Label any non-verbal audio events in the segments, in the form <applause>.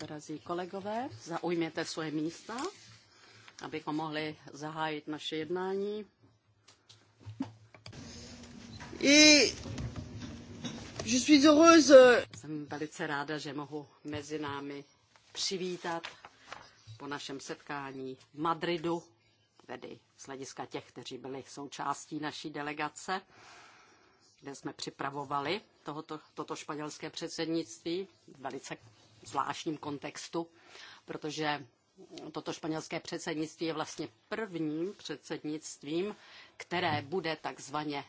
Drazí kolegové, zaujměte svoje místa, abychom mohli zahájit naše jednání. Euh, Jsem velice ráda, že mohu mezi námi přivítat po našem setkání v Madridu, tedy z hlediska těch, kteří byli součástí naší delegace kde jsme připravovali tohoto, toto španělské předsednictví v velice zvláštním kontextu, protože toto španělské předsednictví je vlastně prvním předsednictvím, které bude takzvaně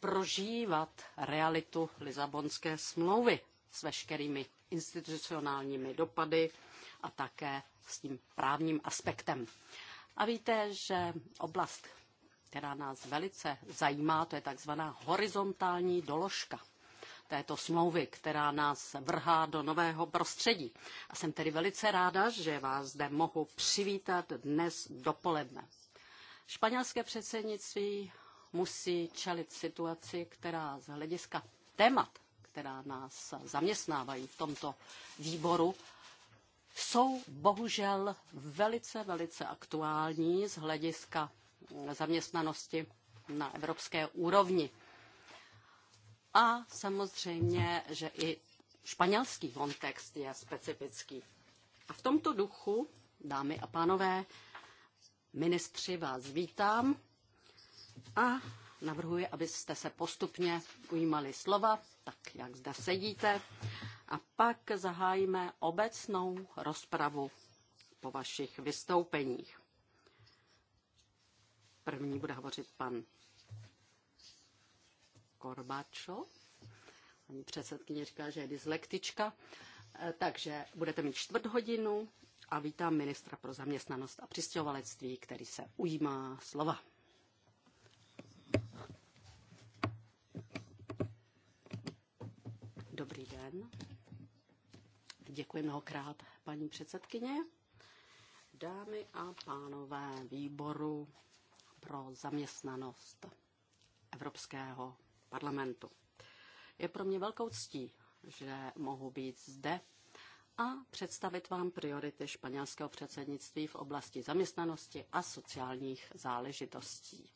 prožívat realitu Lisabonské smlouvy s veškerými institucionálními dopady a také s tím právním aspektem. A víte, že oblast která nás velice zajímá, to je takzvaná horizontální doložka této smlouvy, která nás vrhá do nového prostředí. A jsem tedy velice ráda, že vás zde mohu přivítat dnes dopoledne. Španělské předsednictví musí čelit situaci, která z hlediska témat, která nás zaměstnávají v tomto výboru, jsou bohužel velice, velice aktuální z hlediska zaměstnanosti na evropské úrovni. A samozřejmě, že i španělský kontext je specifický. A v tomto duchu, dámy a pánové, ministři vás vítám a navrhuji, abyste se postupně ujímali slova, tak jak zde sedíte, a pak zahájíme obecnou rozpravu po vašich vystoupeních. První bude hovořit pan Korbačo. Paní předsedkyně říká, že je dyslektička. E, takže budete mít čtvrt hodinu a vítám ministra pro zaměstnanost a přistěhovalectví, který se ujímá slova. Dobrý den. Děkuji mnohokrát, paní předsedkyně. Dámy a pánové výboru pro zaměstnanost Evropského parlamentu. Je pro mě velkou ctí, že mohu být zde a představit vám priority španělského předsednictví v oblasti zaměstnanosti a sociálních záležitostí.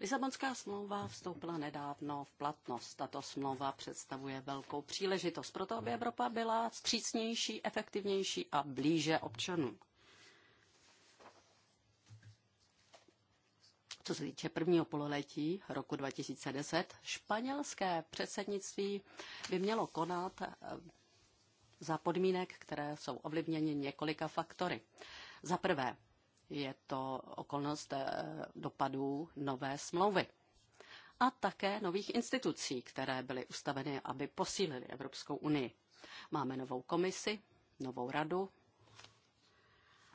Lisabonská smlouva vstoupila nedávno v platnost. Tato smlouva představuje velkou příležitost pro to, aby Evropa byla střícnější, efektivnější a blíže občanům. Co se týče prvního pololetí roku 2010, španělské předsednictví by mělo konat eh, za podmínek, které jsou ovlivněny několika faktory. Za prvé je to okolnost eh, dopadů nové smlouvy a také nových institucí, které byly ustaveny, aby posílily Evropskou unii. Máme novou komisi, novou radu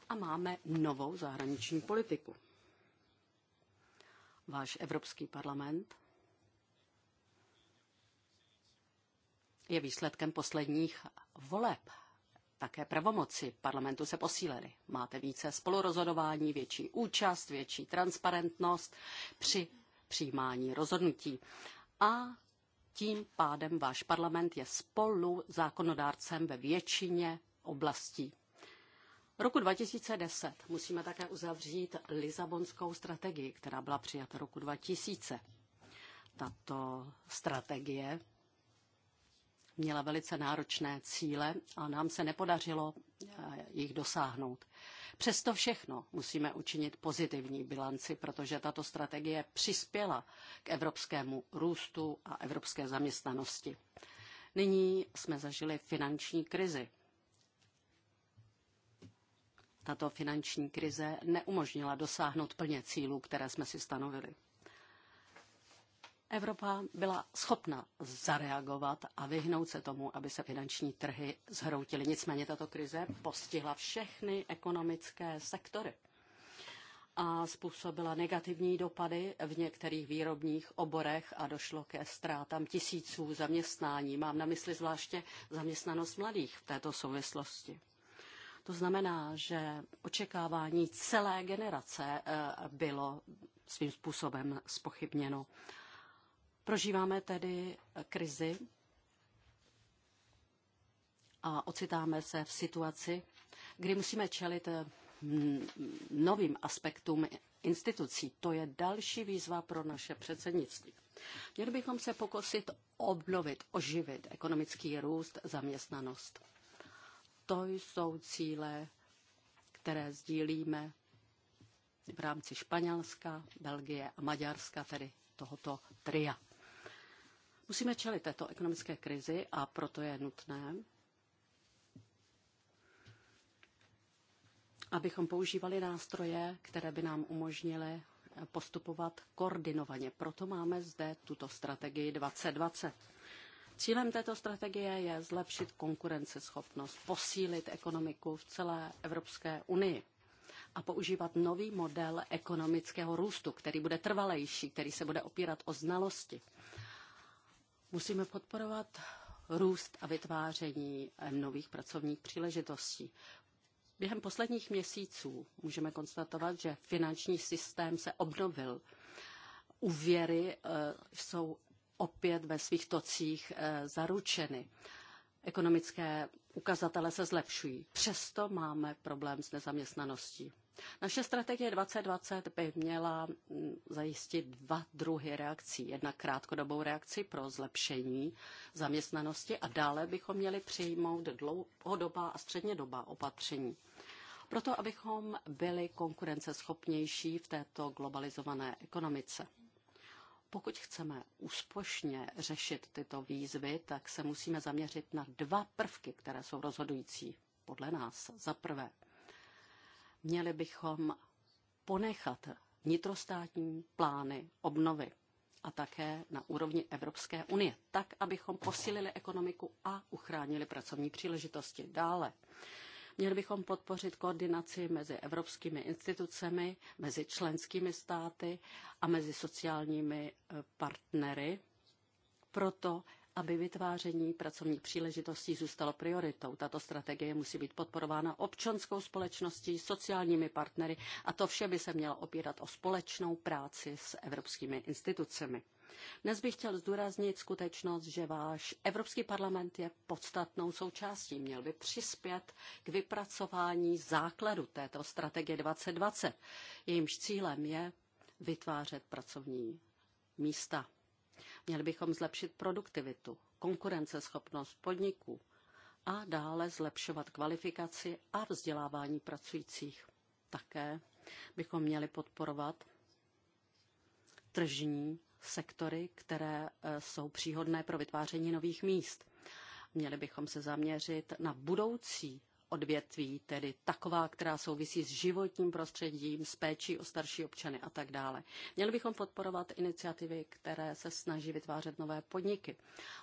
a máme novou zahraniční politiku váš Evropský parlament je výsledkem posledních voleb. Také pravomoci parlamentu se posílily. Máte více spolurozhodování, větší účast, větší transparentnost při přijímání rozhodnutí. A tím pádem váš parlament je spolu zákonodárcem ve většině oblastí roku 2010 musíme také uzavřít Lisabonskou strategii, která byla přijata roku 2000. Tato strategie měla velice náročné cíle a nám se nepodařilo eh, jich dosáhnout. Přesto všechno musíme učinit pozitivní bilanci, protože tato strategie přispěla k evropskému růstu a evropské zaměstnanosti. Nyní jsme zažili finanční krizi tato finanční krize neumožnila dosáhnout plně cílů, které jsme si stanovili. Evropa byla schopna zareagovat a vyhnout se tomu, aby se finanční trhy zhroutily. Nicméně tato krize postihla všechny ekonomické sektory a způsobila negativní dopady v některých výrobních oborech a došlo ke ztrátám tisíců zaměstnání. Mám na mysli zvláště zaměstnanost mladých v této souvislosti. To znamená, že očekávání celé generace eh, bylo svým způsobem spochybněno. Prožíváme tedy krizi a ocitáme se v situaci, kdy musíme čelit eh, novým aspektům institucí. To je další výzva pro naše předsednictví. Měli bychom se pokusit obnovit, oživit ekonomický růst, zaměstnanost. To jsou cíle, které sdílíme v rámci Španělska, Belgie a Maďarska, tedy tohoto tria. Musíme čelit této ekonomické krizi a proto je nutné, abychom používali nástroje, které by nám umožnily postupovat koordinovaně. Proto máme zde tuto strategii 2020. Cílem této strategie je zlepšit konkurenceschopnost, posílit ekonomiku v celé Evropské unii a používat nový model ekonomického růstu, který bude trvalejší, který se bude opírat o znalosti. Musíme podporovat růst a vytváření eh, nových pracovních příležitostí. Během posledních měsíců můžeme konstatovat, že finanční systém se obnovil. Úvěry eh, jsou opět ve svých tocích eh, zaručeny. Ekonomické ukazatele se zlepšují. Přesto máme problém s nezaměstnaností. Naše strategie 2020 by měla mm, zajistit dva druhy reakcí. jedna krátkodobou reakci pro zlepšení zaměstnanosti a dále bychom měli přijmout dlouhodobá a střednědobá opatření. Proto, abychom byli konkurenceschopnější v této globalizované ekonomice. Pokud chceme úspěšně řešit tyto výzvy, tak se musíme zaměřit na dva prvky, které jsou rozhodující podle nás. Za prvé, měli bychom ponechat vnitrostátní plány obnovy a také na úrovni Evropské unie, tak, abychom posílili ekonomiku a uchránili pracovní příležitosti. Dále Měli bychom podpořit koordinaci mezi evropskými institucemi, mezi členskými státy a mezi sociálními e, partnery, proto aby vytváření pracovních příležitostí zůstalo prioritou. Tato strategie musí být podporována občanskou společností, sociálními partnery a to vše by se mělo opírat o společnou práci s evropskými institucemi. Dnes bych chtěl zdůraznit skutečnost, že váš Evropský parlament je podstatnou součástí. Měl by přispět k vypracování základu této strategie 2020. Jejímž cílem je vytvářet pracovní místa. Měli bychom zlepšit produktivitu, konkurenceschopnost podniků a dále zlepšovat kvalifikaci a vzdělávání pracujících. Také bychom měli podporovat tržní sektory, které eh, jsou příhodné pro vytváření nových míst. Měli bychom se zaměřit na budoucí odvětví, tedy taková, která souvisí s životním prostředím, s péčí o starší občany a tak dále. Měli bychom podporovat iniciativy, které se snaží vytvářet nové podniky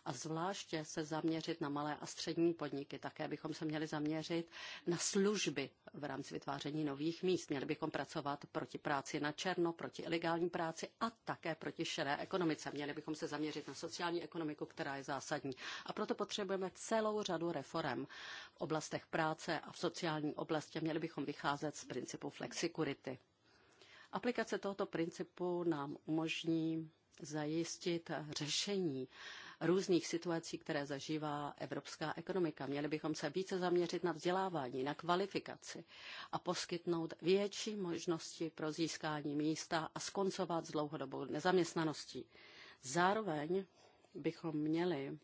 a zvláště se zaměřit na malé a střední podniky. Také bychom se měli zaměřit na služby v rámci vytváření nových míst. Měli bychom pracovat proti práci na černo, proti ilegální práci a také proti šedé ekonomice. Měli bychom se zaměřit na sociální ekonomiku, která je zásadní. A proto potřebujeme celou řadu reform v oblastech práce práce a v sociální oblasti. Měli bychom vycházet z principu flexikurity. Aplikace tohoto principu nám umožní zajistit řešení různých situací, které zažívá evropská ekonomika. Měli bychom se více zaměřit na vzdělávání, na kvalifikaci a poskytnout větší možnosti pro získání místa a skoncovat s dlouhodobou nezaměstnaností. Zároveň bychom měli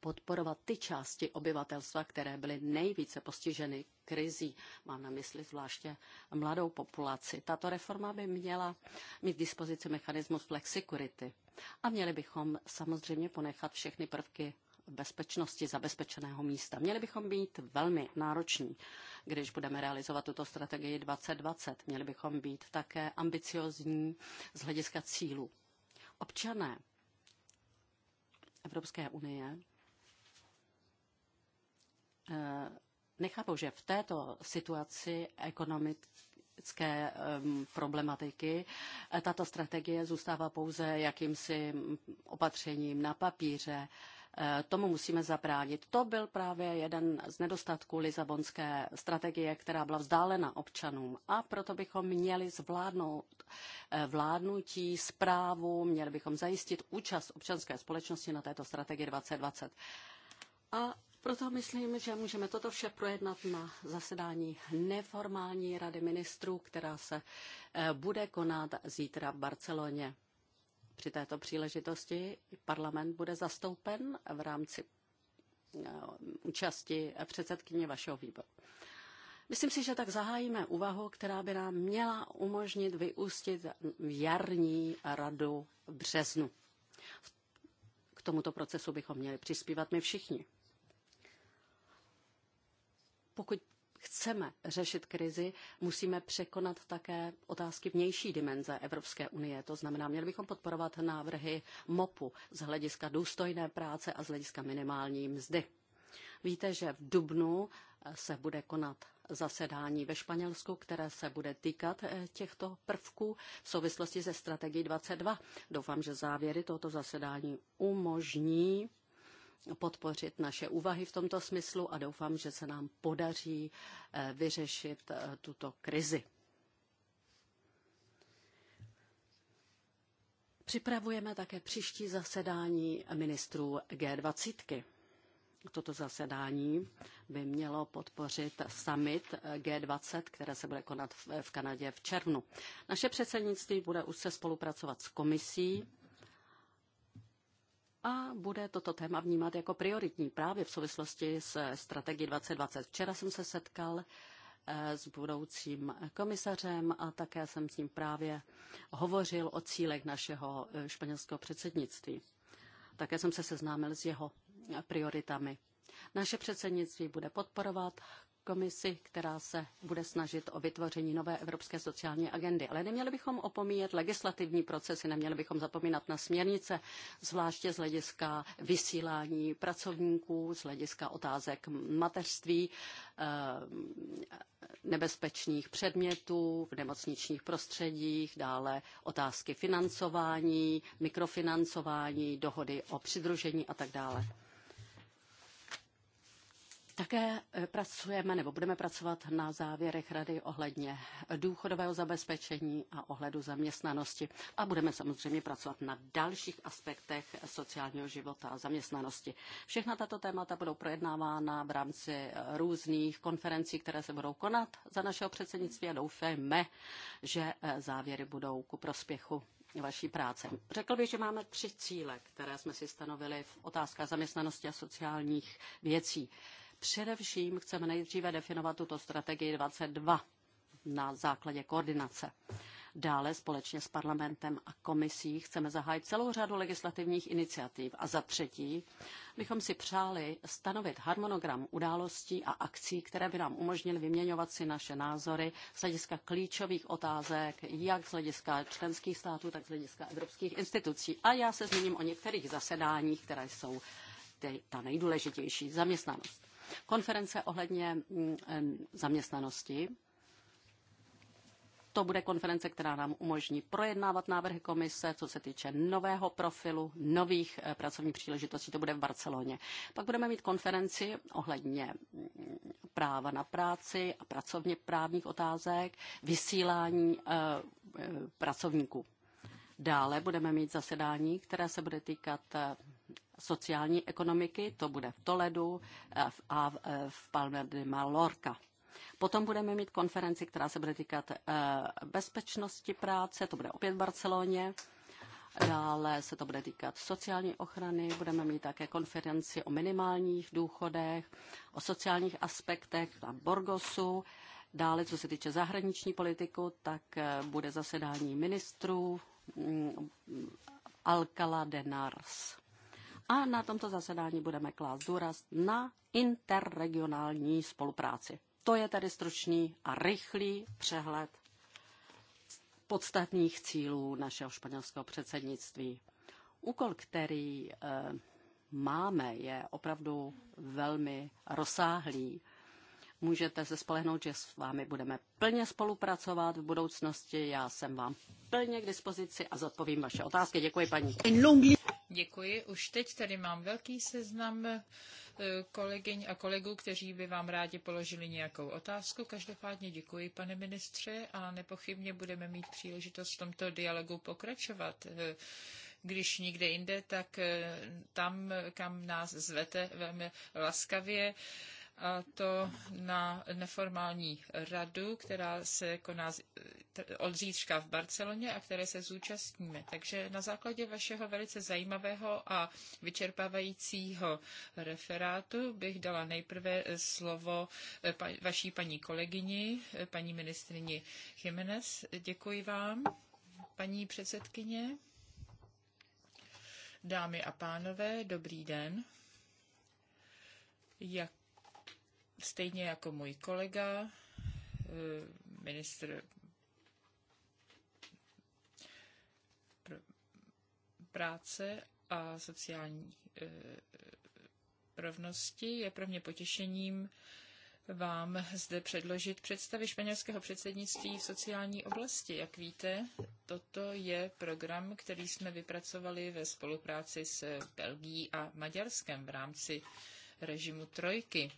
podporovat ty části obyvatelstva, které byly nejvíce postiženy krizí. Mám na mysli zvláště mladou populaci. Tato reforma by měla mít dispozici mechanismus flexicurity. A měli bychom samozřejmě ponechat všechny prvky bezpečnosti zabezpečeného místa. Měli bychom být velmi nároční, když budeme realizovat tuto strategii 2020. Měli bychom být také ambiciozní z hlediska cílů. Občané Evropské unie nechápou, že v této situaci ekonomické problematiky eh, tato strategie zůstává pouze jakýmsi mm, opatřením na papíře. Eh, tomu musíme zabránit. To byl právě jeden z nedostatků Lisabonské strategie, která byla vzdálena občanům. A proto bychom měli zvládnout eh, vládnutí, zprávu, měli bychom zajistit účast občanské společnosti na této strategii 2020. A proto myslím, že můžeme toto vše projednat na zasedání neformální rady ministrů, která se eh, bude konat zítra v Barceloně. Při této příležitosti parlament bude zastoupen v rámci eh, účasti předsedkyně vašeho výboru. Myslím si, že tak zahájíme úvahu, která by nám měla umožnit vyústit v jarní radu v březnu. K tomuto procesu bychom měli přispívat my všichni pokud chceme řešit krizi, musíme překonat také otázky vnější dimenze Evropské unie. To znamená, měli bychom podporovat návrhy MOPu z hlediska důstojné práce a z hlediska minimální mzdy. Víte, že v Dubnu se bude konat zasedání ve Španělsku, které se bude týkat eh, těchto prvků v souvislosti se strategií 22. Doufám, že závěry tohoto zasedání umožní podpořit naše úvahy v tomto smyslu a doufám, že se nám podaří eh, vyřešit eh, tuto krizi. Připravujeme také příští zasedání ministrů G20. Toto zasedání by mělo podpořit summit eh, G20, které se bude konat v Kanadě v červnu. Naše předsednictví bude už se spolupracovat s komisí a bude toto téma vnímat jako prioritní právě v souvislosti s strategií 2020. Včera jsem se setkal eh, s budoucím komisařem a také jsem s ním právě hovořil o cílech našeho eh, španělského předsednictví. Také jsem se seznámil s jeho prioritami. Naše předsednictví bude podporovat komisi, která se bude snažit o vytvoření nové evropské sociální agendy. Ale neměli bychom opomíjet legislativní procesy, neměli bychom zapomínat na směrnice, zvláště z hlediska vysílání pracovníků, z hlediska otázek mateřství, eh, nebezpečných předmětů v nemocničních prostředích, dále otázky financování, mikrofinancování, dohody o přidružení a tak dále. Také e, pracujeme nebo budeme pracovat na závěrech rady ohledně důchodového zabezpečení a ohledu zaměstnanosti a budeme samozřejmě pracovat na dalších aspektech sociálního života a zaměstnanosti. Všechna tato témata budou projednávána v rámci e, různých konferencí, které se budou konat za našeho předsednictví a doufejme, že e, závěry budou ku prospěchu vaší práce. Řekl bych, že máme tři cíle, které jsme si stanovili v otázkách zaměstnanosti a sociálních věcí. Především chceme nejdříve definovat tuto strategii 22 na základě koordinace. Dále společně s parlamentem a komisí chceme zahájit celou řadu legislativních iniciativ. A za třetí bychom si přáli stanovit harmonogram událostí a akcí, které by nám umožnily vyměňovat si naše názory z hlediska klíčových otázek, jak z hlediska členských států, tak z hlediska evropských institucí. A já se zmíním o některých zasedáních, které jsou ty, ta nejdůležitější zaměstnanost konference ohledně mm, zaměstnanosti. To bude konference, která nám umožní projednávat návrhy komise, co se týče nového profilu, nových eh, pracovních příležitostí. To bude v Barceloně. Pak budeme mít konferenci ohledně mm, práva na práci a pracovně právních otázek, vysílání eh, eh, pracovníků. Dále budeme mít zasedání, které se bude týkat sociální ekonomiky, to bude v Toledu eh, a v eh, Palme de Mallorca. Potom budeme mít konferenci, která se bude týkat eh, bezpečnosti práce, to bude opět v Barceloně. Dále se to bude týkat sociální ochrany, budeme mít také konferenci o minimálních důchodech, o sociálních aspektech na Borgosu. Dále, co se týče zahraniční politiku, tak bude zasedání ministrů mm, Alcala de Nars. A na tomto zasedání budeme klást důraz na interregionální spolupráci. To je tedy stručný a rychlý přehled podstatných cílů našeho španělského předsednictví. Úkol, který eh, máme, je opravdu velmi rozsáhlý můžete se spolehnout, že s vámi budeme plně spolupracovat v budoucnosti. Já jsem vám plně k dispozici a zodpovím vaše otázky. Děkuji, paní. Děkuji. Už teď tady mám velký seznam eh, kolegyň a kolegů, kteří by vám rádi položili nějakou otázku. Každopádně děkuji, pane ministře, a nepochybně budeme mít příležitost v tomto dialogu pokračovat eh, když nikde jinde, tak eh, tam, kam nás zvete velmi laskavě a to na neformální radu, která se koná od zítřka v Barceloně a které se zúčastníme. Takže na základě vašeho velice zajímavého a vyčerpávajícího referátu bych dala nejprve slovo eh, vaší paní kolegyni, eh, paní ministrini Jiménez. Děkuji vám, paní předsedkyně. Dámy a pánové, dobrý den. Jak stejně jako můj kolega, eh, ministr práce a sociální eh, rovnosti. Je pro mě potěšením vám zde předložit představy španělského předsednictví v sociální oblasti. Jak víte, toto je program, který jsme vypracovali ve spolupráci s Belgií a Maďarskem v rámci režimu Trojky.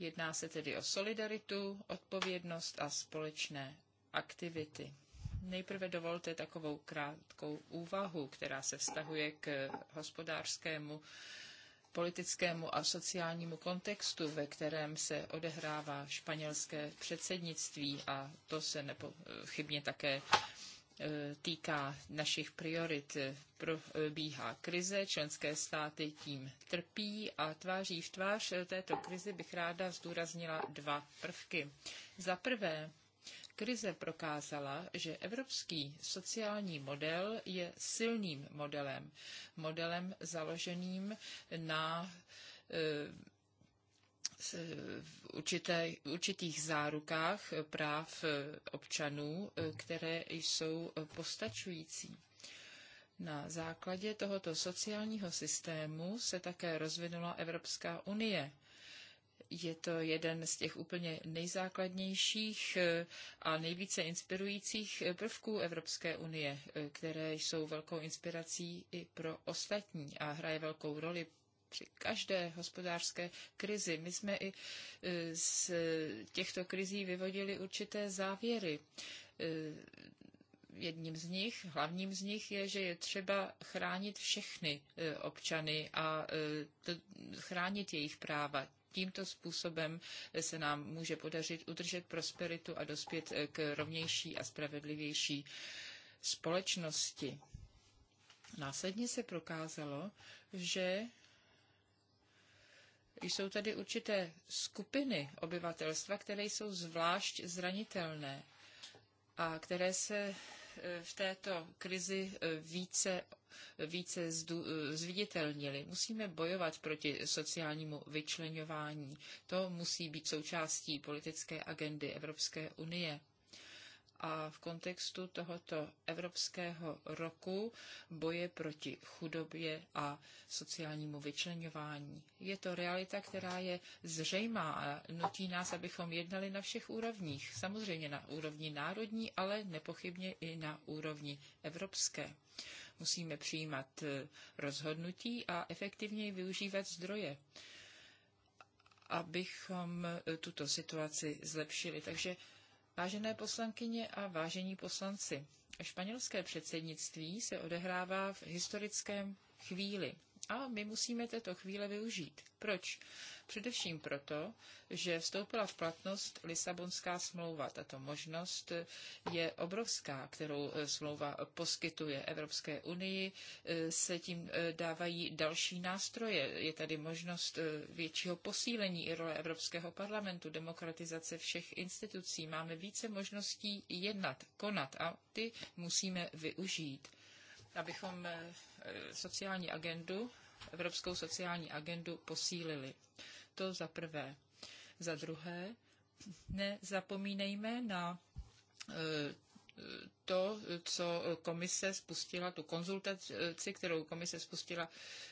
Jedná se tedy o solidaritu, odpovědnost a společné aktivity. Nejprve dovolte takovou krátkou úvahu, která se vztahuje k hospodářskému, politickému a sociálnímu kontextu, ve kterém se odehrává španělské předsednictví a to se nepochybně také týká našich priorit. Probíhá krize, členské státy tím trpí a tváří v tvář této krizi bych ráda zdůraznila dva prvky. Za prvé, krize prokázala, že evropský sociální model je silným modelem, modelem založeným na eh, v určité, určitých zárukách práv eh, občanů, eh, které jsou eh, postačující. Na základě tohoto sociálního systému se také rozvinula Evropská unie. Je to jeden z těch úplně nejzákladnějších a nejvíce inspirujících prvků Evropské unie, které jsou velkou inspirací i pro ostatní a hraje velkou roli při každé hospodářské krizi. My jsme i e, z těchto krizí vyvodili určité závěry. E, jedním z nich, hlavním z nich je, že je třeba chránit všechny e, občany a chránit jejich práva. Tímto způsobem se nám může podařit udržet prosperitu a dospět k rovnější a spravedlivější společnosti. Následně se prokázalo, že jsou tady určité skupiny obyvatelstva, které jsou zvlášť zranitelné a které se e, v této krizi e, více, e, více zdu, zviditelnili. Musíme bojovat proti sociálnímu vyčlenování. To musí být součástí politické agendy Evropské unie a v kontextu tohoto Evropského roku boje proti chudobě a sociálnímu vyčlenování. Je to realita, která je zřejmá a nutí nás, abychom jednali na všech úrovních. Samozřejmě na úrovni národní, ale nepochybně i na úrovni evropské. Musíme přijímat eh, rozhodnutí a efektivněji využívat zdroje abychom eh, tuto situaci zlepšili. Takže Vážené poslankyně a vážení poslanci, španělské předsednictví se odehrává v historickém chvíli. A my musíme této chvíle využít. Proč? Především proto, že vstoupila v platnost Lisabonská smlouva. Tato možnost je obrovská, kterou eh, smlouva poskytuje Evropské unii. Eh, se tím eh, dávají další nástroje. Je tady možnost většího posílení i role Evropského parlamentu, demokratizace všech institucí. Máme více možností jednat, konat a ty musíme využít abychom eh, sociální agendu, evropskou sociální agendu posílili. To za prvé. Za druhé, nezapomínejme na eh, to, co komise spustila, tu konzultaci, kterou komise spustila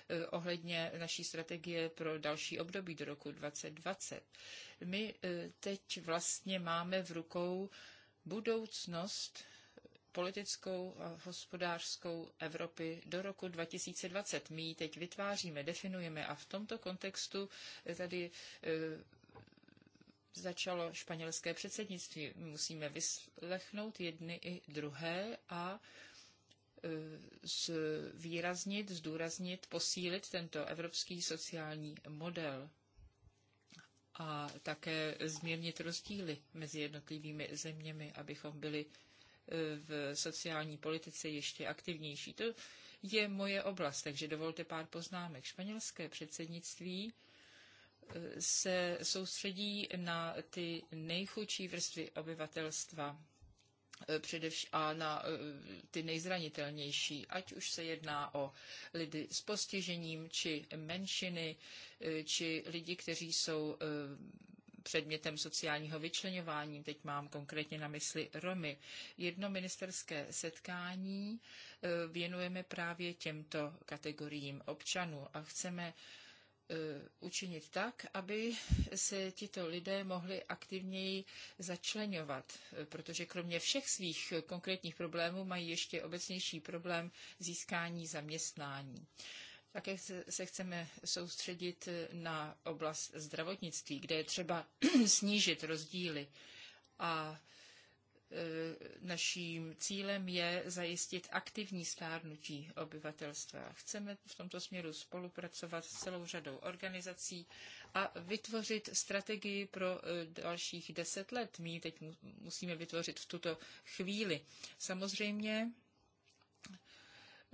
eh, ohledně naší strategie pro další období do roku 2020. My teď vlastně máme v rukou budoucnost politickou a hospodářskou Evropy do roku 2020. My ji teď vytváříme, definujeme a v tomto kontextu tady e, začalo španělské předsednictví. Musíme vyslechnout jedny i druhé a e, zvýraznit, zdůraznit, posílit tento evropský sociální model a také zmírnit rozdíly mezi jednotlivými zeměmi, abychom byli v sociální politice ještě aktivnější. To je moje oblast, takže dovolte pár poznámek. Španělské předsednictví eh, se soustředí na ty nejchudší vrstvy obyvatelstva eh, především a na eh, ty nejzranitelnější, ať už se jedná o lidi s postižením, či menšiny, či lidi, kteří jsou předmětem sociálního vyčlenování, teď mám konkrétně na mysli Romy. Jedno ministerské setkání eh, věnujeme právě těmto kategoriím občanů a chceme eh, učinit tak, aby se tito lidé mohli aktivněji začlenovat, eh, protože kromě všech svých konkrétních problémů mají ještě obecnější problém získání zaměstnání. Také se chceme soustředit e, na oblast zdravotnictví, kde je třeba <clears throat> snížit rozdíly. A e, naším cílem je zajistit aktivní stárnutí obyvatelstva. Chceme v tomto směru spolupracovat s celou řadou organizací a vytvořit strategii pro e, dalších deset let. My teď musíme vytvořit v tuto chvíli. Samozřejmě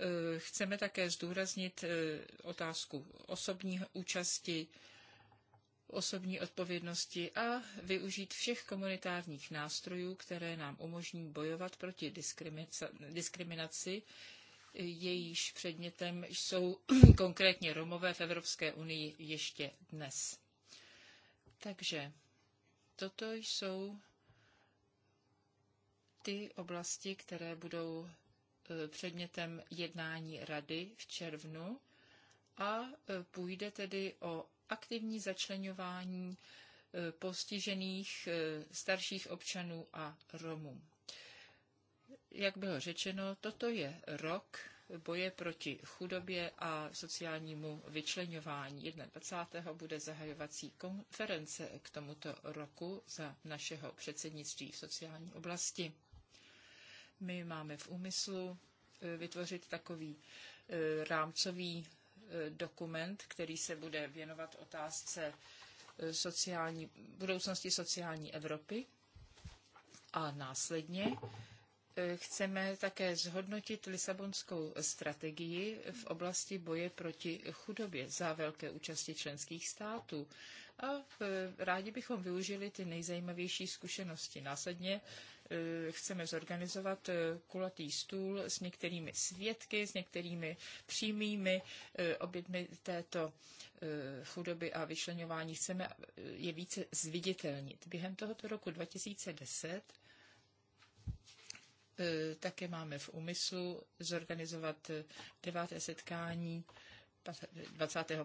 Eh, chceme také zdůraznit eh, otázku osobní účasti, osobní odpovědnosti a využít všech komunitárních nástrojů, které nám umožní bojovat proti diskriminaci, jejíž předmětem jsou <clears throat> konkrétně Romové v Evropské unii ještě dnes. Takže toto jsou ty oblasti, které budou E, předmětem jednání rady v červnu a e, půjde tedy o aktivní začlenování e, postižených starších občanů a Romů. Jak bylo řečeno, toto je rok boje proti chudobě a sociálnímu vyčlenování. 21. bude zahajovací konference k tomuto roku za našeho předsednictví v sociální oblasti. My máme v úmyslu e, vytvořit takový e, rámcový e, dokument, který se bude věnovat otázce sociální, budoucnosti sociální Evropy. A následně chceme také zhodnotit Lisabonskou strategii v oblasti boje proti chudobě za velké účasti členských států. A rádi bychom využili ty nejzajímavější zkušenosti. Následně Eh, chceme zorganizovat eh, kulatý stůl s některými svědky, s některými přímými eh, obětmi této chudoby a vyšleňování. Chceme je více zviditelnit. Během tohoto roku 2010 také máme v úmyslu zorganizovat deváté setkání 25.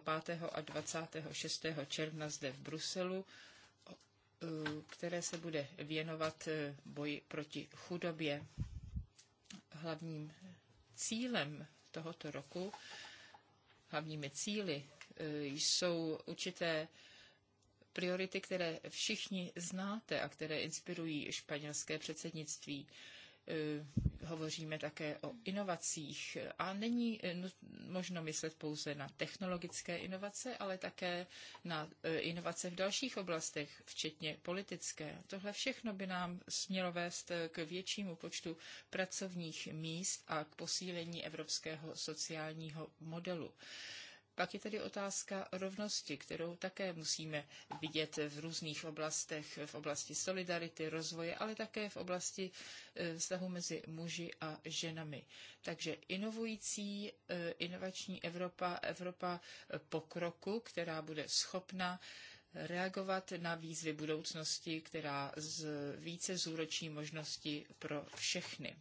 a 26. června zde v Bruselu Eh, které se bude věnovat eh, boji proti chudobě. Hlavním cílem tohoto roku, hlavními cíly eh, jsou určité priority, které všichni znáte a které inspirují španělské předsednictví. Eh, hovoříme také o inovacích. A není eh, možno myslet pouze na technologické inovace, ale také na eh, inovace v dalších oblastech, včetně politické. Tohle všechno by nám smělo vést k většímu počtu pracovních míst a k posílení evropského sociálního modelu. Pak je tady otázka rovnosti, kterou také musíme vidět v různých oblastech, v oblasti solidarity, rozvoje, ale také v oblasti e, vztahu mezi muži a ženami. Takže inovující, e, inovační Evropa, Evropa e, pokroku, která bude schopna reagovat na výzvy budoucnosti, která z více zúročí možnosti pro všechny.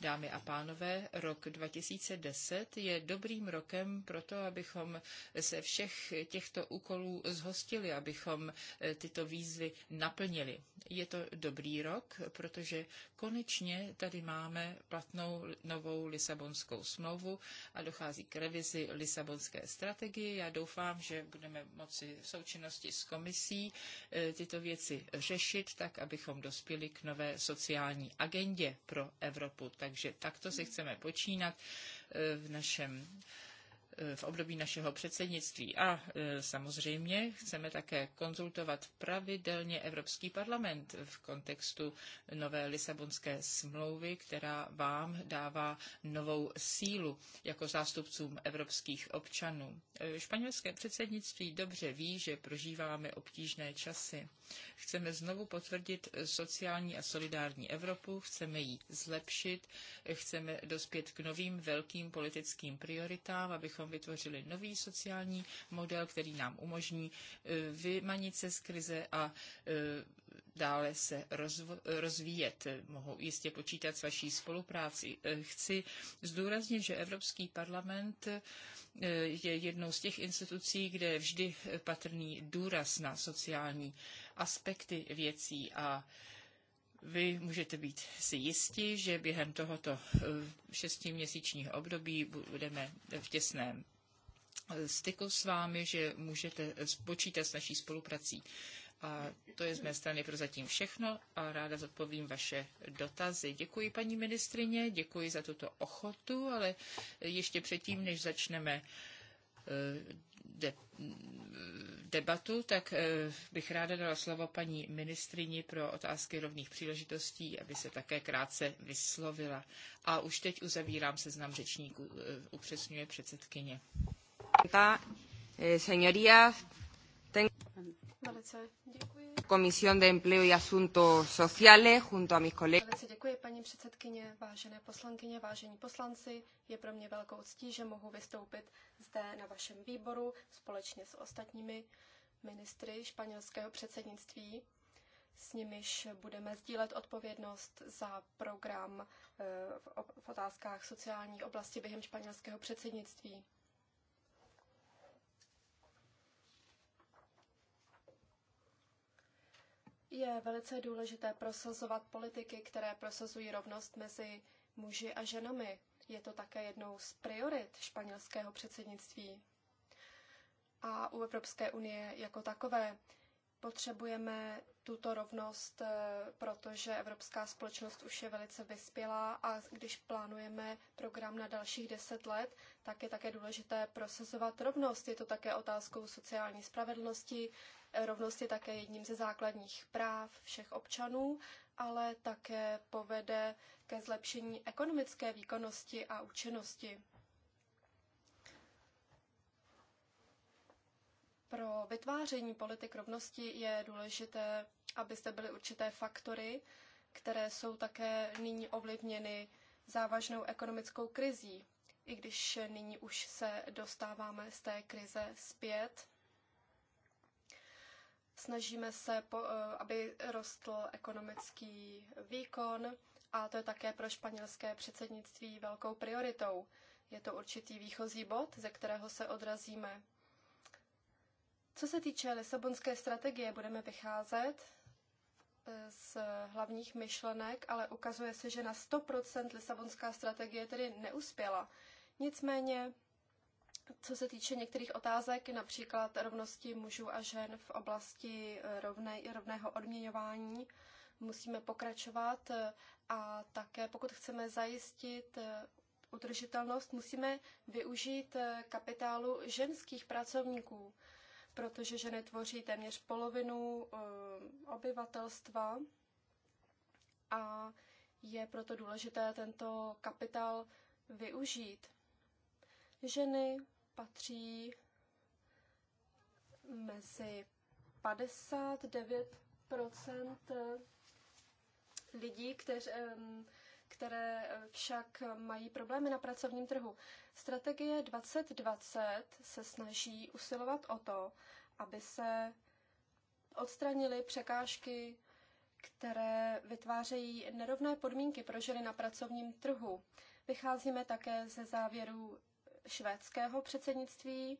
Dámy a pánové, rok 2010 je dobrým rokem pro to, abychom se všech těchto úkolů zhostili, abychom eh, tyto výzvy naplnili. Je to dobrý rok, protože konečně tady máme platnou novou Lisabonskou smlouvu a dochází k revizi Lisabonské strategie. Já doufám, že budeme moci v součinnosti s komisí eh, tyto věci řešit, tak abychom dospěli k nové sociální agendě pro Evropu. Takže takto si chceme počínat eh, v našem Eh, v období našeho předsednictví. A eh, samozřejmě chceme také konzultovat pravidelně Evropský parlament v kontextu nové Lisabonské smlouvy, která vám dává novou sílu jako zástupcům evropských občanů. Eh, španělské předsednictví dobře ví, že prožíváme obtížné časy. Chceme znovu potvrdit sociální a solidární Evropu, chceme ji zlepšit, chceme dospět k novým velkým politickým prioritám, abychom abychom vytvořili nový sociální model, který nám umožní e, vymanit se z krize a e, dále se rozvíjet. Mohou jistě počítat s vaší spolupráci. E, chci zdůraznit, že Evropský parlament je jednou z těch institucí, kde je vždy patrný důraz na sociální aspekty věcí a vy můžete být si jisti, že během tohoto eh, šestiměsíčního období budeme v těsném eh, styku s vámi, že můžete eh, počítat s naší spoluprací. A to je z mé strany zatím všechno a ráda zodpovím vaše dotazy. Děkuji, paní ministrině, děkuji za tuto ochotu, ale ještě předtím, než začneme debatu, tak eh, bych ráda dala slovo paní ministrini pro otázky rovných příležitostí, aby se také krátce vyslovila. A už teď uzavírám seznam řečníků, eh, upřesňuje předsedkyně. Ta, eh, señoría, ten... Velice děkuji. Comisión de Empleo y Asuntos Sociales junto a mis colegas. Velice děkuji, předsedkyně, vážené poslankyně, vážení poslanci. Je pro mě velkou ctí, že mohu vystoupit zde na vašem výboru společně s ostatními ministry španělského předsednictví. S nimiž budeme sdílet odpovědnost za program eh, v otázkách sociální oblasti během španělského předsednictví. Je velice důležité prosazovat politiky, které prosazují rovnost mezi muži a ženami. Je to také jednou z priorit španělského předsednictví. A u Evropské unie jako takové potřebujeme tuto rovnost, eh, protože evropská společnost už je velice vyspělá a když plánujeme program na dalších deset let, tak je také důležité prosazovat rovnost. Je to také otázkou sociální spravedlnosti, Rovnost je také jedním ze základních práv všech občanů, ale také povede ke zlepšení ekonomické výkonnosti a účinnosti. Pro vytváření politik rovnosti je důležité, abyste byly určité faktory, které jsou také nyní ovlivněny závažnou ekonomickou krizí, i když nyní už se dostáváme z té krize zpět. Snažíme se, po, eh, aby rostl ekonomický výkon a to je také pro španělské předsednictví velkou prioritou. Je to určitý výchozí bod, ze kterého se odrazíme. Co se týče Lisabonské strategie, budeme vycházet eh, z hlavních myšlenek, ale ukazuje se, že na 100% Lisabonská strategie tedy neuspěla. Nicméně co se týče některých otázek, například rovnosti mužů a žen v oblasti eh, rovné, rovného odměňování, musíme pokračovat eh, a také pokud chceme zajistit eh, udržitelnost, musíme využít kapitálu ženských pracovníků, protože ženy tvoří téměř polovinu obyvatelstva a je proto důležité tento kapitál využít. Ženy patří mezi 59 lidí, kteř, které však mají problémy na pracovním trhu. Strategie 2020 se snaží usilovat o to, aby se odstranily překážky, které vytvářejí nerovné podmínky pro ženy na pracovním trhu. Vycházíme také ze závěrů švédského předsednictví,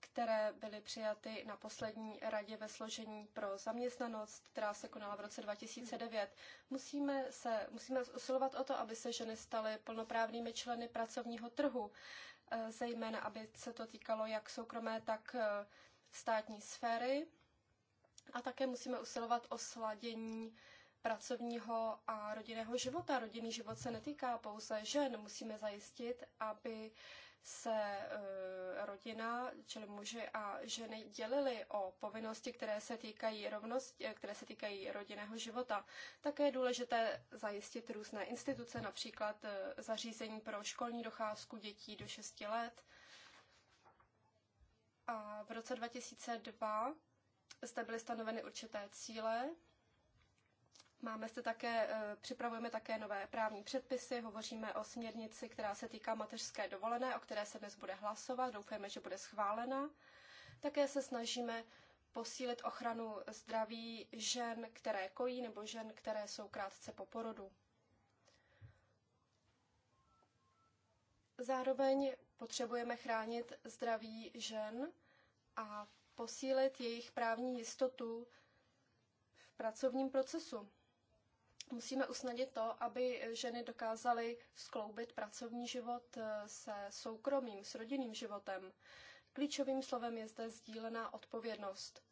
které byly přijaty na poslední radě ve složení pro zaměstnanost, která se konala v roce 2009. Musíme, se, musíme usilovat o to, aby se ženy staly plnoprávnými členy pracovního trhu, eh, zejména aby se to týkalo jak soukromé, tak eh, státní sféry. A také musíme usilovat o sladění pracovního a rodinného života. Rodinný život se netýká pouze žen. Musíme zajistit, aby se eh, rodina, čili muži a ženy, dělili o povinnosti, které se týkají rovnosti, eh, které se týkají rodinného života. Také je důležité zajistit různé instituce, například eh, zařízení pro školní docházku dětí do 6 let. A v roce 2002 zde byly stanoveny určité cíle Máme zde také, eh, připravujeme také nové právní předpisy, hovoříme o směrnici, která se týká mateřské dovolené, o které se dnes bude hlasovat, doufejme, že bude schválena. Také se snažíme posílit ochranu zdraví žen, které kojí, nebo žen, které jsou krátce po porodu. Zároveň potřebujeme chránit zdraví žen a posílit jejich právní jistotu v pracovním procesu. Musíme usnadnit to, aby ženy dokázaly skloubit pracovní život eh, se soukromým, s rodinným životem. Klíčovým slovem je zde sdílená odpovědnost.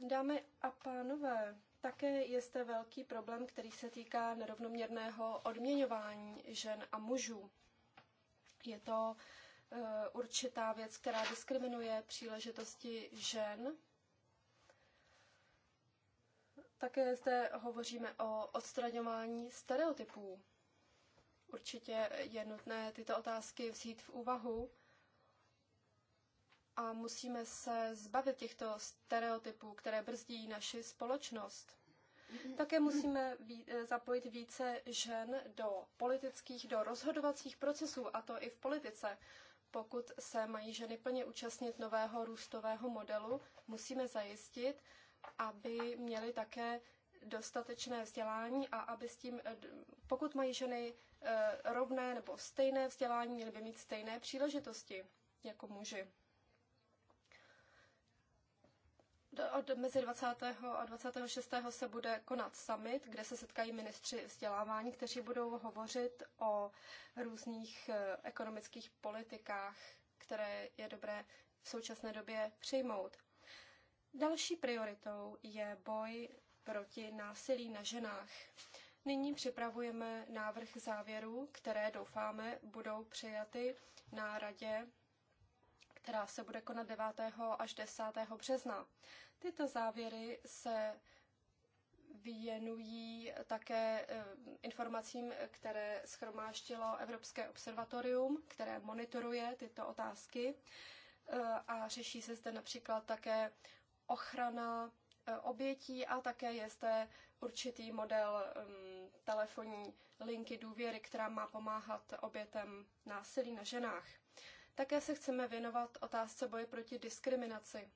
Dámy a pánové, také je zde velký problém, který se týká nerovnoměrného odměňování žen a mužů. Je to eh, určitá věc, která diskriminuje příležitosti žen také zde hovoříme o odstraňování stereotypů. Určitě je nutné tyto otázky vzít v úvahu a musíme se zbavit těchto stereotypů, které brzdí naši společnost. Také musíme eh, zapojit více žen do politických, do rozhodovacích procesů, a to i v politice. Pokud se mají ženy plně účastnit nového růstového modelu, musíme zajistit, aby měly také dostatečné vzdělání a aby s tím, eh, pokud mají ženy eh, rovné nebo stejné vzdělání, měly by mít stejné příležitosti jako muži. Od mezi 20. a 26. se bude konat summit, kde se setkají ministři vzdělávání, kteří budou hovořit o různých eh, ekonomických politikách, které je dobré v současné době přijmout. Další prioritou je boj proti násilí na ženách. Nyní připravujeme návrh závěrů, které doufáme budou přijaty na radě, která se bude konat 9. až 10. března. Tyto závěry se věnují také eh, informacím, které schromáštilo Evropské observatorium, které monitoruje tyto otázky eh, a řeší se zde například také ochrana e, obětí a také je zde určitý model um, telefonní linky důvěry, která má pomáhat obětem násilí na ženách. Také se chceme věnovat otázce boje proti diskriminaci.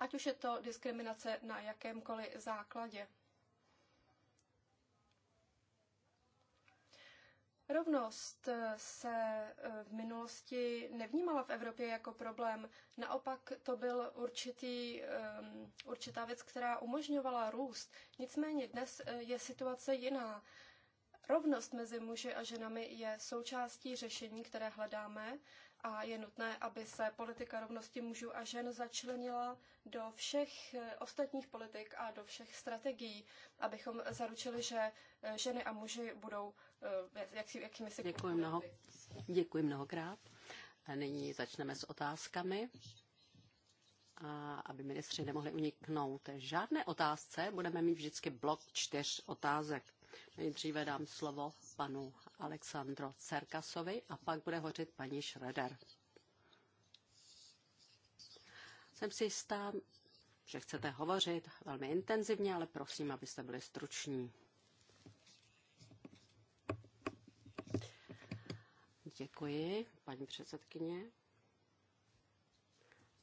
Ať už je to diskriminace na jakémkoliv základě. Rovnost eh, se eh, v minulosti nevnímala v Evropě jako problém. Naopak to byl určitý, ehm, určitá věc, která umožňovala růst. Nicméně dnes eh, je situace jiná. Rovnost mezi muži a ženami je součástí řešení, které hledáme a je nutné, aby se politika rovnosti mužů a žen začlenila do všech eh, ostatních politik a do všech strategií, abychom zaručili, že eh, ženy a muži budou eh, jak si, jakými si... Děkuji, mnoho, děkuji mnohokrát. A nyní začneme s otázkami. A aby ministři nemohli uniknout žádné otázce, budeme mít vždycky blok čtyř otázek. Nejdříve dám slovo panu Alexandro Cerkasovi a pak bude hořit paní Šreder. Jsem si jistá, že chcete hovořit velmi intenzivně, ale prosím, abyste byli struční. Děkuji, paní předsedkyně.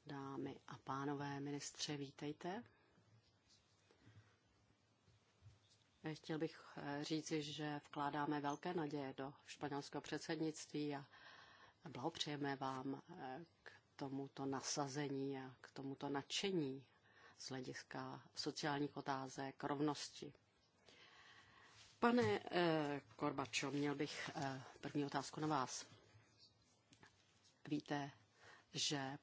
Dámy a pánové ministře, vítejte. Chtěl bych eh, říci, že vkládáme velké naděje do španělského předsednictví a blahopřejeme vám eh, k tomuto nasazení a k tomuto nadšení z hlediska sociálních otázek rovnosti. Pane Korbačo, eh, měl bych první otázku na vás. Víte, že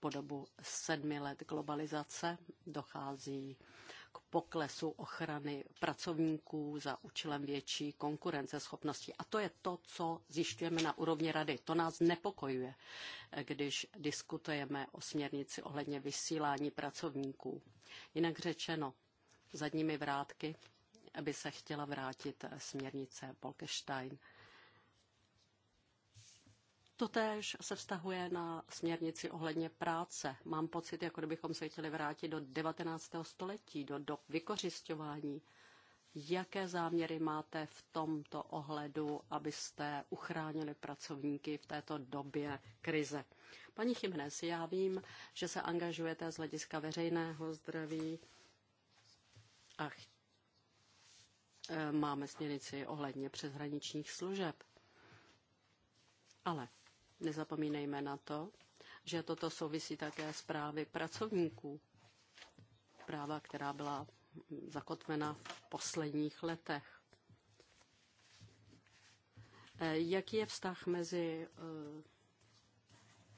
po dobu sedmi let globalizace dochází k poklesu ochrany pracovníků za účelem větší konkurenceschopnosti. A to je to, co zjišťujeme na úrovni rady. To nás nepokojuje, když diskutujeme o směrnici ohledně vysílání pracovníků. Jinak řečeno, zadními vrátky by se chtěla vrátit směrnice Bolkestein Totéž se vztahuje na směrnici ohledně práce. Mám pocit, jako kdybychom se chtěli vrátit do 19. století, do dob vykořišťování. Jaké záměry máte v tomto ohledu, abyste uchránili pracovníky v této době krize? Paní Chimnes, já vím, že se angažujete z hlediska veřejného zdraví a e, máme směrnici ohledně přeshraničních služeb. Ale Nezapomínejme na to, že toto souvisí také s právy pracovníků. Práva, která byla zakotvena v posledních letech. E, jaký je vztah mezi e,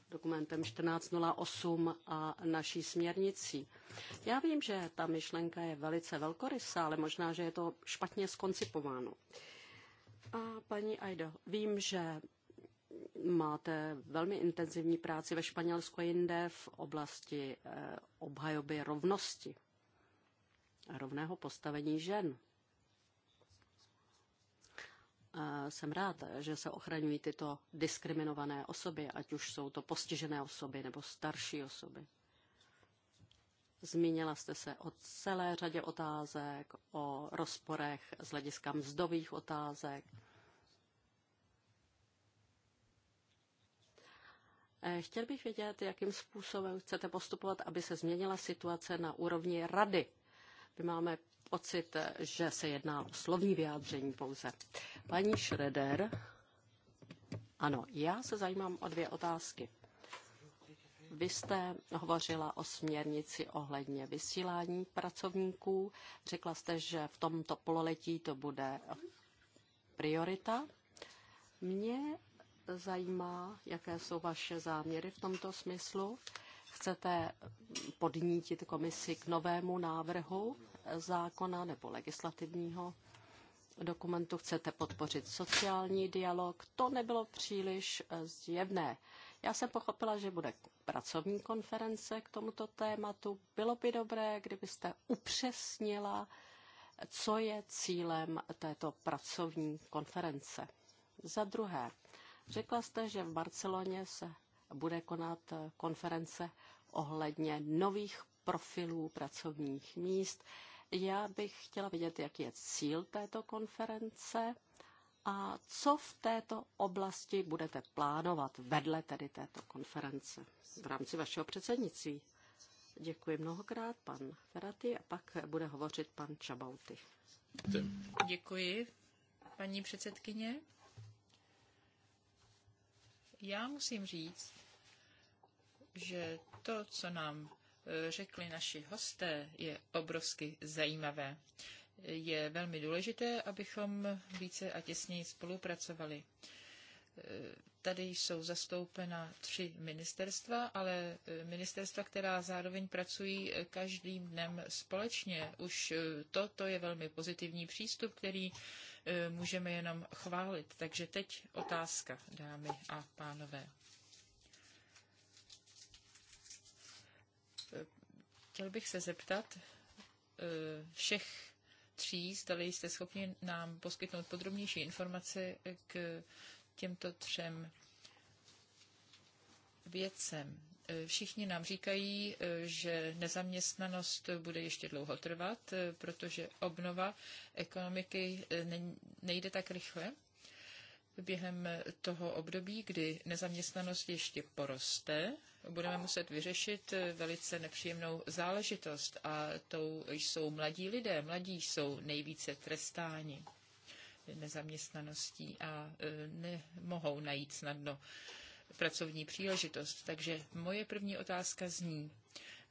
dokumentem 1408 a naší směrnicí? Já vím, že ta myšlenka je velice velkorysá, ale možná, že je to špatně skoncipováno. A paní Aido, vím, že máte velmi intenzivní práci ve Španělsku a jinde v oblasti eh, obhajoby rovnosti a rovného postavení žen. Eh, jsem rád, že se ochraňují tyto diskriminované osoby, ať už jsou to postižené osoby nebo starší osoby. Zmínila jste se o celé řadě otázek, o rozporech z hlediska mzdových otázek, Eh, chtěl bych vědět, jakým způsobem chcete postupovat, aby se změnila situace na úrovni rady. My máme pocit, že se jedná o slovní vyjádření pouze. Paní Šreder, ano, já se zajímám o dvě otázky. Vy jste hovořila o směrnici ohledně vysílání pracovníků. Řekla jste, že v tomto pololetí to bude priorita. Mě zajímá, jaké jsou vaše záměry v tomto smyslu. Chcete podnítit komisi k novému návrhu zákona nebo legislativního dokumentu? Chcete podpořit sociální dialog? To nebylo příliš eh, zjevné. Já jsem pochopila, že bude pracovní konference k tomuto tématu. Bylo by dobré, kdybyste upřesnila, co je cílem této pracovní konference. Za druhé, Řekla jste, že v Barceloně se bude konat eh, konference ohledně nových profilů pracovních míst. Já bych chtěla vidět, jaký je cíl této konference a co v této oblasti budete plánovat vedle tedy této konference v rámci vašeho předsednictví. Děkuji mnohokrát, pan Ferati, a pak bude hovořit pan Čabauty. Děkuji, paní předsedkyně. Já musím říct, že to, co nám e, řekli naši hosté, je obrovsky zajímavé. Je velmi důležité, abychom více a těsněji spolupracovali. E, tady jsou zastoupena tři ministerstva, ale e, ministerstva, která zároveň pracují každým dnem společně. Už toto je velmi pozitivní přístup, který E, můžeme jenom chválit. Takže teď otázka, dámy a pánové. E, chtěl bych se zeptat e, všech tří, zdali jste schopni nám poskytnout podrobnější informace k těmto třem věcem. Eh, všichni nám říkají, eh, že nezaměstnanost bude ještě dlouho trvat, eh, protože obnova ekonomiky nejde tak rychle. Během toho období, kdy nezaměstnanost ještě poroste, budeme muset vyřešit velice nepříjemnou záležitost a tou jsou mladí lidé. Mladí jsou nejvíce trestáni nezaměstnaností a nemohou najít snadno pracovní příležitost. Takže moje první otázka zní,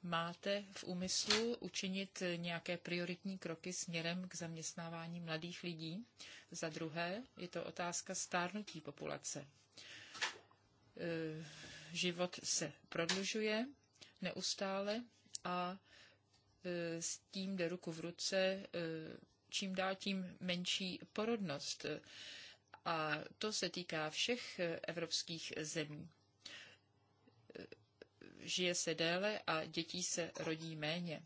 máte v úmyslu učinit nějaké prioritní kroky směrem k zaměstnávání mladých lidí? Za druhé, je to otázka stárnutí populace. E, život se prodlužuje neustále a e, s tím jde ruku v ruce e, čím dál tím menší porodnost a to se týká všech evropských zemí. Žije se déle a dětí se rodí méně.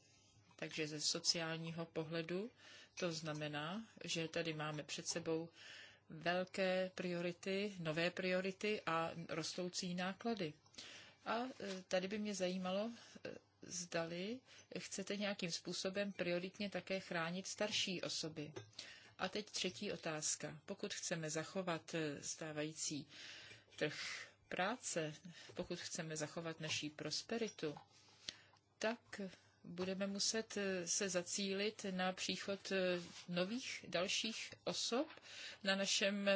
Takže ze sociálního pohledu to znamená, že tady máme před sebou velké priority, nové priority a rostoucí náklady. A e, tady by mě zajímalo, e, zdali chcete nějakým způsobem prioritně také chránit starší osoby. A teď třetí otázka. Pokud chceme zachovat eh, stávající trh práce, pokud chceme zachovat naší prosperitu, tak budeme muset eh, se zacílit na příchod eh, nových dalších osob na našem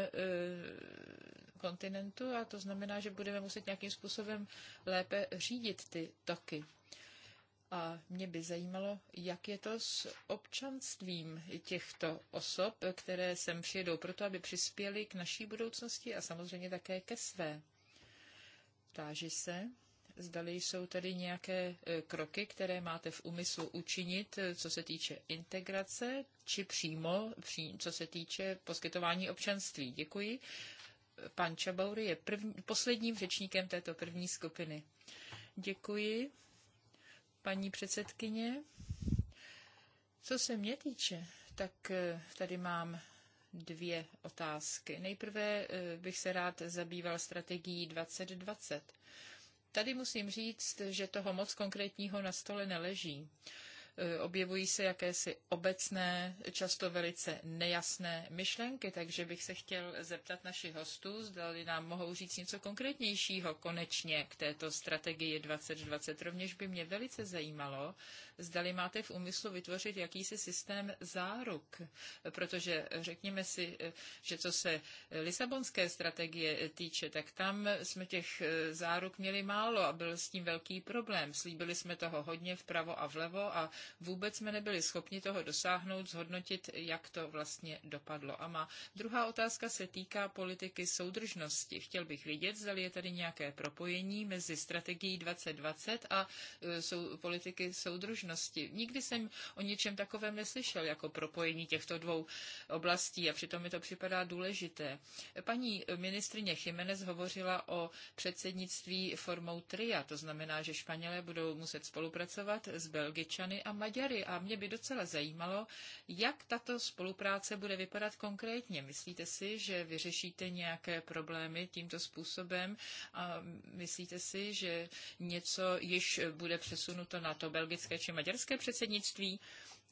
kontinentu a to znamená, že budeme muset nějakým způsobem lépe řídit ty toky. A mě by zajímalo, jak je to s občanstvím těchto osob, které sem přijedou proto, aby přispěli k naší budoucnosti a samozřejmě také ke své. Táži se, zdali jsou tady nějaké e, kroky, které máte v úmyslu učinit, e, co se týče integrace, či přímo, co se týče poskytování občanství. Děkuji. Pan Čabaury je první, posledním řečníkem této první skupiny. Děkuji paní předsedkyně. Co se mě týče, tak eh, tady mám dvě otázky. Nejprve eh, bych se rád zabýval strategií 2020. Tady musím říct, že toho moc konkrétního na stole neleží. E, objevují se jakési obecné, často velice nejasné myšlenky, takže bych se chtěl zeptat našich hostů, zda nám mohou říct něco konkrétnějšího konečně k této strategii 2020. Rovněž by mě velice zajímalo, zdali máte v úmyslu vytvořit jakýsi systém záruk, protože řekněme si, e, že co se Lisabonské strategie týče, tak tam jsme těch e, záruk měli málo a byl s tím velký problém. Slíbili jsme toho hodně vpravo a vlevo a vůbec jsme nebyli schopni toho dosáhnout, zhodnotit, jak to vlastně dopadlo. A má druhá otázka se týká politiky soudržnosti. Chtěl bych vidět, zda je tady nějaké propojení mezi strategií 2020 a e, sou, politiky soudržnosti. Nikdy jsem o ničem takovém neslyšel jako propojení těchto dvou oblastí a přitom mi to připadá důležité. Paní ministrině Jiménez hovořila o předsednictví formou tria, to znamená, že Španělé budou muset spolupracovat s Belgičany a a Maďary a mě by docela zajímalo, jak tato spolupráce bude vypadat konkrétně. Myslíte si, že vyřešíte nějaké problémy tímto způsobem a myslíte si, že něco již bude přesunuto na to belgické či maďarské předsednictví?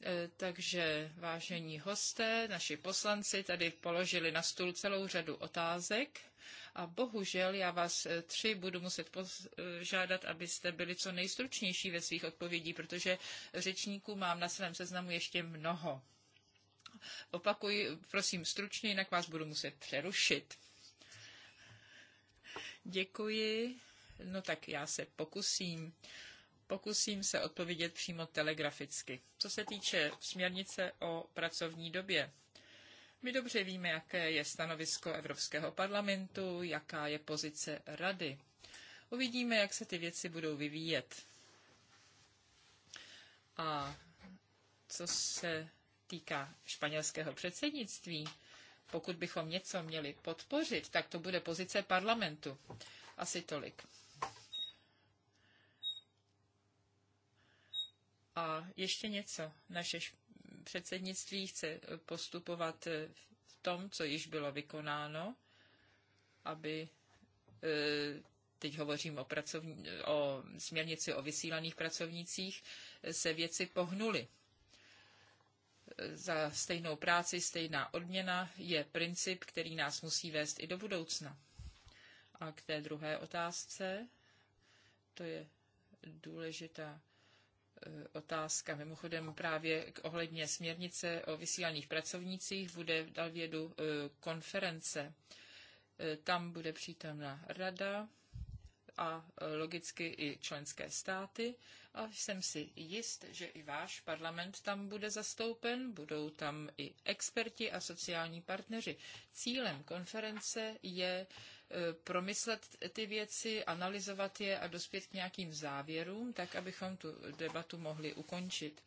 Eh, takže vážení hosté, naši poslanci tady položili na stůl celou řadu otázek a bohužel já vás eh, tři budu muset požádat, abyste byli co nejstručnější ve svých odpovědí, protože řečníků mám na svém seznamu ještě mnoho. Opakuji, prosím stručně, jinak vás budu muset přerušit. Děkuji. No tak já se pokusím. Pokusím se odpovědět přímo telegraficky. Co se týče směrnice o pracovní době, my dobře víme, jaké je stanovisko Evropského parlamentu, jaká je pozice Rady. Uvidíme, jak se ty věci budou vyvíjet. A co se týká španělského předsednictví, pokud bychom něco měli podpořit, tak to bude pozice parlamentu. Asi tolik. A ještě něco. Naše předsednictví chce postupovat eh, v tom, co již bylo vykonáno, aby eh, teď hovořím o, pracovní, o směrnici o vysílaných pracovnících, eh, se věci pohnuly. Za stejnou práci stejná odměna je princip, který nás musí vést i do budoucna. A k té druhé otázce, to je důležitá Eh, otázka. Mimochodem právě k ohledně směrnice o vysílaných pracovnících bude v Dalvědu eh, konference. Eh, tam bude přítomna rada a logicky i členské státy. A jsem si jist, že i váš parlament tam bude zastoupen, budou tam i experti a sociální partneři. Cílem konference je E, promyslet ty věci, analyzovat je a dospět k nějakým závěrům, tak abychom tu debatu mohli ukončit.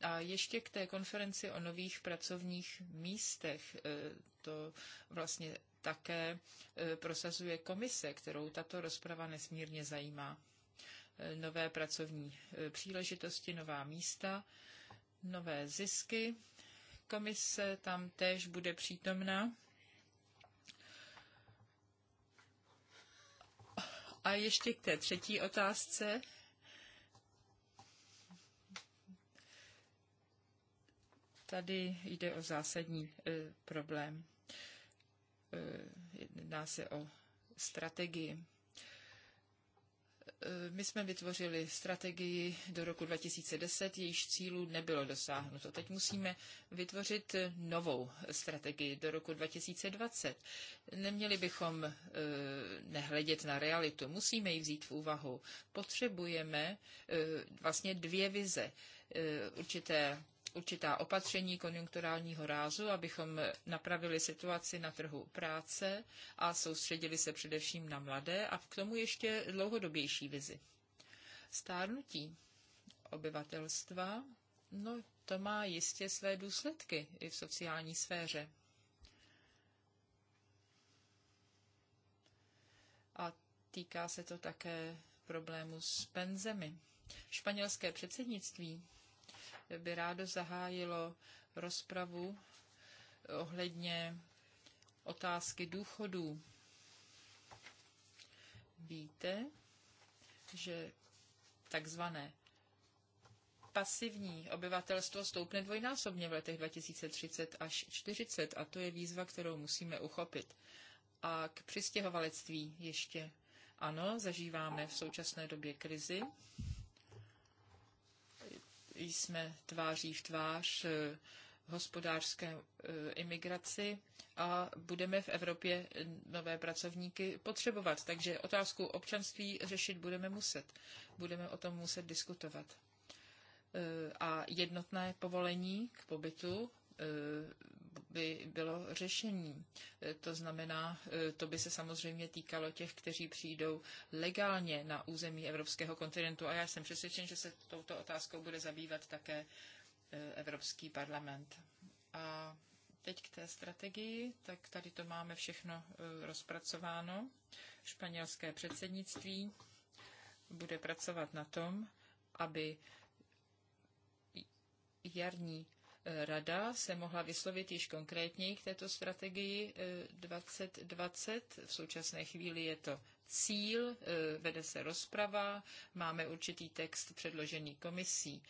A ještě k té konferenci o nových pracovních místech. E, to vlastně také e, prosazuje komise, kterou tato rozprava nesmírně zajímá. Nové pracovní příležitosti, nová místa, nové zisky. Komise tam též bude přítomna A ještě k té třetí otázce. Tady jde o zásadní e, problém. E, jedná se o strategii. Eh, my jsme vytvořili strategii do roku 2010, jejíž cílů nebylo dosáhnuto. Teď musíme vytvořit novou strategii do roku 2020. Neměli bychom eh, nehledět na realitu, musíme ji vzít v úvahu. Potřebujeme eh, vlastně dvě vize, určité určitá opatření konjunkturálního rázu, abychom napravili situaci na trhu práce a soustředili se především na mladé a k tomu ještě dlouhodobější vizi. Stárnutí obyvatelstva, no to má jistě své důsledky i v sociální sféře. A týká se to také problému s penzemi. Španělské předsednictví by rádo zahájilo rozpravu ohledně otázky důchodů. Víte, že takzvané pasivní obyvatelstvo stoupne dvojnásobně v letech 2030 až 40 a to je výzva, kterou musíme uchopit. A k přistěhovalectví ještě. Ano, zažíváme v současné době krizi jsme tváří v tvář eh, hospodářské eh, imigraci a budeme v Evropě nové pracovníky potřebovat. Takže otázku občanství řešit budeme muset. Budeme o tom muset diskutovat. Eh, a jednotné povolení k pobytu by bylo řešení. To znamená, eh, to by se samozřejmě týkalo těch, kteří přijdou legálně na území evropského kontinentu a já jsem přesvědčen, že se touto otázkou bude zabývat také eh, Evropský parlament. A teď k té strategii, tak tady to máme všechno eh, rozpracováno. Španělské předsednictví bude pracovat na tom, aby jarní Eh, rada se mohla vyslovit již konkrétně, k této strategii 2020. Eh, v současné chvíli je to cíl, eh, vede se rozprava, máme určitý text předložený komisí.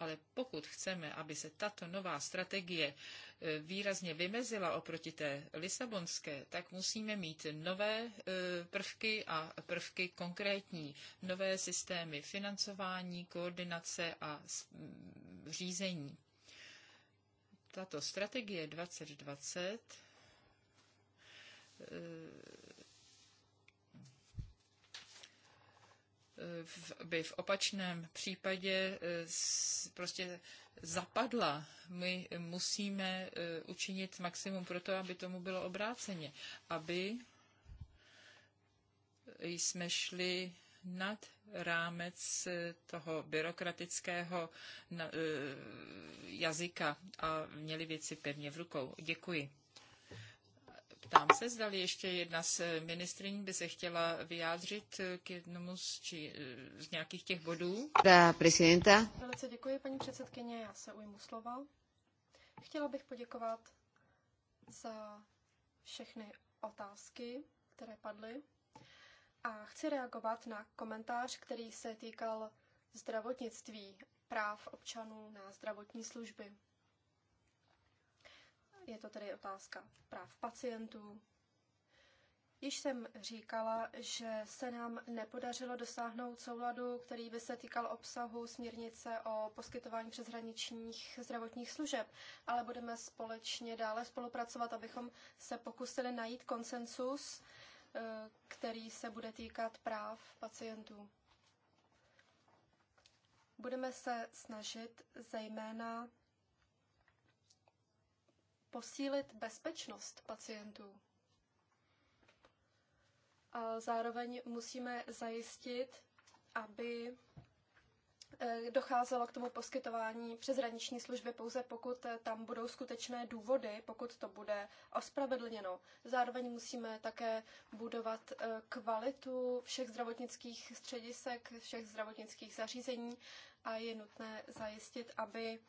Ale pokud chceme, aby se tato nová strategie výrazně vymezila oproti té Lisabonské, tak musíme mít nové prvky a prvky konkrétní, nové systémy financování, koordinace a mm, řízení. Tato strategie 2020 eh, eh, by v opačném případě eh, prostě zapadla. My musíme učinit maximum pro to, aby tomu bylo obráceně, aby jsme šli nad rámec eh, toho byrokratického eh, jazyka a měli věci pevně v rukou. Děkuji. Ptám se, zdali ještě jedna z ministrin by se chtěla vyjádřit eh, k jednomu z, či, z nějakých těch bodů. prezidenta. Velice děkuji, paní předsedkyně, já se ujmu slova. Chtěla bych poděkovat za všechny otázky, které padly. A chci reagovat na komentář, který se týkal zdravotnictví, práv občanů na zdravotní služby. Je to tedy otázka práv pacientů. Již jsem říkala, že se nám nepodařilo dosáhnout souladu, který by se týkal obsahu směrnice o poskytování přeshraničních zdravotních služeb, ale budeme společně dále spolupracovat, abychom se pokusili najít konsensus Eh, který se bude týkat práv pacientů. Budeme se snažit zejména posílit bezpečnost pacientů. A zároveň musíme zajistit, aby Eh, docházelo k tomu poskytování přeshraniční služby pouze pokud eh, tam budou skutečné důvody, pokud to bude ospravedlněno. Zároveň musíme také budovat eh, kvalitu všech zdravotnických středisek, všech zdravotnických zařízení a je nutné zajistit, aby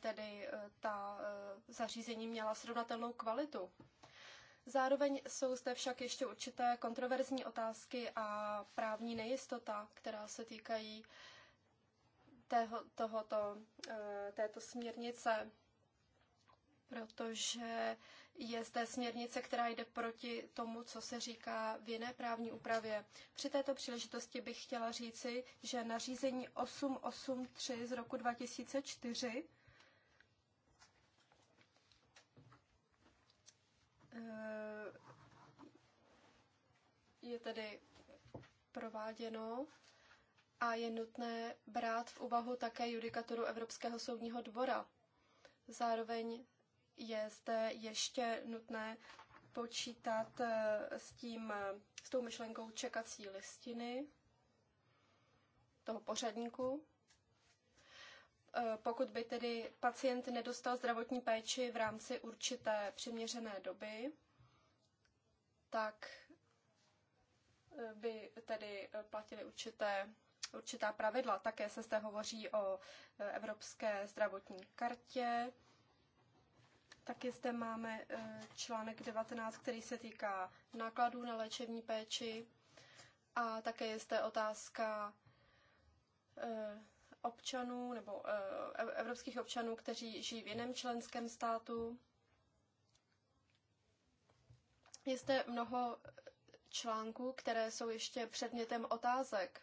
tedy ta zařízení měla srovnatelnou kvalitu. Zároveň jsou zde však ještě určité kontroverzní otázky a právní nejistota, která se týkají tého, tohoto, eh, této směrnice, protože je z té směrnice, která jde proti tomu, co se říká v jiné právní úpravě. Při této příležitosti bych chtěla říci, že nařízení 883 z roku 2004 eh, je tedy prováděno a je nutné brát v úvahu také judikaturu Evropského soudního dvora. Zároveň je zde ještě nutné počítat eh, s, tím, eh, s tou myšlenkou čekací listiny toho pořadníku. Eh, pokud by tedy pacient nedostal zdravotní péči v rámci určité přiměřené doby, tak by tedy platili určité určitá pravidla. Také se zde hovoří o e, Evropské zdravotní kartě. Taky zde máme e, článek 19, který se týká nákladů na léčební péči. A také je zde otázka e, občanů nebo evropských občanů, kteří žijí v jiném členském státu. Je zde mnoho článků, které jsou ještě předmětem otázek.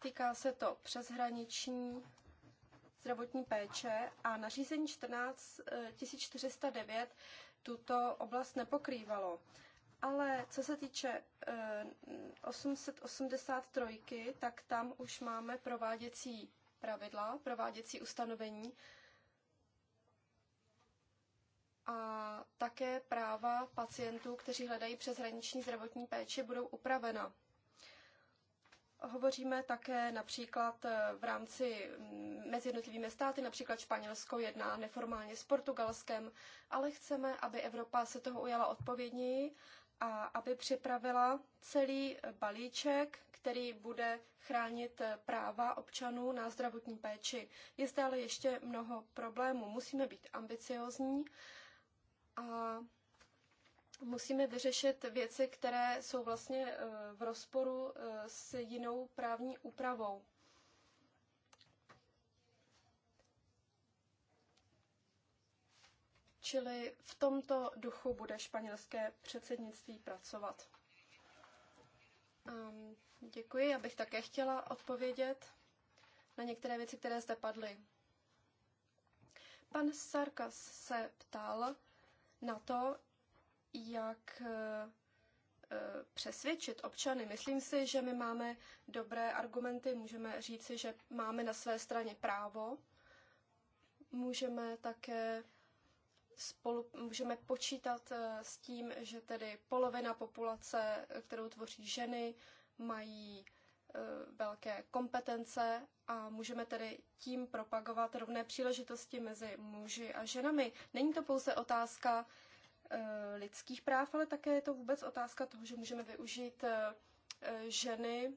Týká se to přeshraniční zdravotní péče a nařízení 14 409 eh, tuto oblast nepokrývalo. Ale co se týče 883, eh, tak tam už máme prováděcí pravidla, prováděcí ustanovení a také práva pacientů, kteří hledají přeshraniční zdravotní péči, budou upravena Hovoříme také například eh, v rámci mm, mezi jednotlivými státy, například Španělsko jedná neformálně s Portugalskem, ale chceme, aby Evropa se toho ujala odpovědněji a aby připravila celý balíček, který bude chránit eh, práva občanů na zdravotní péči. Je zde ale ještě mnoho problémů. Musíme být ambiciozní a musíme vyřešit věci, které jsou vlastně eh, v rozporu eh, s jinou právní úpravou. Čili v tomto duchu bude španělské předsednictví pracovat. Um, děkuji, já bych také chtěla odpovědět na některé věci, které zde padly. Pan Sarkas se ptal na to, jak eh, eh, přesvědčit občany. Myslím si, že my máme dobré argumenty, můžeme říci, že máme na své straně právo, můžeme také spolu, můžeme počítat eh, s tím, že tedy polovina populace, kterou tvoří ženy, mají velké kompetence a můžeme tedy tím propagovat rovné příležitosti mezi muži a ženami. Není to pouze otázka Eh, lidských práv, ale také je to vůbec otázka toho, že můžeme využít eh, eh, ženy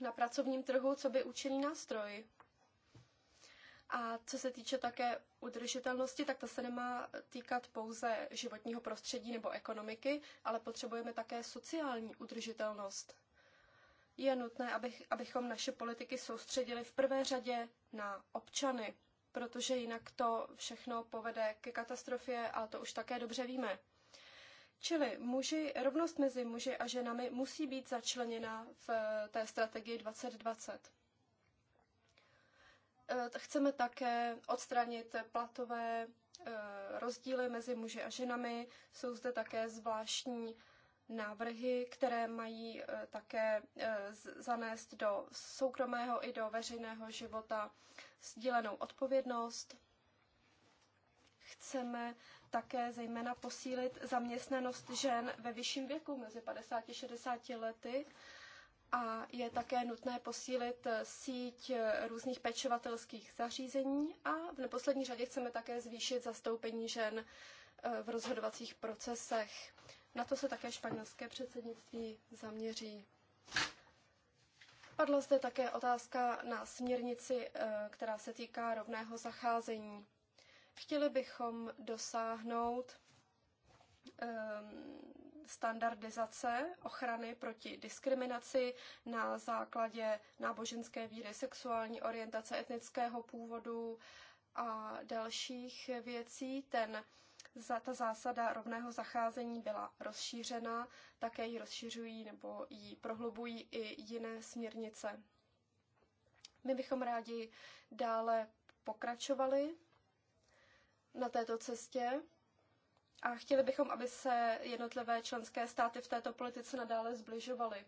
na pracovním trhu, co by účinný nástroj. A co se týče také udržitelnosti, tak to se nemá týkat pouze životního prostředí nebo ekonomiky, ale potřebujeme také sociální udržitelnost. Je nutné, abych, abychom naše politiky soustředili v prvé řadě na občany, protože jinak to všechno povede ke katastrofě a to už také dobře víme. Čili muži, rovnost mezi muži a ženami musí být začleněna v eh, té strategii 2020. Eh, chceme také odstranit platové eh, rozdíly mezi muži a ženami. Jsou zde také zvláštní návrhy, které mají eh, také eh, zanést do soukromého i do veřejného života sdílenou odpovědnost. Chceme také zejména posílit zaměstnanost žen ve vyšším věku, mezi 50 a 60 lety. A je také nutné posílit eh, síť různých pečovatelských zařízení a v neposlední řadě chceme také zvýšit zastoupení žen v rozhodovacích procesech. Na to se také španělské předsednictví zaměří. Padla zde také otázka na směrnici, eh, která se týká rovného zacházení. Chtěli bychom dosáhnout ehm, standardizace ochrany proti diskriminaci na základě náboženské víry, sexuální orientace, etnického původu a dalších věcí. Ten za ta zásada rovného zacházení byla rozšířena, také ji rozšiřují nebo ji prohlubují i jiné směrnice. My bychom rádi dále pokračovali na této cestě a chtěli bychom, aby se jednotlivé členské státy v této politice nadále zbližovaly.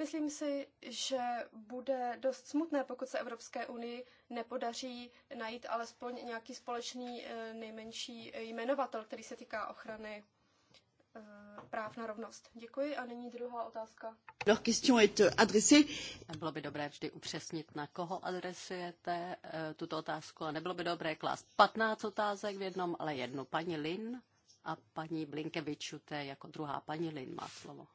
Myslím si, že bude dost smutné, pokud se Evropské unii nepodaří najít alespoň nějaký společný eh, nejmenší jmenovatel, který se týká ochrany eh, práv na rovnost. Děkuji a nyní druhá otázka. Euh, Bylo by dobré vždy upřesnit, na koho adresujete eh, tuto otázku a nebylo by dobré klást 15 otázek v jednom, ale jednu. Paní Lin a paní Blinkevičuté jako druhá. Paní Lin má slovo.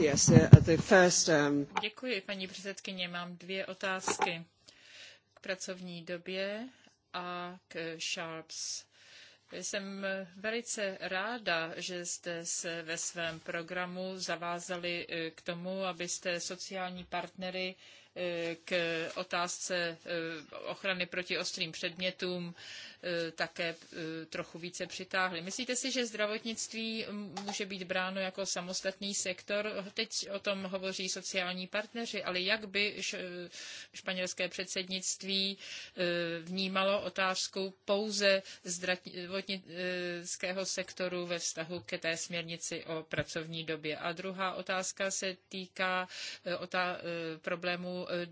Uh, um, Děkuji, paní předsedkyně. Mám dvě otázky k pracovní době a k Sharps. Jsem velice ráda, že jste se ve svém programu zavázali eh, k tomu, abyste sociální partnery E, k otázce e, ochrany proti ostrým předmětům e, také trochu více přitáhli. Myslíte si, že zdravotnictví může být bráno jako samostatný sektor? Teď o tom hovoří sociální partneři, ale jak by španělské předsednictví vnímalo otázku pouze zdravotnického sektoru ve vztahu ke té směrnici o pracovní době? A druhá otázka se týká otá- problému Eh,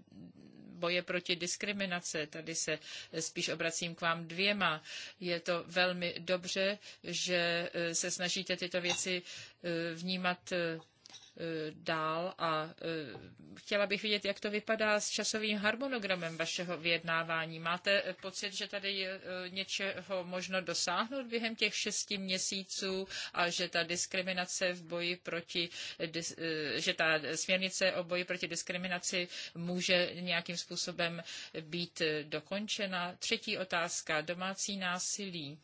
boje proti diskriminace. Tady se spíš obracím k vám dvěma. Je to velmi dobře, že eh, se snažíte tyto věci eh, vnímat Eh, dál a eh, chtěla bych vidět, jak to vypadá s časovým harmonogramem vašeho vyjednávání. Máte eh, pocit, že tady je něčeho možno dosáhnout během těch šesti měsíců a že ta diskriminace v boji proti, že ta směrnice o boji proti diskriminaci může nějakým způsobem být dokončena? Třetí otázka, domácí násilí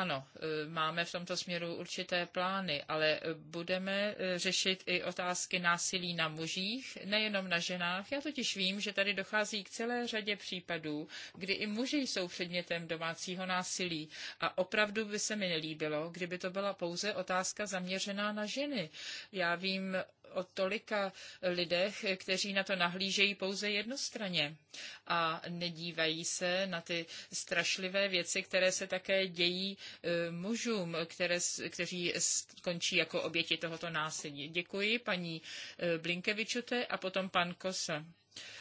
ano, e, máme v tomto směru určité plány, ale budeme e, řešit i otázky násilí na mužích, nejenom na ženách. Já totiž vím, že tady dochází k celé řadě případů, kdy i muži jsou předmětem domácího násilí. A opravdu by se mi nelíbilo, kdyby to byla pouze otázka zaměřená na ženy. Já vím o tolika lidech, kteří na to nahlížejí pouze jednostranně a nedívají se na ty strašlivé věci, které se také dějí e, mužům, které, kteří skončí jako oběti tohoto násilí. Děkuji paní e, Blinkevičute a potom pan Kosa.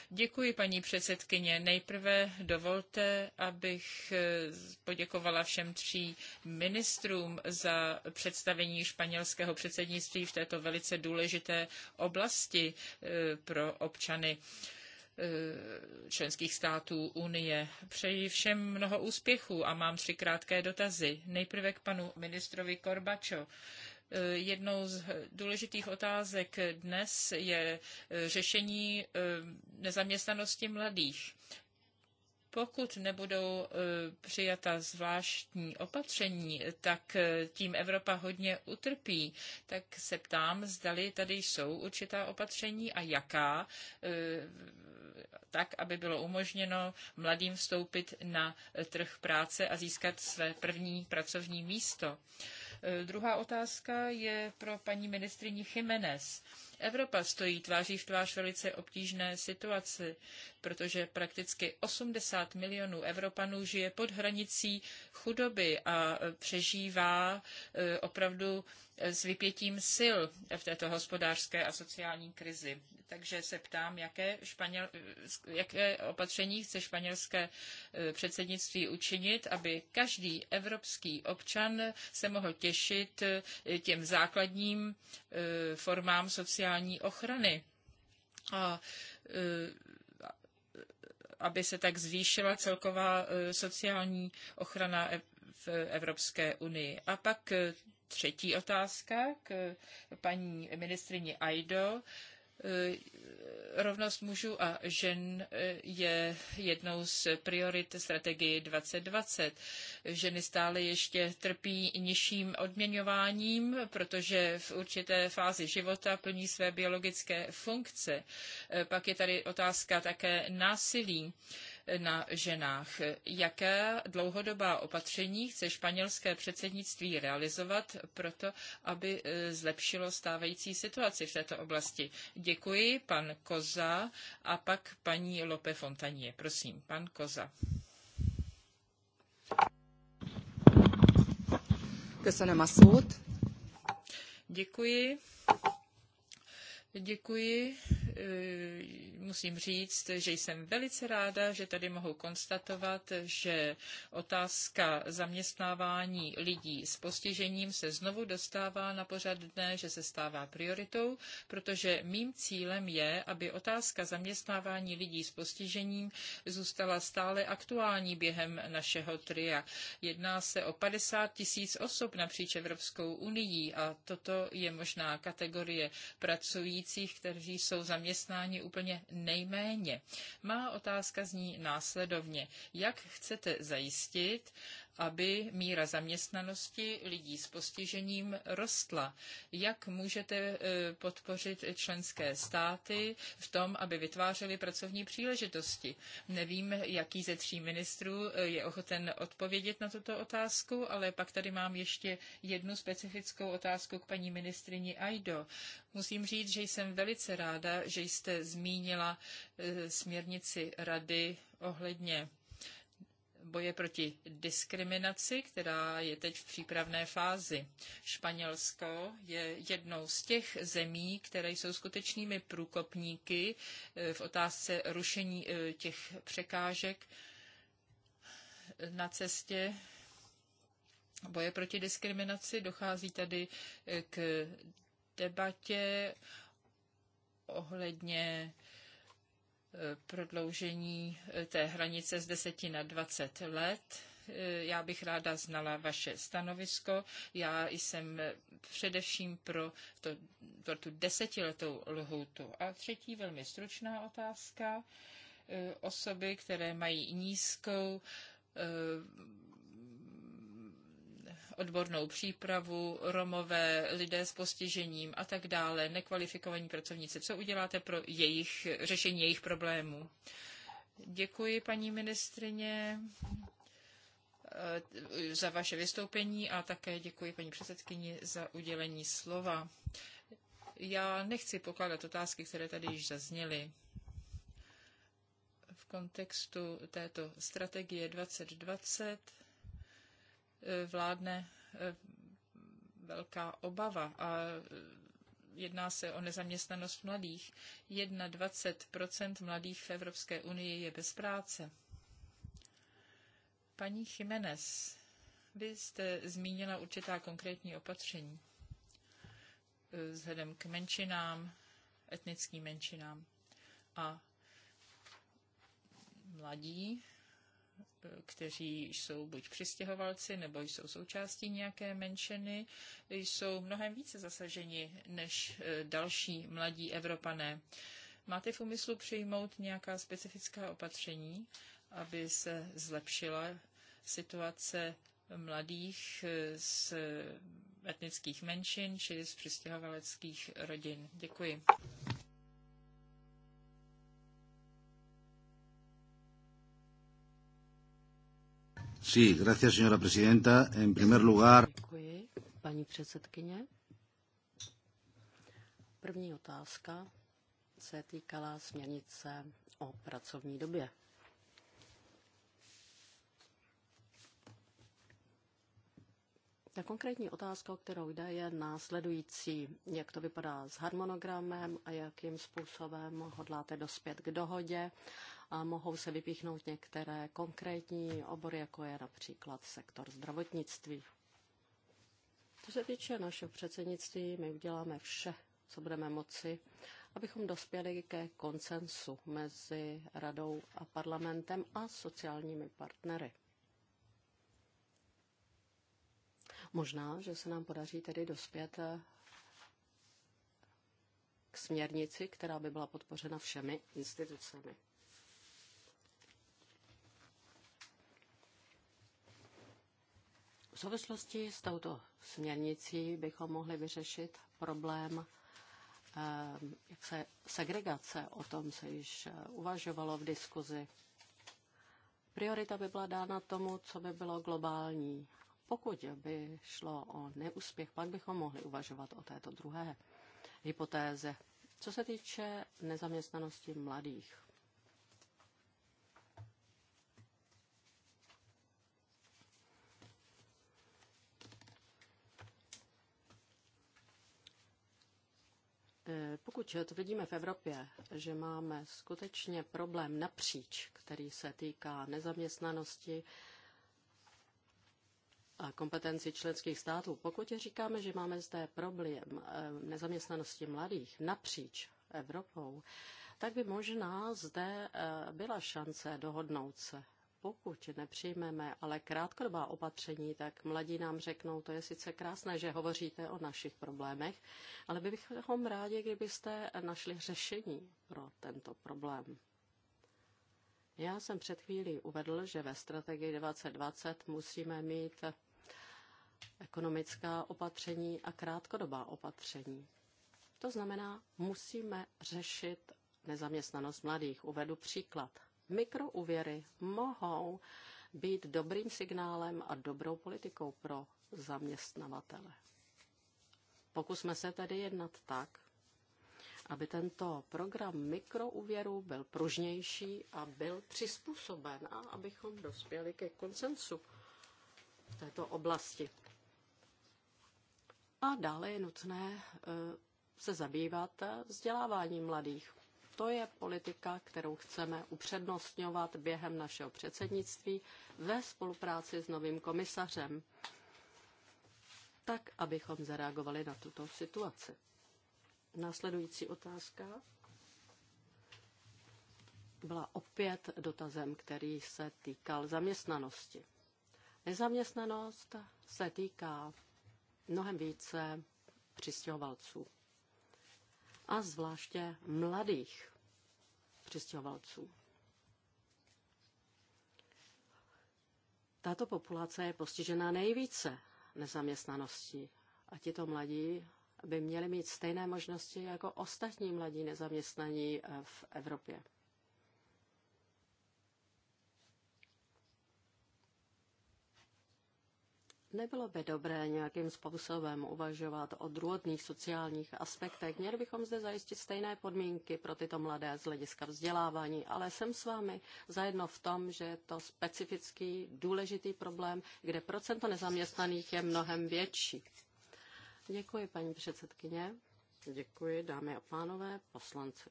Děkuji, paní předsedkyně. Nejprve dovolte, abych eh, poděkovala všem tří ministrům za představení španělského předsednictví v této velice důležité oblasti eh, pro občany eh, členských států Unie. Přeji všem mnoho úspěchů a mám tři krátké dotazy. Nejprve k panu ministrovi Korbačo. Eh, jednou z důležitých otázek dnes je eh, řešení eh, nezaměstnanosti mladých pokud nebudou přijata zvláštní opatření, tak tím Evropa hodně utrpí. Tak se ptám, zdali tady jsou určitá opatření a jaká tak, aby bylo umožněno mladým vstoupit na trh práce a získat své první pracovní místo. E, druhá otázka je pro paní ministrini Jiménez. Evropa stojí tváří v tvář velice obtížné situaci protože prakticky 80 milionů Evropanů žije pod hranicí chudoby a e, přežívá e, opravdu e, s vypětím sil v této hospodářské a sociální krizi. Takže se ptám, jaké, španěl, jaké opatření chce španělské předsednictví učinit, aby každý evropský občan se mohl těšit těm základním formám sociální ochrany. A aby se tak zvýšila celková e, sociální ochrana e, v Evropské unii. A pak e, třetí otázka k paní ministrině Aido. Eh, rovnost mužů a žen eh, je jednou z priorit strategii 2020. Ženy stále ještě trpí nižším odměňováním, protože v určité fázi života plní své biologické funkce. Eh, pak je tady otázka také násilí na ženách. Jaké dlouhodobá opatření chce španělské předsednictví realizovat proto, aby e, zlepšilo stávající situaci v této oblasti? Děkuji, pan Koza a pak paní Lope Fontanie. Prosím, pan Koza. Köszönöm a szót. Děkuji. Děkuji Eh, musím říct, že jsem velice ráda, že tady mohu konstatovat, že otázka zaměstnávání lidí s postižením se znovu dostává na pořad dne, že se stává prioritou, protože mým cílem je, aby otázka zaměstnávání lidí s postižením zůstala stále aktuální během našeho tria. Jedná se o 50 tisíc osob napříč Evropskou unii a toto je možná kategorie pracujících, kteří jsou zaměstnáni zaměstnání úplně nejméně. Má otázka zní následovně. Jak chcete zajistit, aby míra zaměstnanosti lidí s postižením rostla. Jak můžete e, podpořit členské státy v tom, aby vytvářely pracovní příležitosti? Nevím, jaký ze tří ministrů e, je ochoten odpovědět na tuto otázku, ale pak tady mám ještě jednu specifickou otázku k paní ministrini Aido. Musím říct, že jsem velice ráda, že jste zmínila e, směrnici rady ohledně boje proti diskriminaci, která je teď v přípravné fázi. Španělsko je jednou z těch zemí, které jsou skutečnými průkopníky eh, v otázce rušení eh, těch překážek eh, na cestě boje proti diskriminaci. Dochází tady k debatě ohledně prodloužení eh, té hranice z 10 na 20 let. Eh, já bych ráda znala vaše stanovisko. Já jsem eh, především pro, to, pro tu desetiletou lhoutu. A třetí velmi stručná otázka. Osoby, které mají nízkou odbornou přípravu, Romové, lidé s postižením a tak dále, nekvalifikovaní pracovníci. Co uděláte pro jejich řešení jejich problémů? Děkuji, paní ministrině, eh, za vaše vystoupení a také děkuji paní předsedkyni za udělení slova. Já nechci pokládat otázky, které tady již zazněly v kontextu této strategie 2020 Eh, vládne eh, velká obava a eh, jedná se o nezaměstnanost mladých. 21% mladých v Evropské unii je bez práce. Paní Jiménez, vy jste zmínila určitá konkrétní opatření vzhledem k menšinám, etnickým menšinám. A mladí kteří jsou buď přistěhovalci nebo jsou součástí nějaké menšiny, jsou mnohem více zasaženi než e, další mladí Evropané. Máte v úmyslu přijmout nějaká specifická opatření, aby se zlepšila situace mladých e, z etnických menšin, či z přistěhovaleckých rodin? Děkuji. Sí, gracias, señora presidenta. En primer lugar... Děkuji, paní předsedkyně. První otázka se týkala směrnice o pracovní době. Ta konkrétní otázka, o kterou jde, je následující. Jak to vypadá s harmonogramem a jakým způsobem hodláte dospět k dohodě mohou se vypíchnout některé konkrétní obory, jako je například sektor zdravotnictví. Co se týče našeho předsednictví, my uděláme vše, co budeme moci, abychom dospěli ke konsensu mezi radou a parlamentem a sociálními partnery. Možná, že se nám podaří tedy dospět eh, k směrnici, která by byla podpořena všemi institucemi. V souvislosti s touto směrnicí bychom mohli vyřešit problém eh, jak se segregace, o tom se již eh, uvažovalo v diskuzi. Priorita by byla dána tomu, co by bylo globální. Pokud by šlo o neúspěch, pak bychom mohli uvažovat o této druhé hypotéze. Co se týče nezaměstnanosti mladých, Eh, pokud tvrdíme v Evropě, že máme skutečně problém napříč, který se týká nezaměstnanosti a kompetenci členských států, pokud říkáme, že máme zde problém eh, nezaměstnanosti mladých napříč Evropou, tak by možná zde eh, byla šance dohodnout se pokud nepřijmeme ale krátkodobá opatření, tak mladí nám řeknou, to je sice krásné, že hovoříte o našich problémech, ale by bychom rádi, kdybyste našli řešení pro tento problém. Já jsem před chvílí uvedl, že ve strategii 2020 musíme mít ekonomická opatření a krátkodobá opatření. To znamená, musíme řešit nezaměstnanost mladých. Uvedu příklad. Mikroúvěry mohou být dobrým signálem a dobrou politikou pro zaměstnavatele. Pokusme se tedy jednat tak, aby tento program mikroúvěru byl pružnější a byl přizpůsoben a abychom dospěli ke koncensu v této oblasti. A dále je nutné eh, se zabývat vzděláváním mladých. To je politika, kterou chceme upřednostňovat během našeho předsednictví ve spolupráci s novým komisařem, tak abychom zareagovali na tuto situaci. Následující otázka byla opět dotazem, který se týkal zaměstnanosti. Nezaměstnanost se týká mnohem více přistěhovalců a zvláště mladých přistěhovalců. Tato populace je postižená nejvíce nezaměstnaností a tito mladí by měli mít stejné možnosti jako ostatní mladí nezaměstnaní v Evropě. Nebylo by dobré nějakým způsobem uvažovat o druhotných sociálních aspektech. Měli bychom zde zajistit stejné podmínky pro tyto mladé z hlediska vzdělávání, ale jsem s vámi zajedno v tom, že je to specifický, důležitý problém, kde procento nezaměstnaných je mnohem větší. Děkuji, paní předsedkyně. Děkuji, dámy a pánové, poslanci.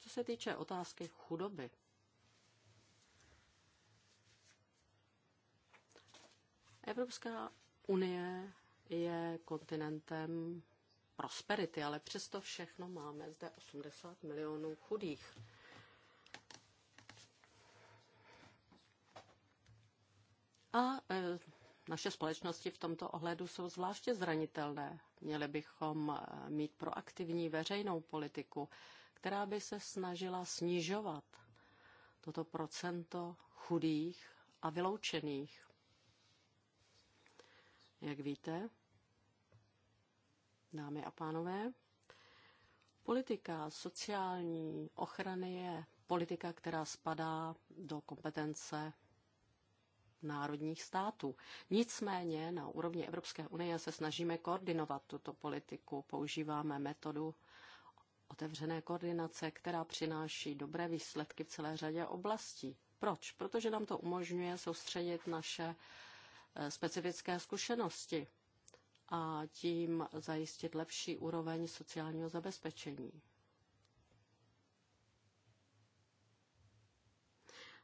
Co se týče otázky chudoby, Evropská unie je kontinentem prosperity, ale přesto všechno máme zde 80 milionů chudých. A e, naše společnosti v tomto ohledu jsou zvláště zranitelné. Měli bychom e, mít proaktivní veřejnou politiku, která by se snažila snižovat toto procento chudých a vyloučených. Jak víte, dámy a pánové, politika sociální ochrany je politika, která spadá do kompetence národních států. Nicméně na úrovni Evropské unie se snažíme koordinovat tuto politiku. Používáme metodu otevřené koordinace, která přináší dobré výsledky v celé řadě oblastí. Proč? Protože nám to umožňuje soustředit naše Eh, specifické zkušenosti a tím zajistit lepší úroveň sociálního zabezpečení.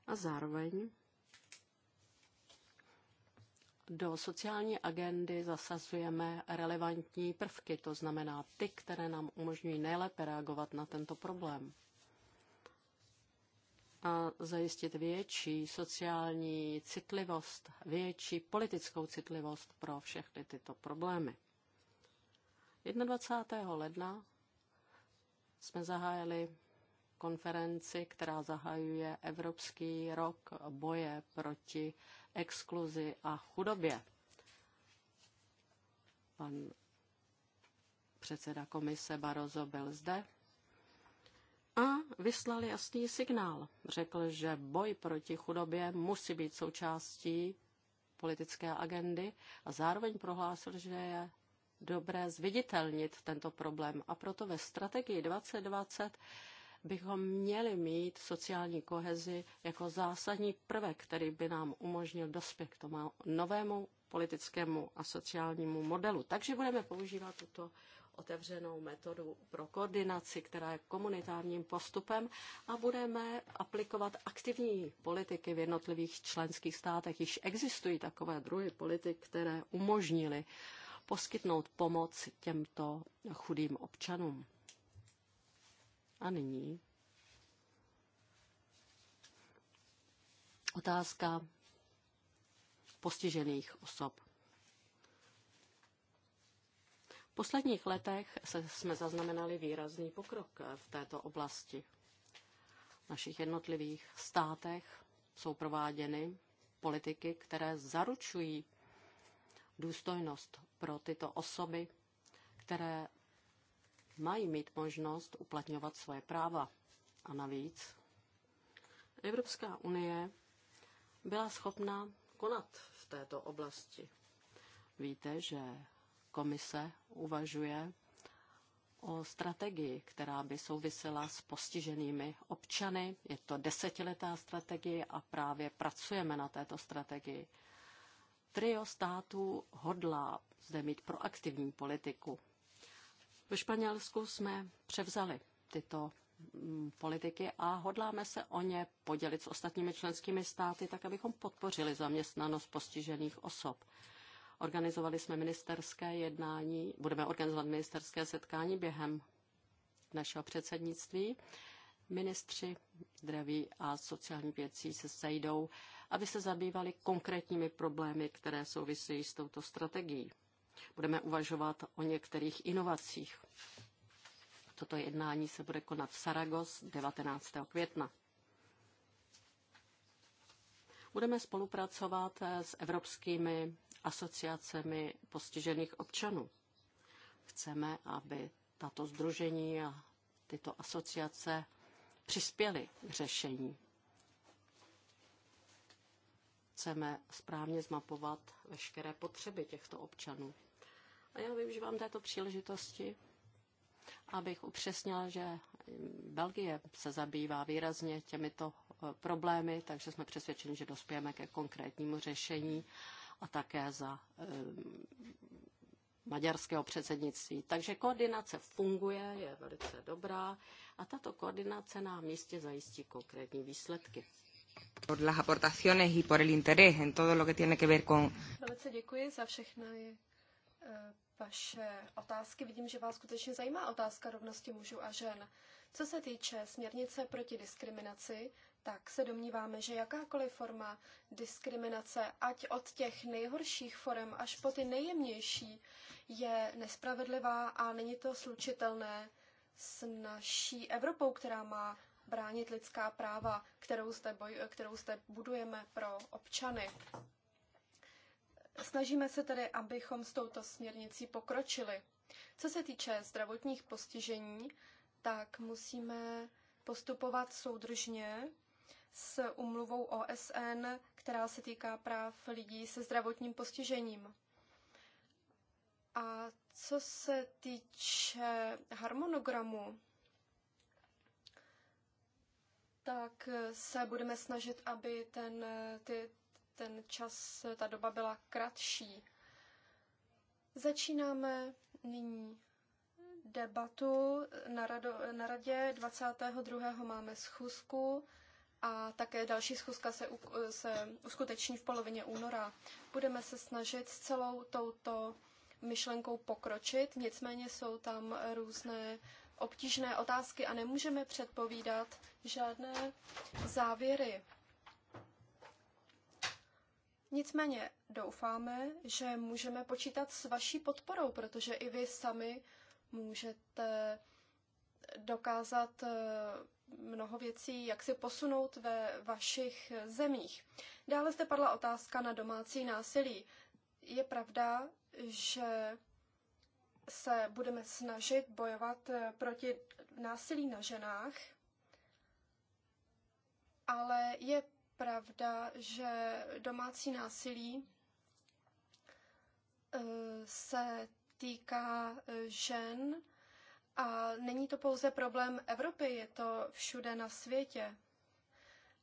A zároveň do sociální agendy zasazujeme relevantní prvky, to znamená ty, které nám umožňují nejlépe reagovat na tento problém zajistit větší sociální citlivost, větší politickou citlivost pro všechny tyto problémy. 21. ledna jsme zahájili konferenci, která zahajuje Evropský rok boje proti exkluzi a chudobě. Pan předseda komise Barozo byl zde a vyslal jasný signál. Řekl, že boj proti chudobě musí být součástí politické agendy a zároveň prohlásil, že je dobré zviditelnit tento problém. A proto ve strategii 2020 bychom měli mít sociální kohezi jako zásadní prvek, který by nám umožnil dospět k tomu novému politickému a sociálnímu modelu. Takže budeme používat tuto otevřenou metodu pro koordinaci, která je komunitárním postupem a budeme aplikovat aktivní politiky v jednotlivých členských státech. Již existují takové druhy politik, které umožnily poskytnout pomoc těmto chudým občanům. A nyní otázka postižených osob. posledních letech se, jsme zaznamenali výrazný pokrok eh, v této oblasti. V našich jednotlivých státech jsou prováděny politiky, které zaručují důstojnost pro tyto osoby, které mají mít možnost uplatňovat svoje práva. A navíc Evropská unie byla schopna konat v této oblasti. Víte, že Komise uvažuje o strategii, která by souvisela s postiženými občany. Je to desetiletá strategie a právě pracujeme na této strategii. Trio států hodlá zde mít proaktivní politiku. Ve Španělsku jsme převzali tyto mm, politiky a hodláme se o ně podělit s ostatními členskými státy, tak abychom podpořili zaměstnanost postižených osob. Organizovali jsme ministerské jednání, budeme organizovat ministerské setkání během našeho předsednictví. Ministři zdraví a sociální věcí se sejdou, aby se zabývali konkrétními problémy, které souvisejí s touto strategií. Budeme uvažovat o některých inovacích. Toto jednání se bude konat v Saragos 19. května. Budeme spolupracovat s evropskými asociacemi postižených občanů. Chceme, aby tato združení a tyto asociace přispěly k řešení. Chceme správně zmapovat veškeré potřeby těchto občanů. A já využívám této příležitosti, abych upřesnila, že Belgie se zabývá výrazně těmito eh, problémy, takže jsme přesvědčeni, že dospějeme ke konkrétnímu řešení a také za eh, maďarského předsednictví. Takže koordinace funguje, je velice dobrá a tato koordinace nám jistě zajistí konkrétní výsledky. Por las aportaciones y por el interés en todo lo que tiene que ver con... Velice děkuji za všechny eh, vaše otázky. Vidím, že vás skutečně zajímá otázka rovnosti mužů a žen. Co se týče směrnice proti diskriminaci, tak se domníváme, že jakákoliv forma diskriminace, ať od těch nejhorších forem až po ty nejjemnější, je nespravedlivá a není to slučitelné s naší Evropou, která má bránit lidská práva, kterou zde, boj, kterou zde budujeme pro občany. Snažíme se tedy, abychom s touto směrnicí pokročili. Co se týče zdravotních postižení, tak musíme postupovat soudržně s umluvou OSN, která se týká práv lidí se zdravotním postižením. A co se týče harmonogramu, tak se budeme snažit, aby ten, ty, ten čas, ta doba byla kratší. Začínáme nyní debatu na, rado, na radě. 22. máme schůzku a také další schůzka se, se uskuteční v polovině února. Budeme se snažit s celou touto myšlenkou pokročit, nicméně jsou tam různé obtížné otázky a nemůžeme předpovídat žádné závěry. Nicméně doufáme, že můžeme počítat s vaší podporou, protože i vy sami můžete dokázat eh, mnoho věcí, jak si posunout ve vašich zemích. Dále zde padla otázka na domácí násilí. Je pravda, že se budeme snažit bojovat eh, proti násilí na ženách, ale je pravda, že domácí násilí eh, se týká eh, žen, a není to pouze problém Evropy, je to všude na světě.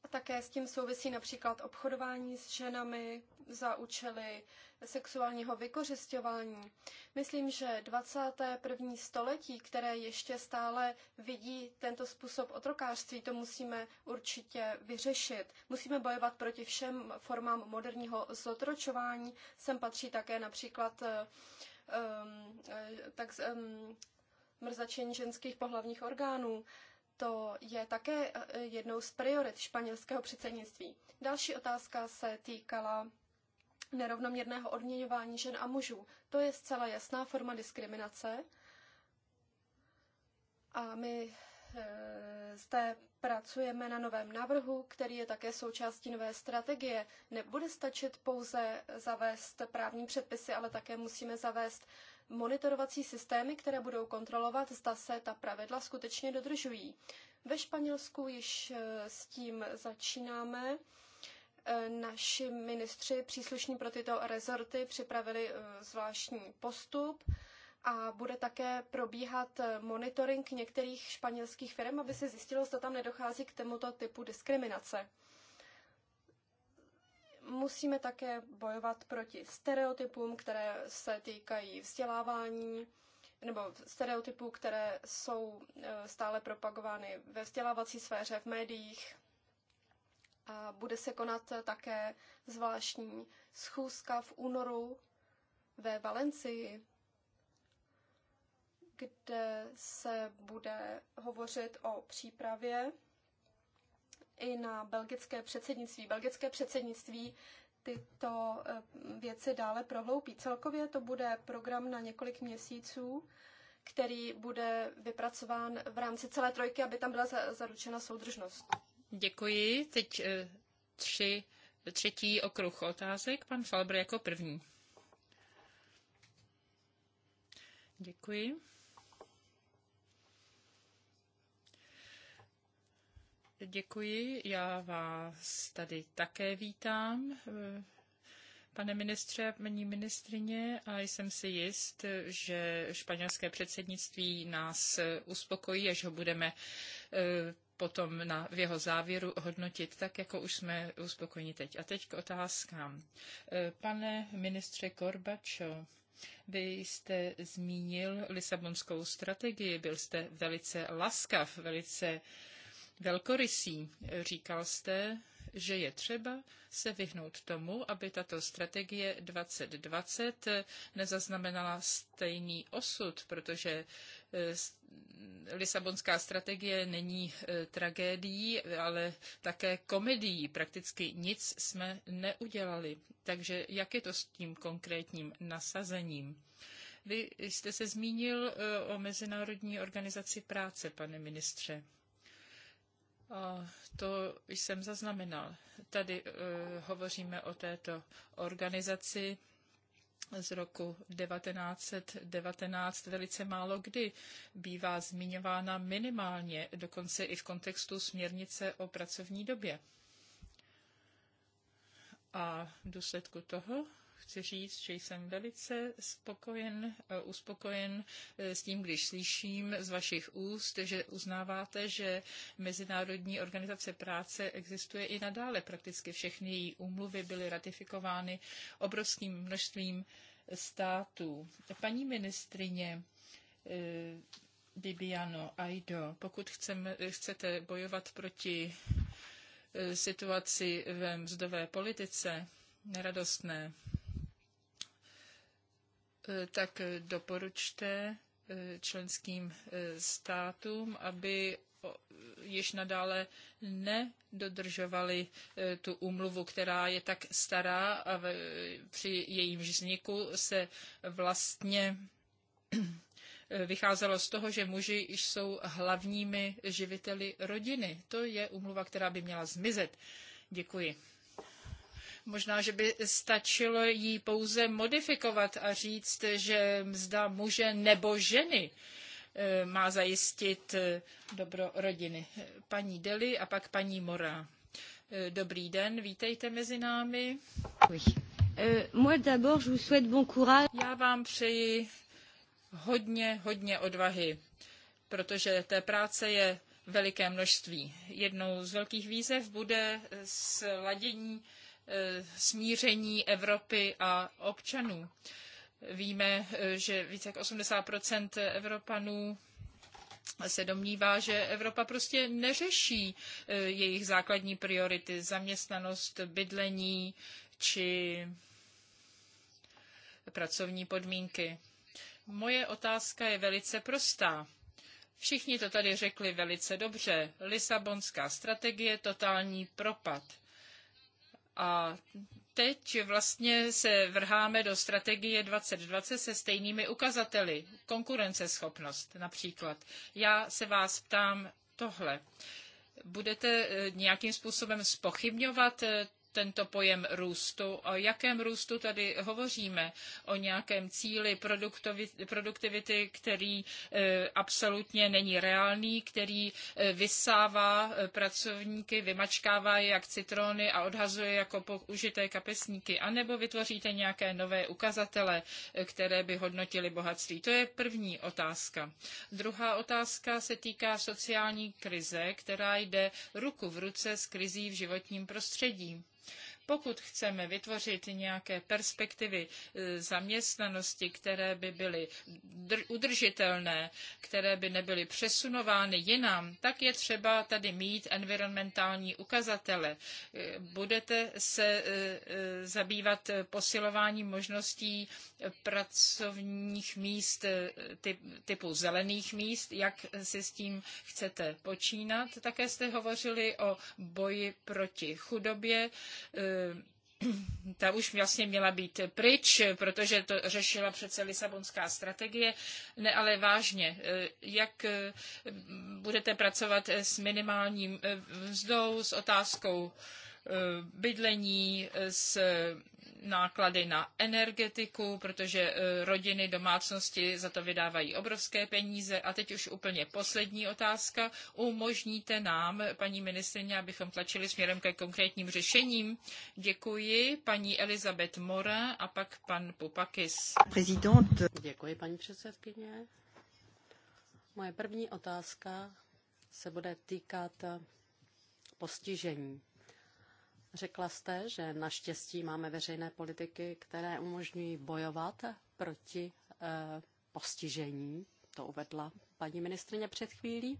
A také s tím souvisí například obchodování s ženami za účely sexuálního vykořišťování. Myslím, že 21. století, které ještě stále vidí tento způsob otrokářství, to musíme určitě vyřešit. Musíme bojovat proti všem formám moderního zotročování. Sem patří také například um, tak, um, mrzačení ženských pohlavních orgánů. To je také eh, jednou z priorit španělského předsednictví. Další otázka se týkala nerovnoměrného odměňování žen a mužů. To je zcela jasná forma diskriminace. A my eh, zde pracujeme na novém návrhu, který je také součástí nové strategie. Nebude stačit pouze zavést právní předpisy, ale také musíme zavést monitorovací systémy, které budou kontrolovat, zda se ta pravidla skutečně dodržují. Ve Španělsku již eh, s tím začínáme. Eh, naši ministři příslušní pro tyto rezorty připravili eh, zvláštní postup a bude také probíhat monitoring některých španělských firm, aby se zjistilo, zda tam nedochází k tomuto typu diskriminace. Musíme také bojovat proti stereotypům, které se týkají vzdělávání, nebo stereotypů, které jsou e, stále propagovány ve vzdělávací sféře, v médiích. A bude se konat také zvláštní schůzka v únoru ve Valencii, kde se bude hovořit o přípravě i na belgické předsednictví. Belgické předsednictví tyto eh, věci dále prohloubí. Celkově to bude program na několik měsíců, který bude vypracován v rámci celé trojky, aby tam byla zaručena soudržnost. Děkuji. Teď eh, tři, třetí okruh otázek. Pan Falber jako první. Děkuji. Děkuji, já vás tady také vítám, eh, pane ministře a paní ministrině, a jsem si jist, že španělské předsednictví nás uspokojí, až ho budeme eh, potom na, v jeho závěru hodnotit tak, jako už jsme uspokojeni teď. A teď k otázkám. Eh, pane ministře Korbačo, vy jste zmínil Lisabonskou strategii, byl jste velice laskav, velice uh, velkorysý. Říkal jste, že je třeba se vyhnout tomu, aby tato strategie 2020 nezaznamenala stejný osud, protože eh, Lisabonská strategie není eh, tragédií, ale také komedií. Prakticky nic jsme neudělali. Takže jak je to s tím konkrétním nasazením? Vy jste se zmínil eh, o Mezinárodní organizaci práce, pane ministře to jsem zaznamenal. Tady uh, hovoříme o této organizaci z roku 1919 velice málo kdy bývá zmiňována minimálně, dokonce i v kontextu směrnice o pracovní době. A v důsledku toho chci říct, že jsem velice spokojen, eh, uspokojen eh, s tím, když slyším z vašich úst, že uznáváte, že Mezinárodní organizace práce existuje i nadále. Prakticky všechny její úmluvy byly ratifikovány obrovským množstvím států. Paní ministrině, eh, Bibiano, Aido, pokud chceme, chcete bojovat proti situaci ve mzdové politice, neradostné, Eh, tak eh, doporučte eh, členským státům, aby již nadále nedodržovali tu umluvu, která je tak stará a v, při jejím vzniku se vlastně vycházelo z toho, že muži jsou hlavními živiteli rodiny. To je umluva, která by měla zmizet. Děkuji. Možná, že by stačilo ji pouze modifikovat a říct, že mzda muže nebo ženy eh, má zajistit eh, dobro rodiny. Paní Deli a pak paní Mora. Eh, dobrý den, vítejte mezi námi. Euh, Já vám přeji hodně, hodně odvahy, protože té práce je veliké množství. Jednou z velkých výzev bude sladění Eh, smíření Evropy a občanů. Víme, eh, že více jak 80 Evropanů se domnívá, že Evropa prostě neřeší eh, jejich základní priority, zaměstnanost, bydlení či pracovní podmínky. Moje otázka je velice prostá. Všichni to tady řekli velice dobře. Lisabonská strategie, totální propad. A teď vlastně se vrháme do strategie 2020 se stejnými ukazateli. Konkurenceschopnost například. Já se vás ptám tohle. Budete eh, nějakým způsobem spochybňovat eh, tento pojem růstu. O jakém růstu tady hovoříme? O nějakém cíli produktivity, který e, absolutně není reálný, který e, vysává e, pracovníky, vymačkává je jak citrony a odhazuje jako použité kapesníky. A nebo vytvoříte nějaké nové ukazatele, které by hodnotily bohatství. To je první otázka. Druhá otázka se týká sociální krize, která jde ruku v ruce s krizí v životním prostředí. Pokud chceme vytvořit nějaké perspektivy e, zaměstnanosti, které by byly udržitelné, které by nebyly přesunovány jinam, tak je třeba tady mít environmentální ukazatele. E, budete se e, zabývat posilováním možností pracovních míst typu zelených míst, jak si s tím chcete počínat. Také jste hovořili o boji proti chudobě, Eh, <clears throat> ta už vlastně měla být pryč, protože to řešila přece Lisabonská strategie. Ne, ale vážně, eh, jak eh, budete pracovat s minimálním vzdou, s otázkou bydlení, s náklady na energetiku, protože eh, rodiny, domácnosti za to vydávají obrovské peníze. A teď už úplně poslední otázka. Umožníte nám, paní ministrině, abychom tlačili směrem ke konkrétním řešením? Děkuji paní Elizabeth Mora a pak pan Pupakis. Prezident. Děkuji, paní předsedkyně. Moje první otázka se bude týkat postižení Řekla jste, že naštěstí máme veřejné politiky, které umožňují bojovat proti e, postižení. To uvedla paní ministrině před chvílí.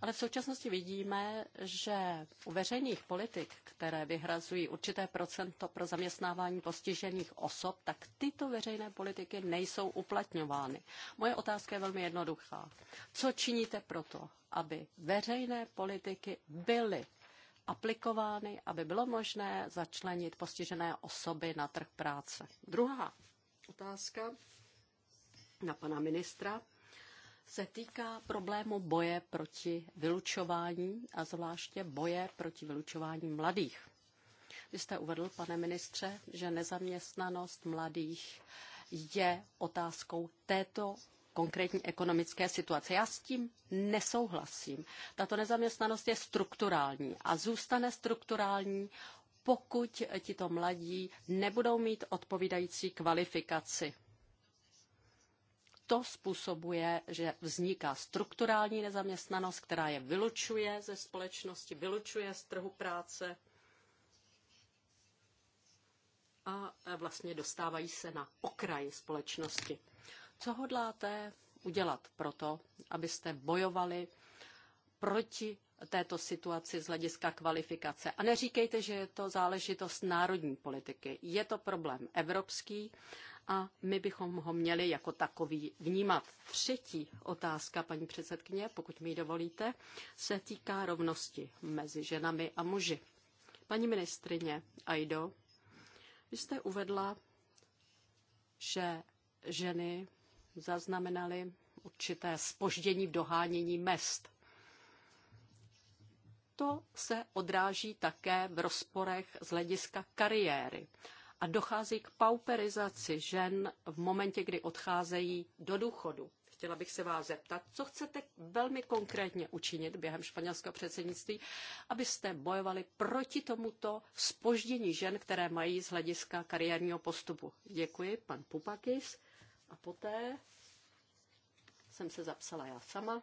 Ale v současnosti vidíme, že u veřejných politik, které vyhrazují určité procento pro zaměstnávání postižených osob, tak tyto veřejné politiky nejsou uplatňovány. Moje otázka je velmi jednoduchá. Co činíte proto, aby veřejné politiky byly aplikovány, aby bylo možné začlenit postižené osoby na trh práce. Druhá otázka na pana ministra se týká problému boje proti vylučování a zvláště boje proti vylučování mladých. Vy jste uvedl, pane ministře, že nezaměstnanost mladých je otázkou této konkrétní ekonomické situace. Já s tím nesouhlasím. Tato nezaměstnanost je strukturální a zůstane strukturální, pokud tito mladí nebudou mít odpovídající kvalifikaci. To způsobuje, že vzniká strukturální nezaměstnanost, která je vylučuje ze společnosti, vylučuje z trhu práce a vlastně dostávají se na okraj společnosti. Co hodláte udělat pro to, abyste bojovali proti této situaci z hlediska kvalifikace. A neříkejte, že je to záležitost národní politiky. Je to problém evropský a my bychom ho měli jako takový vnímat. Třetí otázka, paní předsedkyně, pokud mi ji dovolíte, se týká rovnosti mezi ženami a muži. Paní ministrině Aido, vy jste uvedla, že ženy zaznamenali určité spoždění v dohánění mest. To se odráží také v rozporech z hlediska kariéry a dochází k pauperizaci žen v momentě, kdy odcházejí do důchodu. Chtěla bych se vás zeptat, co chcete velmi konkrétně učinit během španělského předsednictví, abyste bojovali proti tomuto spoždění žen, které mají z hlediska kariérního postupu. Děkuji, pan Pupakis. A poté jsem se zapsala já sama,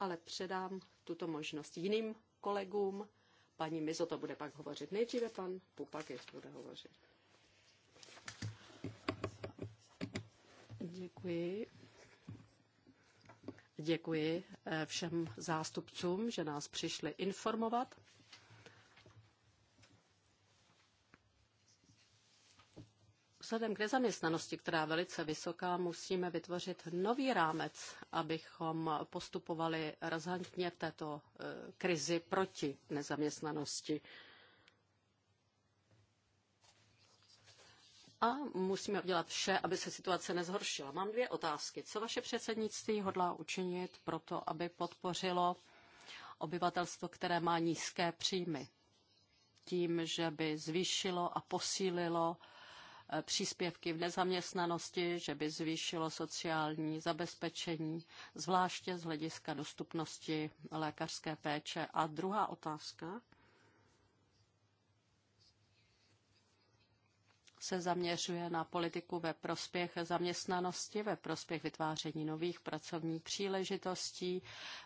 ale předám tuto možnost jiným kolegům. Paní Mizo to bude pak hovořit. Nejdříve pan ještě bude hovořit. Děkuji. Děkuji eh, všem zástupcům, že nás přišli informovat. Vzhledem k nezaměstnanosti, která je velice vysoká, musíme vytvořit nový rámec, abychom postupovali razantně v této eh, krizi proti nezaměstnanosti. A musíme udělat vše, aby se situace nezhoršila. Mám dvě otázky. Co vaše předsednictví hodlá učinit pro to, aby podpořilo obyvatelstvo, které má nízké příjmy? Tím, že by zvýšilo a posílilo Eh, příspěvky v nezaměstnanosti, že by zvýšilo sociální zabezpečení, zvláště z hlediska dostupnosti lékařské péče. A druhá otázka se zaměřuje na politiku ve prospěch zaměstnanosti, ve prospěch vytváření nových pracovních příležitostí,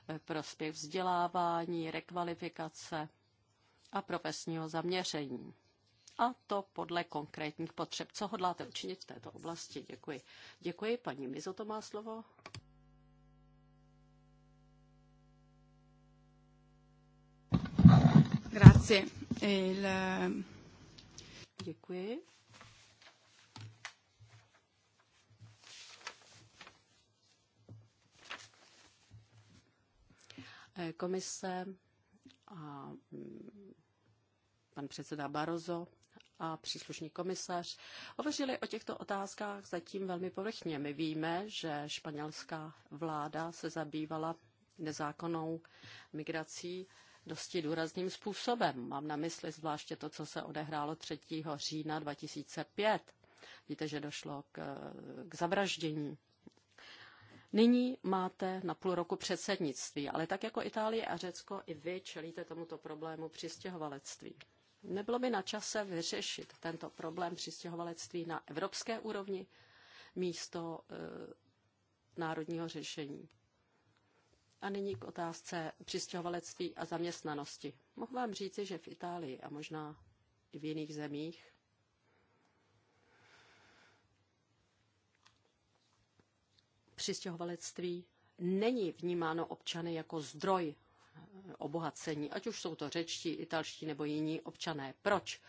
ve prospěch vzdělávání, rekvalifikace a profesního zaměření a to podle konkrétních potřeb. Co hodláte učinit v této oblasti? Děkuji. Děkuji. Paní Mizo to má slovo. Grazie. Il... Děkuji. Eh, komise a mm, pan předseda Barozo a příslušný komisař hovořili o těchto otázkách zatím velmi povrchně. My víme, že španělská vláda se zabývala nezákonnou migrací dosti důrazným způsobem. Mám na mysli zvláště to, co se odehrálo 3. října 2005. Víte, že došlo k, k zavraždění. Nyní máte na půl roku předsednictví, ale tak jako Itálie a Řecko, i vy čelíte tomuto problému přistěhovalectví. Nebylo by na čase vyřešit tento problém přistěhovalectví na evropské úrovni místo e, národního řešení. A nyní k otázce přistěhovalectví a zaměstnanosti. Mohu vám říci, že v Itálii a možná i v jiných zemích přistěhovalectví není vnímáno občany jako zdroj obohacení, ať už jsou to řečtí, italští nebo jiní občané. Proč?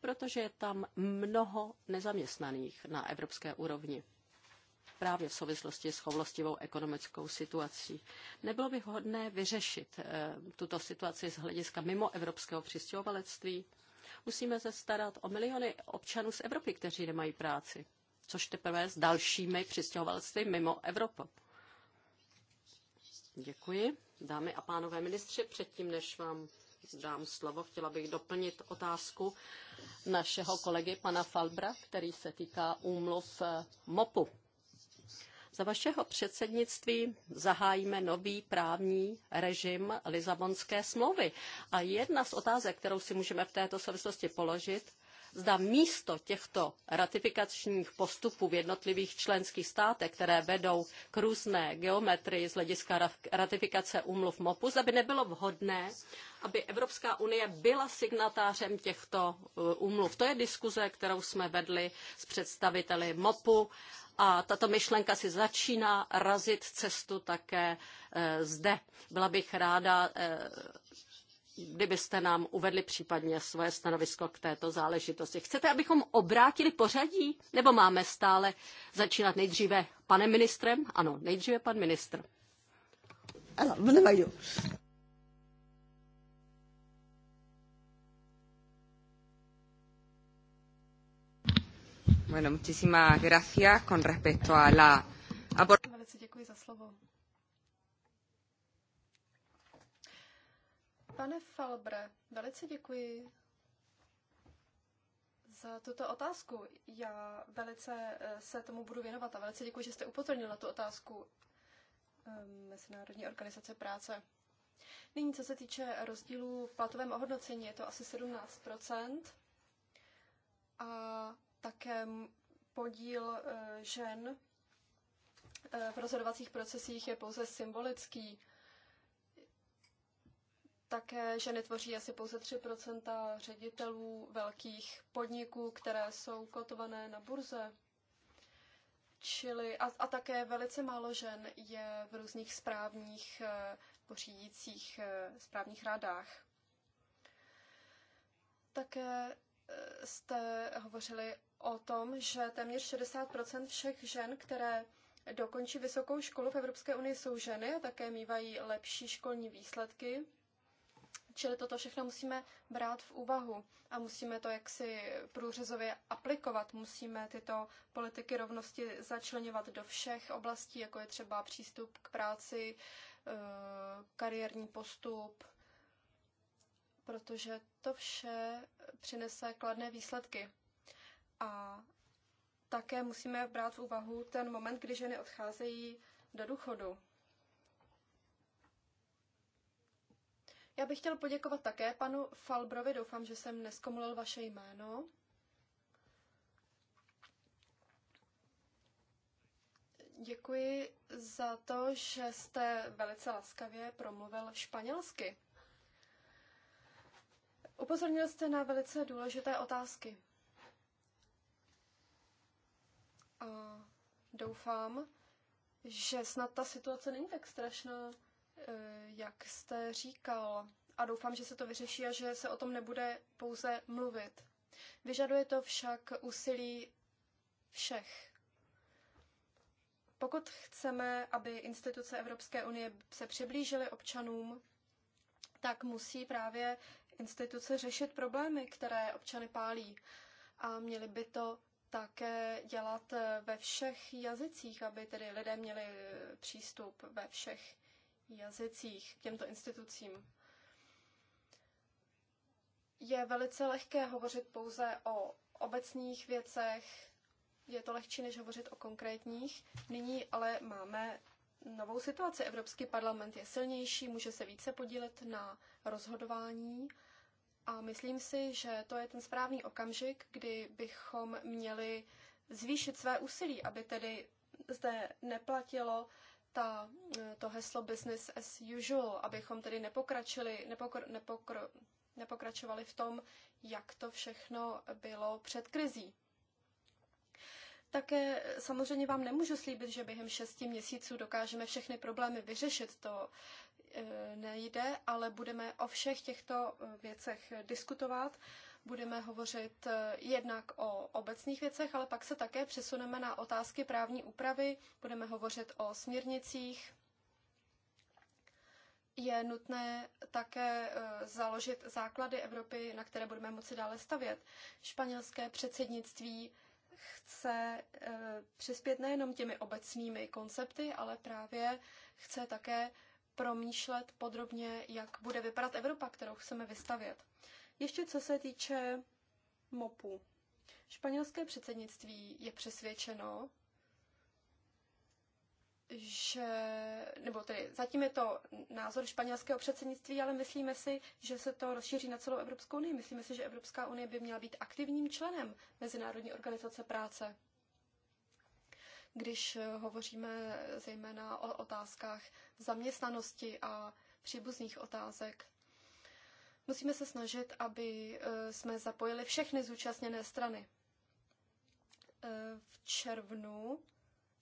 Protože je tam mnoho nezaměstnaných na evropské úrovni právě v souvislosti s chovlostivou ekonomickou situací. Nebylo by hodné vyřešit eh, tuto situaci z hlediska mimo evropského přistěhovalectví? Musíme se starat o miliony občanů z Evropy, kteří nemají práci, což teprve s dalšími přistěhovalství mimo Evropu. Děkuji. Dámy a pánové ministři, předtím, než vám dám slovo, chtěla bych doplnit otázku našeho kolegy pana Falbra, který se týká úmluv eh, MOPu. Za vašeho předsednictví zahájíme nový právní režim Lizabonské smlouvy. A jedna z otázek, kterou si můžeme v této souvislosti položit, zda místo těchto ratifikačních postupů v jednotlivých členských státech, které vedou k různé geometrii z hlediska ratifikace úmluv MOPu, zda by nebylo vhodné, aby Evropská unie byla signatářem těchto uh, úmluv. To je diskuze, kterou jsme vedli s představiteli MOPu a tato myšlenka si začíná razit cestu také eh, zde. Byla bych ráda, eh, kdybyste nám uvedli případně svoje stanovisko k této záležitosti. Chcete, abychom obrátili pořadí? Nebo máme stále začínat nejdříve panem ministrem? Ano, nejdříve pan ministr. Ano, Madame Bueno, muchísimas gracias con respecto a la... Velice děkuji za slovo. Pane Falbre, velice děkuji za tuto otázku. Já velice eh, se tomu budu věnovat a velice děkuji, že jste upozornil na tu otázku ehm, Mezinárodní organizace práce. Nyní, co se týče rozdílů v platovém ohodnocení, je to asi 17 a také podíl eh, žen eh, v rozhodovacích procesích je pouze symbolický také ženy tvoří asi pouze 3 ředitelů velkých podniků, které jsou kotované na burze. Čili a, a také velice málo žen je v různých správních eh, pořídících eh, správních radách. Také eh, jste hovořili o tom, že téměř 60 všech žen, které dokončí vysokou školu v Evropské unii, jsou ženy a také mývají lepší školní výsledky. Čili toto všechno musíme brát v úvahu a musíme to jaksi průřezově aplikovat. Musíme tyto politiky rovnosti začlenovat do všech oblastí, jako je třeba přístup k práci, eh, kariérní postup, protože to vše přinese kladné výsledky. A také musíme brát v úvahu ten moment, kdy ženy odcházejí do důchodu. Já bych chtěl poděkovat také panu Falbrovi, doufám, že jsem neskomulil vaše jméno. Děkuji za to, že jste velice laskavě promluvil španělsky. Upozornil jste na velice důležité otázky. A doufám, že snad ta situace není tak strašná, Eh, jak jste říkal, a doufám, že se to vyřeší a že se o tom nebude pouze mluvit. Vyžaduje to však úsilí všech. Pokud chceme, aby instituce Evropské unie se přiblížily občanům, tak musí právě instituce řešit problémy, které občany pálí. A měly by to také dělat ve všech jazycích, aby tedy lidé měli přístup ve všech jazycích k těmto institucím. Je velice lehké hovořit pouze o obecných věcech, je to lehčí, než hovořit o konkrétních. Nyní ale máme novou situaci. Evropský parlament je silnější, může se více podílet na rozhodování a myslím si, že to je ten správný okamžik, kdy bychom měli zvýšit své úsilí, aby tedy zde neplatilo, ta, to heslo business as usual, abychom tedy nepokračili, nepokr, nepokr, nepokračovali v tom, jak to všechno bylo před krizí. Také samozřejmě vám nemůžu slíbit, že během šesti měsíců dokážeme všechny problémy vyřešit. To eh, nejde, ale budeme o všech těchto eh, věcech diskutovat budeme hovořit eh, jednak o obecných věcech, ale pak se také přesuneme na otázky právní úpravy, budeme hovořit o směrnicích. Je nutné také eh, založit základy Evropy, na které budeme moci dále stavět. Španělské předsednictví chce eh, přispět nejenom těmi obecnými koncepty, ale právě chce také promýšlet podrobně, jak bude vypadat Evropa, kterou chceme vystavět. Ještě co se týče MOPu. Španělské předsednictví je přesvědčeno, že, nebo tedy zatím je to názor španělského předsednictví, ale myslíme si, že se to rozšíří na celou Evropskou unii. Myslíme si, že Evropská unie by měla být aktivním členem Mezinárodní organizace práce. Když hovoříme zejména o otázkách zaměstnanosti a příbuzných otázek, Musíme se snažit, aby eh, jsme zapojili všechny zúčastněné strany. Eh, v červnu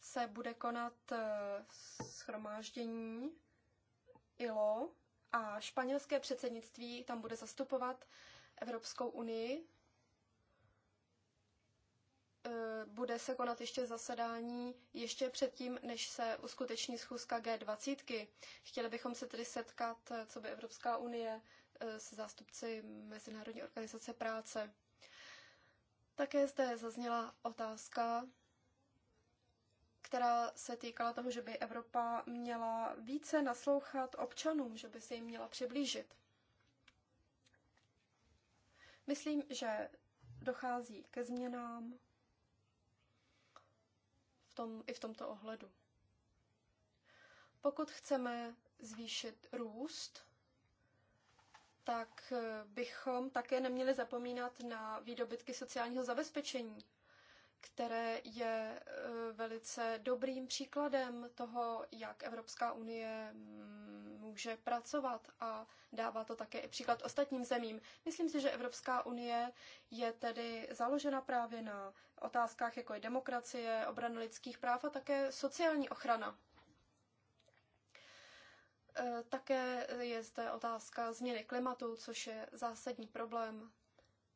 se bude konat eh, schromáždění ILO a španělské předsednictví tam bude zastupovat Evropskou unii. Bude se konat ještě zasedání ještě předtím, než se uskuteční schůzka G20. Chtěli bychom se tedy setkat, co by Evropská unie Eh, se zástupci Mezinárodní organizace práce. Také zde zazněla otázka, která se týkala toho, že by Evropa měla více naslouchat občanům, že by se jim měla přiblížit. Myslím, že dochází ke změnám v tom, i v tomto ohledu. Pokud chceme zvýšit růst, tak eh, bychom také neměli zapomínat na výdobytky sociálního zabezpečení, které je eh, velice dobrým příkladem toho, jak Evropská unie mm, může pracovat a dává to také i příklad ostatním zemím. Myslím si, že Evropská unie je tedy založena právě na otázkách, jako je demokracie, obrana lidských práv a také sociální ochrana. Eh, také je zde otázka změny klimatu, což je zásadní problém.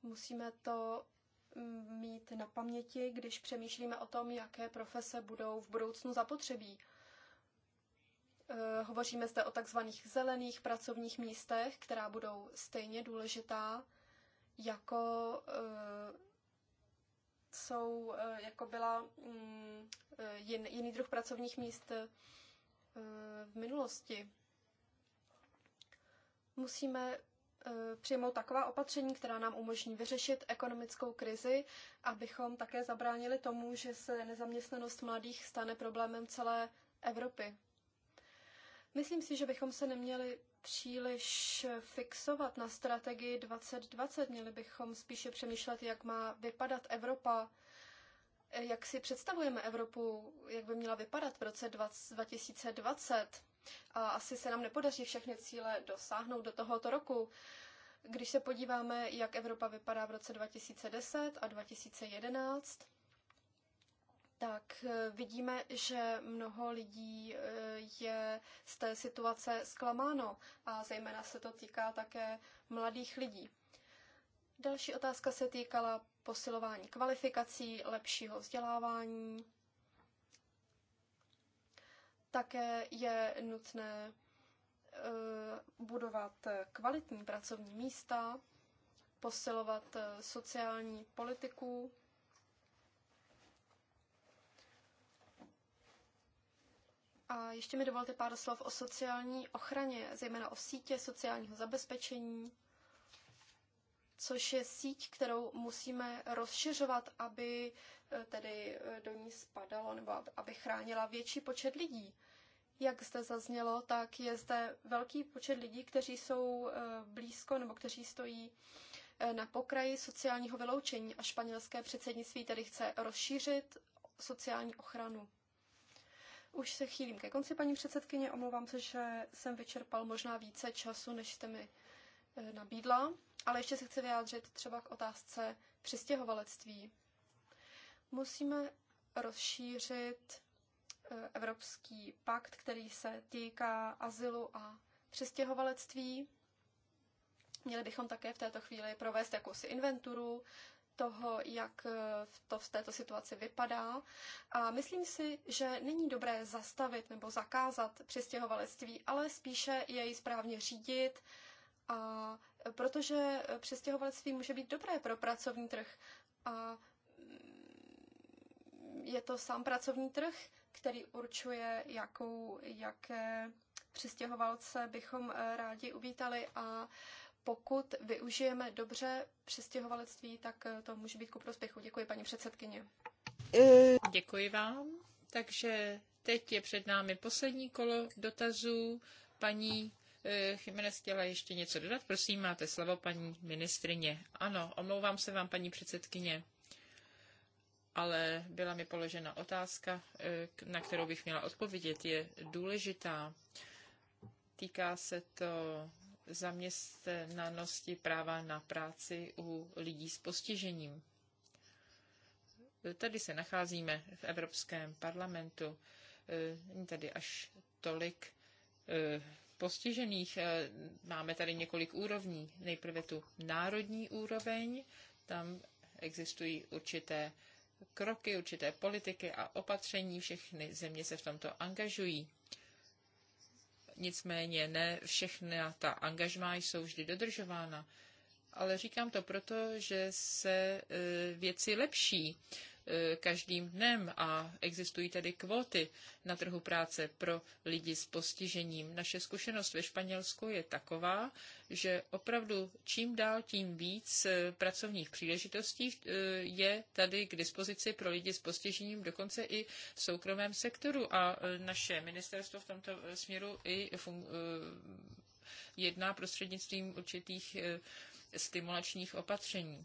Musíme to mm, mít na paměti, když přemýšlíme o tom, jaké profese budou v budoucnu zapotřebí. Eh, hovoříme zde o takzvaných zelených pracovních místech, která budou stejně důležitá jako eh, jsou, jako byla mm, jiný druh pracovních míst v minulosti musíme eh, přijmout taková opatření, která nám umožní vyřešit ekonomickou krizi, abychom také zabránili tomu, že se nezaměstnanost mladých stane problémem celé Evropy. Myslím si, že bychom se neměli příliš fixovat na strategii 2020. Měli bychom spíše přemýšlet, jak má vypadat Evropa, jak si představujeme Evropu, jak by měla vypadat v roce 2020 a asi se nám nepodaří všechny cíle dosáhnout do tohoto roku. Když se podíváme, jak Evropa vypadá v roce 2010 a 2011, tak eh, vidíme, že mnoho lidí eh, je z té situace zklamáno a zejména se to týká také mladých lidí. Další otázka se týkala posilování kvalifikací, lepšího vzdělávání, také je nutné eh, budovat kvalitní pracovní místa, posilovat eh, sociální politiku, A ještě mi dovolte pár slov o sociální ochraně, zejména o sítě sociálního zabezpečení, což je síť, kterou musíme rozšiřovat, aby eh, tedy eh, do ní spadalo nebo aby chránila větší počet lidí. Jak zde zaznělo, tak je zde velký počet lidí, kteří jsou eh, blízko nebo kteří stojí na pokraji sociálního vyloučení a španělské předsednictví tedy chce rozšířit sociální ochranu. Už se chýlím ke konci, paní předsedkyně, omlouvám se, že jsem vyčerpal možná více času, než jste mi Eh, nabídla, ale ještě se chci vyjádřit třeba k otázce přistěhovalectví. Musíme rozšířit eh, Evropský pakt, který se týká azylu a přistěhovalectví. Měli bychom také v této chvíli provést jakousi inventuru toho, jak eh, to v této situaci vypadá. A myslím si, že není dobré zastavit nebo zakázat přistěhovalectví, ale spíše jej správně řídit a protože přestěhovalectví může být dobré pro pracovní trh a je to sám pracovní trh, který určuje, jakou, jaké přistěhovalce bychom eh, rádi uvítali a pokud využijeme dobře přistěhovalectví, tak eh, to může být ku prospěchu. Děkuji, paní předsedkyně. Děkuji vám. Takže teď je před námi poslední kolo dotazů. Paní Eh, Jiménez chtěla ještě něco dodat. Prosím, máte slovo, paní ministrině. Ano, omlouvám se vám, paní předsedkyně, ale byla mi položena otázka, eh, na kterou bych měla odpovědět. Je důležitá. Týká se to zaměstnanosti práva na práci u lidí s postižením. Tady se nacházíme v Evropském parlamentu. Eh, není tady až tolik postižených. Eh, máme tady několik úrovní. Nejprve tu národní úroveň, tam existují určité kroky, určité politiky a opatření. Všechny země se v tomto angažují. Nicméně ne všechny ta angažmá jsou vždy dodržována. Ale říkám to proto, že se eh, věci lepší E, každým dnem a existují tedy kvóty na trhu práce pro lidi s postižením. Naše zkušenost ve Španělsku je taková, že opravdu čím dál tím víc e, pracovních příležitostí e, je tady k dispozici pro lidi s postižením, dokonce i v soukromém sektoru a naše ministerstvo v tomto směru i jedná prostřednictvím určitých stimulačních opatření.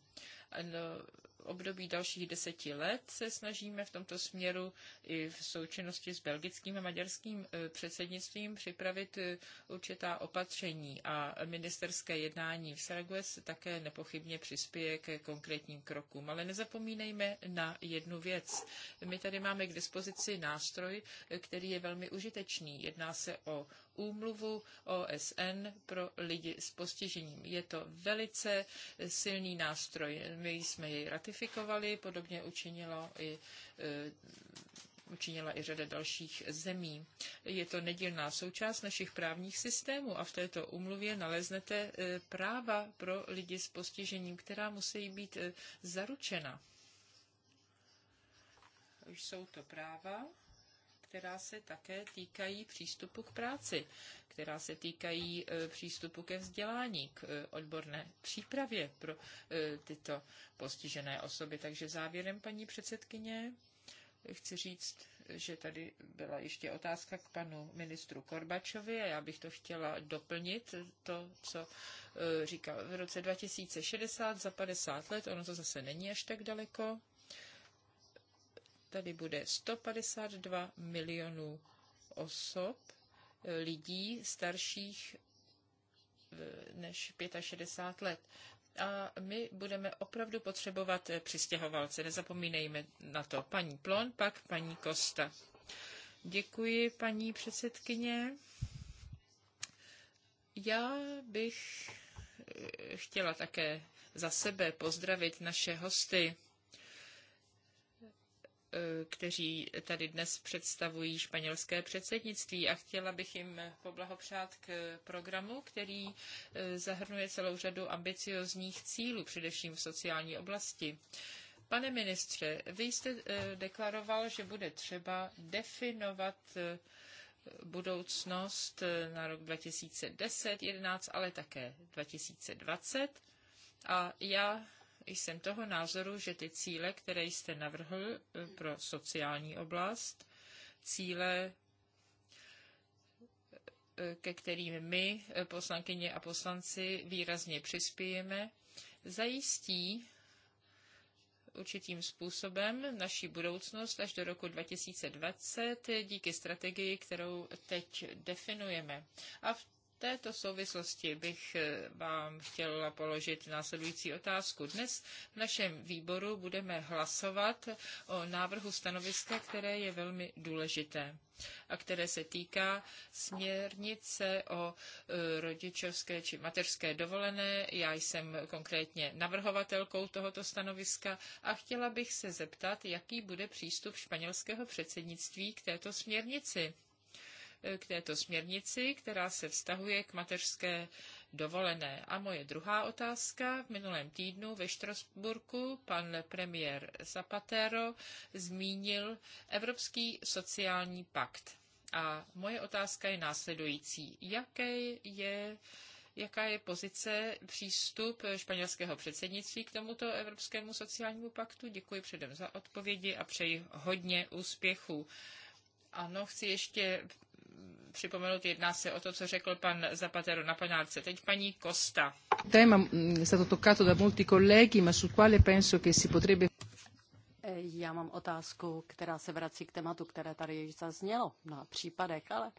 No, období dalších deseti let se snažíme v tomto směru i v součinnosti s belgickým a maďarským eh, předsednictvím připravit eh, určitá opatření a ministerské jednání v Saragues také nepochybně přispěje ke konkrétním krokům. Ale nezapomínejme na jednu věc. My tady máme k dispozici nástroj, eh, který je velmi užitečný. Jedná se o úmluvu OSN pro lidi s postižením. Je to velice silný nástroj. My jsme jej ratifikovali, podobně učinilo i e, učinila i řada dalších zemí. Je to nedílná součást našich právních systémů a v této umluvě naleznete e, práva pro lidi s postižením, která musí být e, zaručena. Už jsou to práva, která se také týkají přístupu k práci, která se týkají e, přístupu ke vzdělání, k e, odborné přípravě pro e, tyto postižené osoby. Takže závěrem, paní předsedkyně, chci říct, že tady byla ještě otázka k panu ministru Korbačovi a já bych to chtěla doplnit, to, co říkal v roce 2060 za 50 let, ono to zase není až tak daleko, tady bude 152 milionů osob, eh, lidí starších eh, než 65 let. A my budeme opravdu potřebovat eh, přistěhovalce, nezapomínejme na to. Paní Plon, pak paní Kosta. Děkuji, paní předsedkyně. Já bych chtěla také za sebe pozdravit naše hosty Eh, kteří tady dnes představují španělské předsednictví a chtěla bych jim poblahopřát k programu, který eh, zahrnuje celou řadu ambiciozních cílů, především v sociální oblasti. Pane ministře, vy jste eh, deklaroval, že bude třeba definovat budoucnost na rok 2010, 2011, ale také 2020. A já jsem toho názoru, že ty cíle, které jste navrhl eh, pro sociální oblast, cíle, eh, ke kterým my, eh, poslankyně a poslanci, výrazně přispějeme, zajistí určitým způsobem naší budoucnost až do roku 2020 díky strategii, kterou teď definujeme. A v této souvislosti bych eh, vám chtěla položit následující otázku. Dnes v našem výboru budeme hlasovat o návrhu stanoviska, které je velmi důležité a které se týká směrnice o eh, rodičovské či mateřské dovolené. Já jsem konkrétně navrhovatelkou tohoto stanoviska a chtěla bych se zeptat, jaký bude přístup španělského předsednictví k této směrnici Eh, k této směrnici, která se vztahuje k mateřské dovolené. A moje druhá otázka. V minulém týdnu ve Štrasburku pan premiér Zapatero zmínil Evropský sociální pakt. A moje otázka je následující. Jaké je jaká je pozice, přístup španělského předsednictví k tomuto Evropskému sociálnímu paktu. Děkuji předem za odpovědi a přeji hodně úspěchů. Ano, chci ještě připomenout. Jedná se o to, co řekl pan Zapatero na panárce. Teď paní Kosta. Téma mm, è stato toccato da molti colleghi, ma sul quale penso che si potrebbe... Já mám otázku, která se vrací k tématu, které tady již zaznělo na případech, ale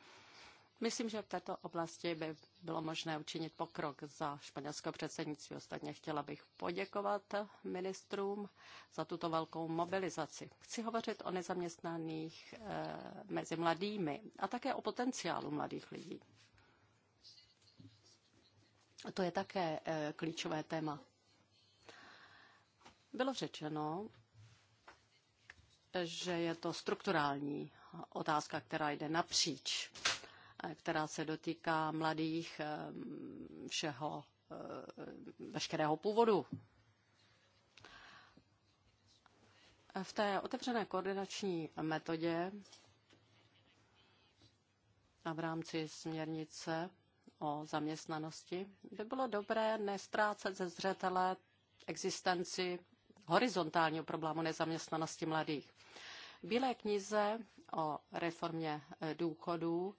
Myslím, že v této oblasti by bylo možné učinit pokrok za španělského předsednictví. Ostatně chtěla bych poděkovat ministrům za tuto velkou mobilizaci. Chci hovořit o nezaměstnaných eh, mezi mladými a také o potenciálu mladých lidí. To je také eh, klíčové téma. Bylo řečeno, že je to strukturální otázka, která jde napříč Eh, která se dotýká mladých eh, všeho, eh, veškerého původu. V té otevřené koordinační metodě a v rámci směrnice o zaměstnanosti by bylo dobré nestrácet ze zřetele existenci horizontálního problému nezaměstnanosti mladých. V Bílé knize o reformě důchodů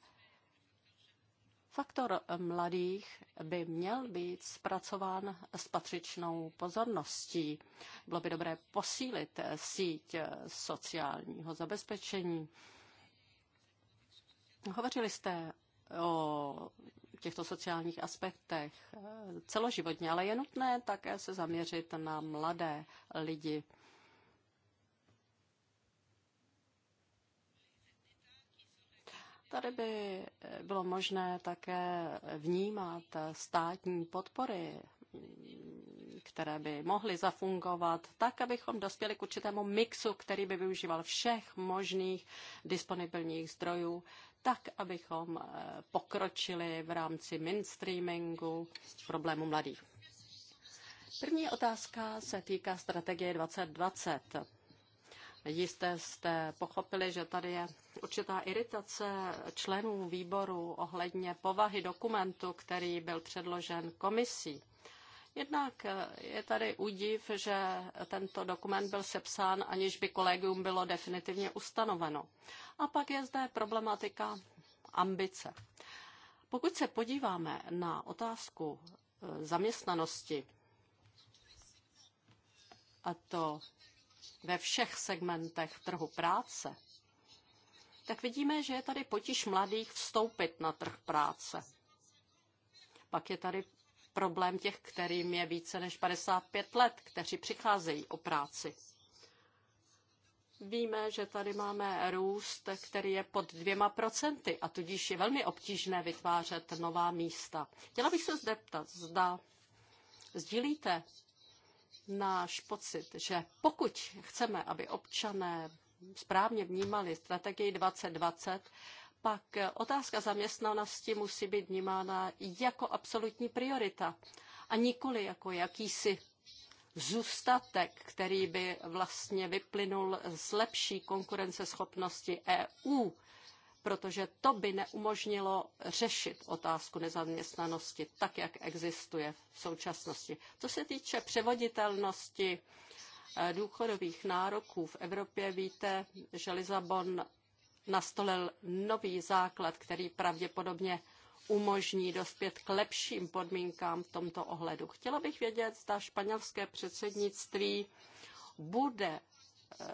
Faktor eh, mladých by měl být zpracován s patřičnou pozorností. Bylo by dobré posílit eh, síť eh, sociálního zabezpečení. Hovořili jste o těchto sociálních aspektech celoživotně, ale je nutné také se zaměřit na mladé lidi. Tady by eh, bylo možné také vnímat státní podpory, mm, které by mohly zafungovat tak, abychom dospěli k určitému mixu, který by využíval všech možných disponibilních zdrojů, tak, abychom eh, pokročili v rámci mainstreamingu problému mladých. První otázka se týká strategie 2020. Jistě jste pochopili, že tady je určitá iritace členů výboru ohledně povahy dokumentu, který byl předložen komisí. Jednak je tady údiv, že tento dokument byl sepsán, aniž by kolegium bylo definitivně ustanoveno. A pak je zde problematika ambice. Pokud se podíváme na otázku e, zaměstnanosti, a to ve všech segmentech trhu práce, tak vidíme, že je tady potíž mladých vstoupit na trh práce. Pak je tady problém těch, kterým je více než 55 let, kteří přicházejí o práci. Víme, že tady máme růst, který je pod dvěma procenty a tudíž je velmi obtížné vytvářet nová místa. Chtěla bych se zeptat, zda sdílíte náš pocit, že pokud chceme, aby občané správně vnímali strategii 2020, pak otázka zaměstnanosti musí být vnímána jako absolutní priorita a nikoli jako jakýsi zůstatek, který by vlastně vyplynul z lepší konkurenceschopnosti EU protože to by neumožnilo řešit otázku nezaměstnanosti tak, jak existuje v současnosti. Co se týče převoditelnosti eh, důchodových nároků v Evropě, víte, že Lisabon nastolil nový základ, který pravděpodobně umožní dospět k lepším podmínkám v tomto ohledu. Chtěla bych vědět, zda španělské předsednictví bude eh,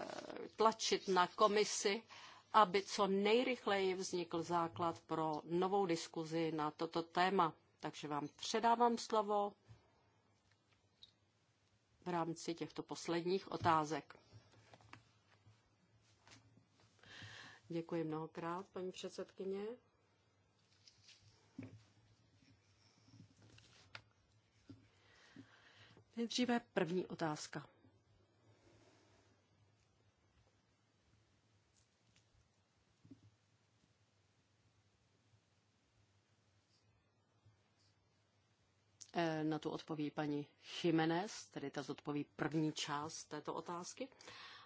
tlačit na komisi, aby co nejrychleji vznikl základ pro novou diskuzi na toto téma. Takže vám předávám slovo v rámci těchto posledních otázek. Děkuji mnohokrát, paní předsedkyně. Nejdříve první otázka. Eh, na tu odpoví paní Jiménez, tedy ta zodpoví první část této otázky.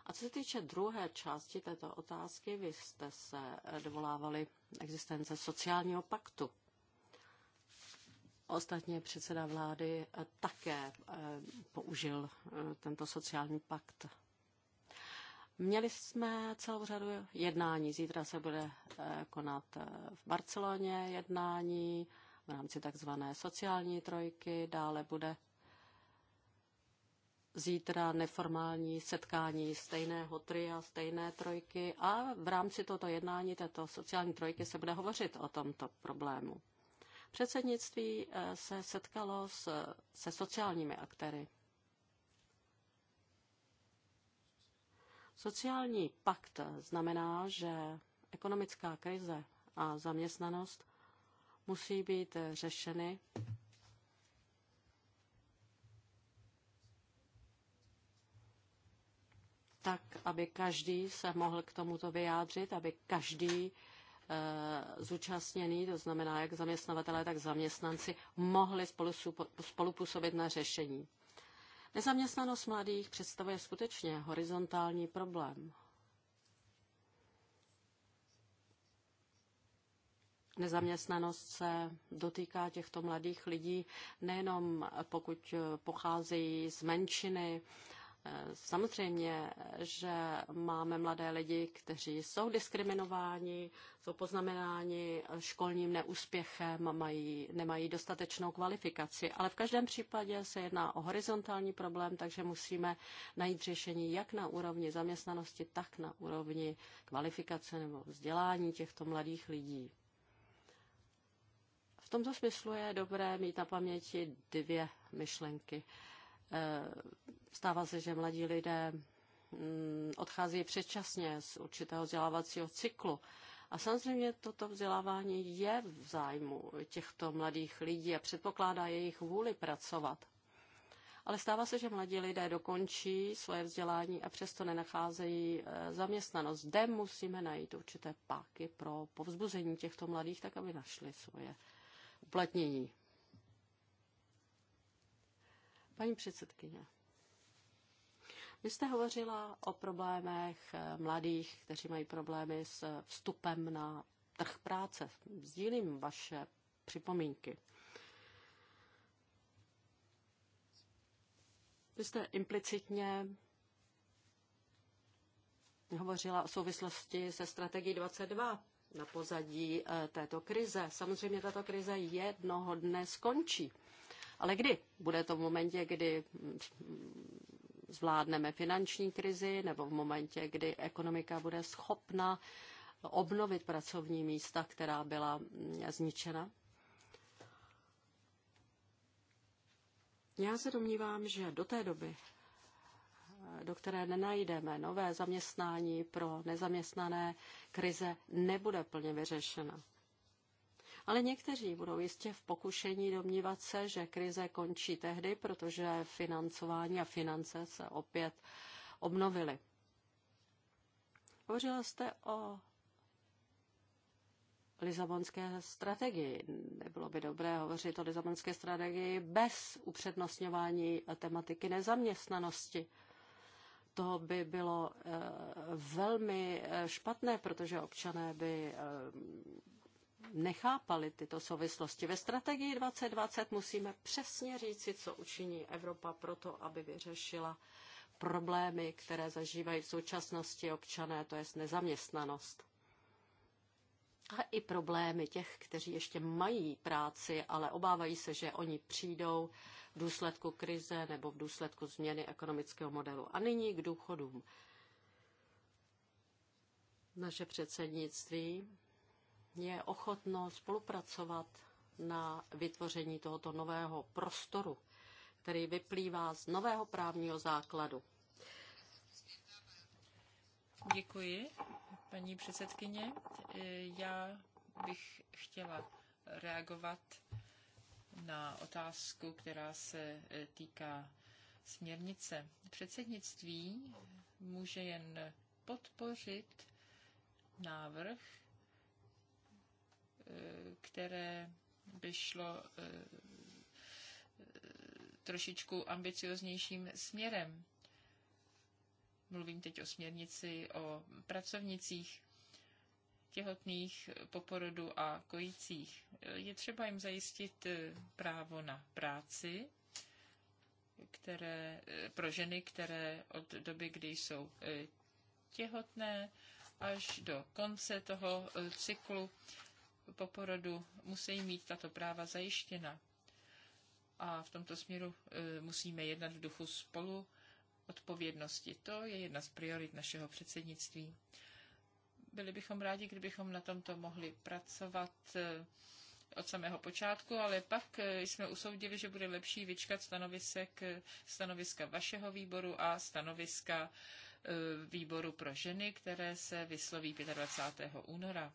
A co se týče druhé části této otázky, vy jste se eh, dovolávali existence sociálního paktu. Ostatně předseda vlády eh, také použil tento sociální pakt. Měli jsme celou řadu jednání. Zítra se bude konat v Barceloně jednání v rámci takzvané sociální trojky. Dále bude zítra neformální setkání stejného tria, stejné trojky a v rámci tohoto jednání této sociální trojky se bude hovořit o tomto problému. Předsednictví eh, se setkalo s, se sociálními aktéry. Sociální pakt znamená, že ekonomická krize a zaměstnanost musí být eh, řešeny. tak, aby každý se mohl k tomuto vyjádřit, aby každý eh, zúčastněný, to znamená jak zaměstnavatelé, tak zaměstnanci, mohli spolu, spolupůsobit na řešení. Nezaměstnanost mladých představuje skutečně horizontální problém. Nezaměstnanost se dotýká těchto mladých lidí nejenom pokud pocházejí z menšiny, Samozřejmě, že máme mladé lidi, kteří jsou diskriminováni, jsou poznamenáni školním neúspěchem, mají, nemají dostatečnou kvalifikaci, ale v každém případě se jedná o horizontální problém, takže musíme najít řešení jak na úrovni zaměstnanosti, tak na úrovni kvalifikace nebo vzdělání těchto mladých lidí. V tomto smyslu je dobré mít na paměti dvě myšlenky. Eh, stává se, že mladí lidé mm, odchází předčasně z určitého vzdělávacího cyklu. A samozřejmě toto vzdělávání je v zájmu těchto mladých lidí a předpokládá jejich vůli pracovat. Ale stává se, že mladí lidé dokončí svoje vzdělání a přesto nenacházejí eh, zaměstnanost. Zde musíme najít určité páky pro povzbuzení těchto mladých, tak aby našli svoje uplatnění. Paní předsedkyně, vy jste hovořila o problémech eh, mladých, kteří mají problémy s eh, vstupem na trh práce. Sdílím vaše připomínky. Vy jste implicitně hovořila o souvislosti se strategií 22 na pozadí eh, této krize. Samozřejmě tato krize jednoho dne skončí. Ale kdy? Bude to v momentě, kdy mm, zvládneme finanční krizi nebo v momentě, kdy ekonomika bude schopna obnovit pracovní místa, která byla mm, zničena? Já se domnívám, že do té doby do které nenajdeme nové zaměstnání pro nezaměstnané, krize nebude plně vyřešena. Ale někteří budou jistě v pokušení domnívat se, že krize končí tehdy, protože financování a finance se opět obnovily. Hovořila jste o Lizabonské strategii. Nebylo by dobré hovořit o Lizabonské strategii bez upřednostňování tematiky nezaměstnanosti. To by bylo eh, velmi eh, špatné, protože občané by eh, nechápali tyto souvislosti. Ve strategii 2020 musíme přesně říci, co učiní Evropa proto, aby vyřešila problémy, které zažívají v současnosti občané, to je nezaměstnanost. A i problémy těch, kteří ještě mají práci, ale obávají se, že oni přijdou v důsledku krize nebo v důsledku změny ekonomického modelu. A nyní k důchodům. Naše předsednictví je ochotno spolupracovat na vytvoření tohoto nového prostoru, který vyplývá z nového právního základu. Děkuji, paní předsedkyně. Já bych chtěla reagovat na otázku, která se e, týká směrnice. Předsednictví může jen podpořit návrh, e, které by šlo e, trošičku ambicioznějším směrem. Mluvím teď o směrnici o pracovnicích těhotných po porodu a kojících. Je třeba jim zajistit eh, právo na práci, které, eh, pro ženy, které od doby, kdy jsou eh, těhotné, až do konce toho cyklu po porodu musí mít tato práva zajištěna. A v tomto směru musíme jednat v duchu spolu odpovědnosti. To je jedna z priorit našeho předsednictví byli bychom rádi, kdybychom na tomto mohli pracovat eh, od samého počátku, ale pak eh, jsme usoudili, že bude lepší vyčkat stanovisek, eh, stanoviska vašeho výboru a stanoviska výboru pro ženy, které se vysloví 25. února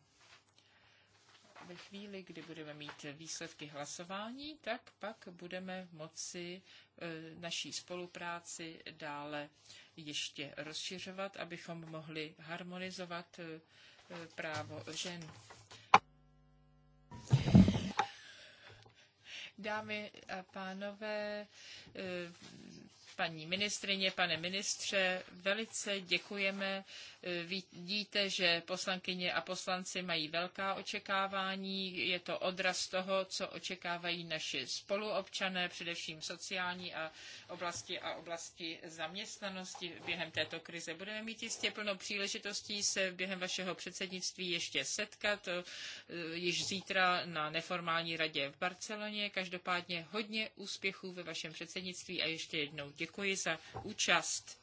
ve chvíli, kdy budeme mít výsledky hlasování, tak pak budeme moci e, naší spolupráci dále ještě rozšiřovat, abychom mohli harmonizovat e, e, právo žen. Dámy a pánové, paní ministrině, pane ministře, velice děkujeme. E, vidíte, že poslankyně a poslanci mají velká očekávání. Je to odraz toho, co očekávají naši spoluobčané, především sociální a oblasti a oblasti zaměstnanosti během této krize. Budeme mít jistě plno příležitostí se během vašeho předsednictví ještě setkat, e, již zítra na neformální radě v Barceloně. Každopádně hodně úspěchů ve vašem předsednictví a ještě jednou děkuji. Děkuji za účast.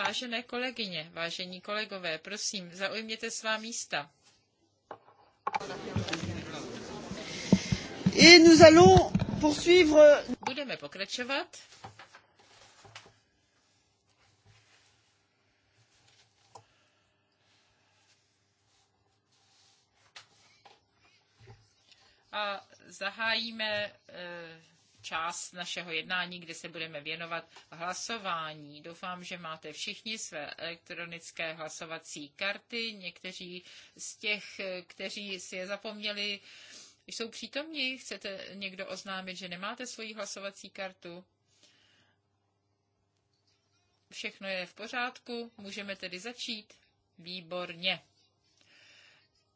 Vážené kolegyně, vážení kolegové, prosím, zaujměte svá místa. Et nous allons poursuivre... Budeme pokračovat. A zahájíme eh, část našeho jednání, kde se budeme věnovat hlasování. Doufám, že máte všichni své elektronické hlasovací karty. Někteří z těch, kteří si je zapomněli, jsou přítomní. Chcete někdo oznámit, že nemáte svoji hlasovací kartu? Všechno je v pořádku, můžeme tedy začít. Výborně.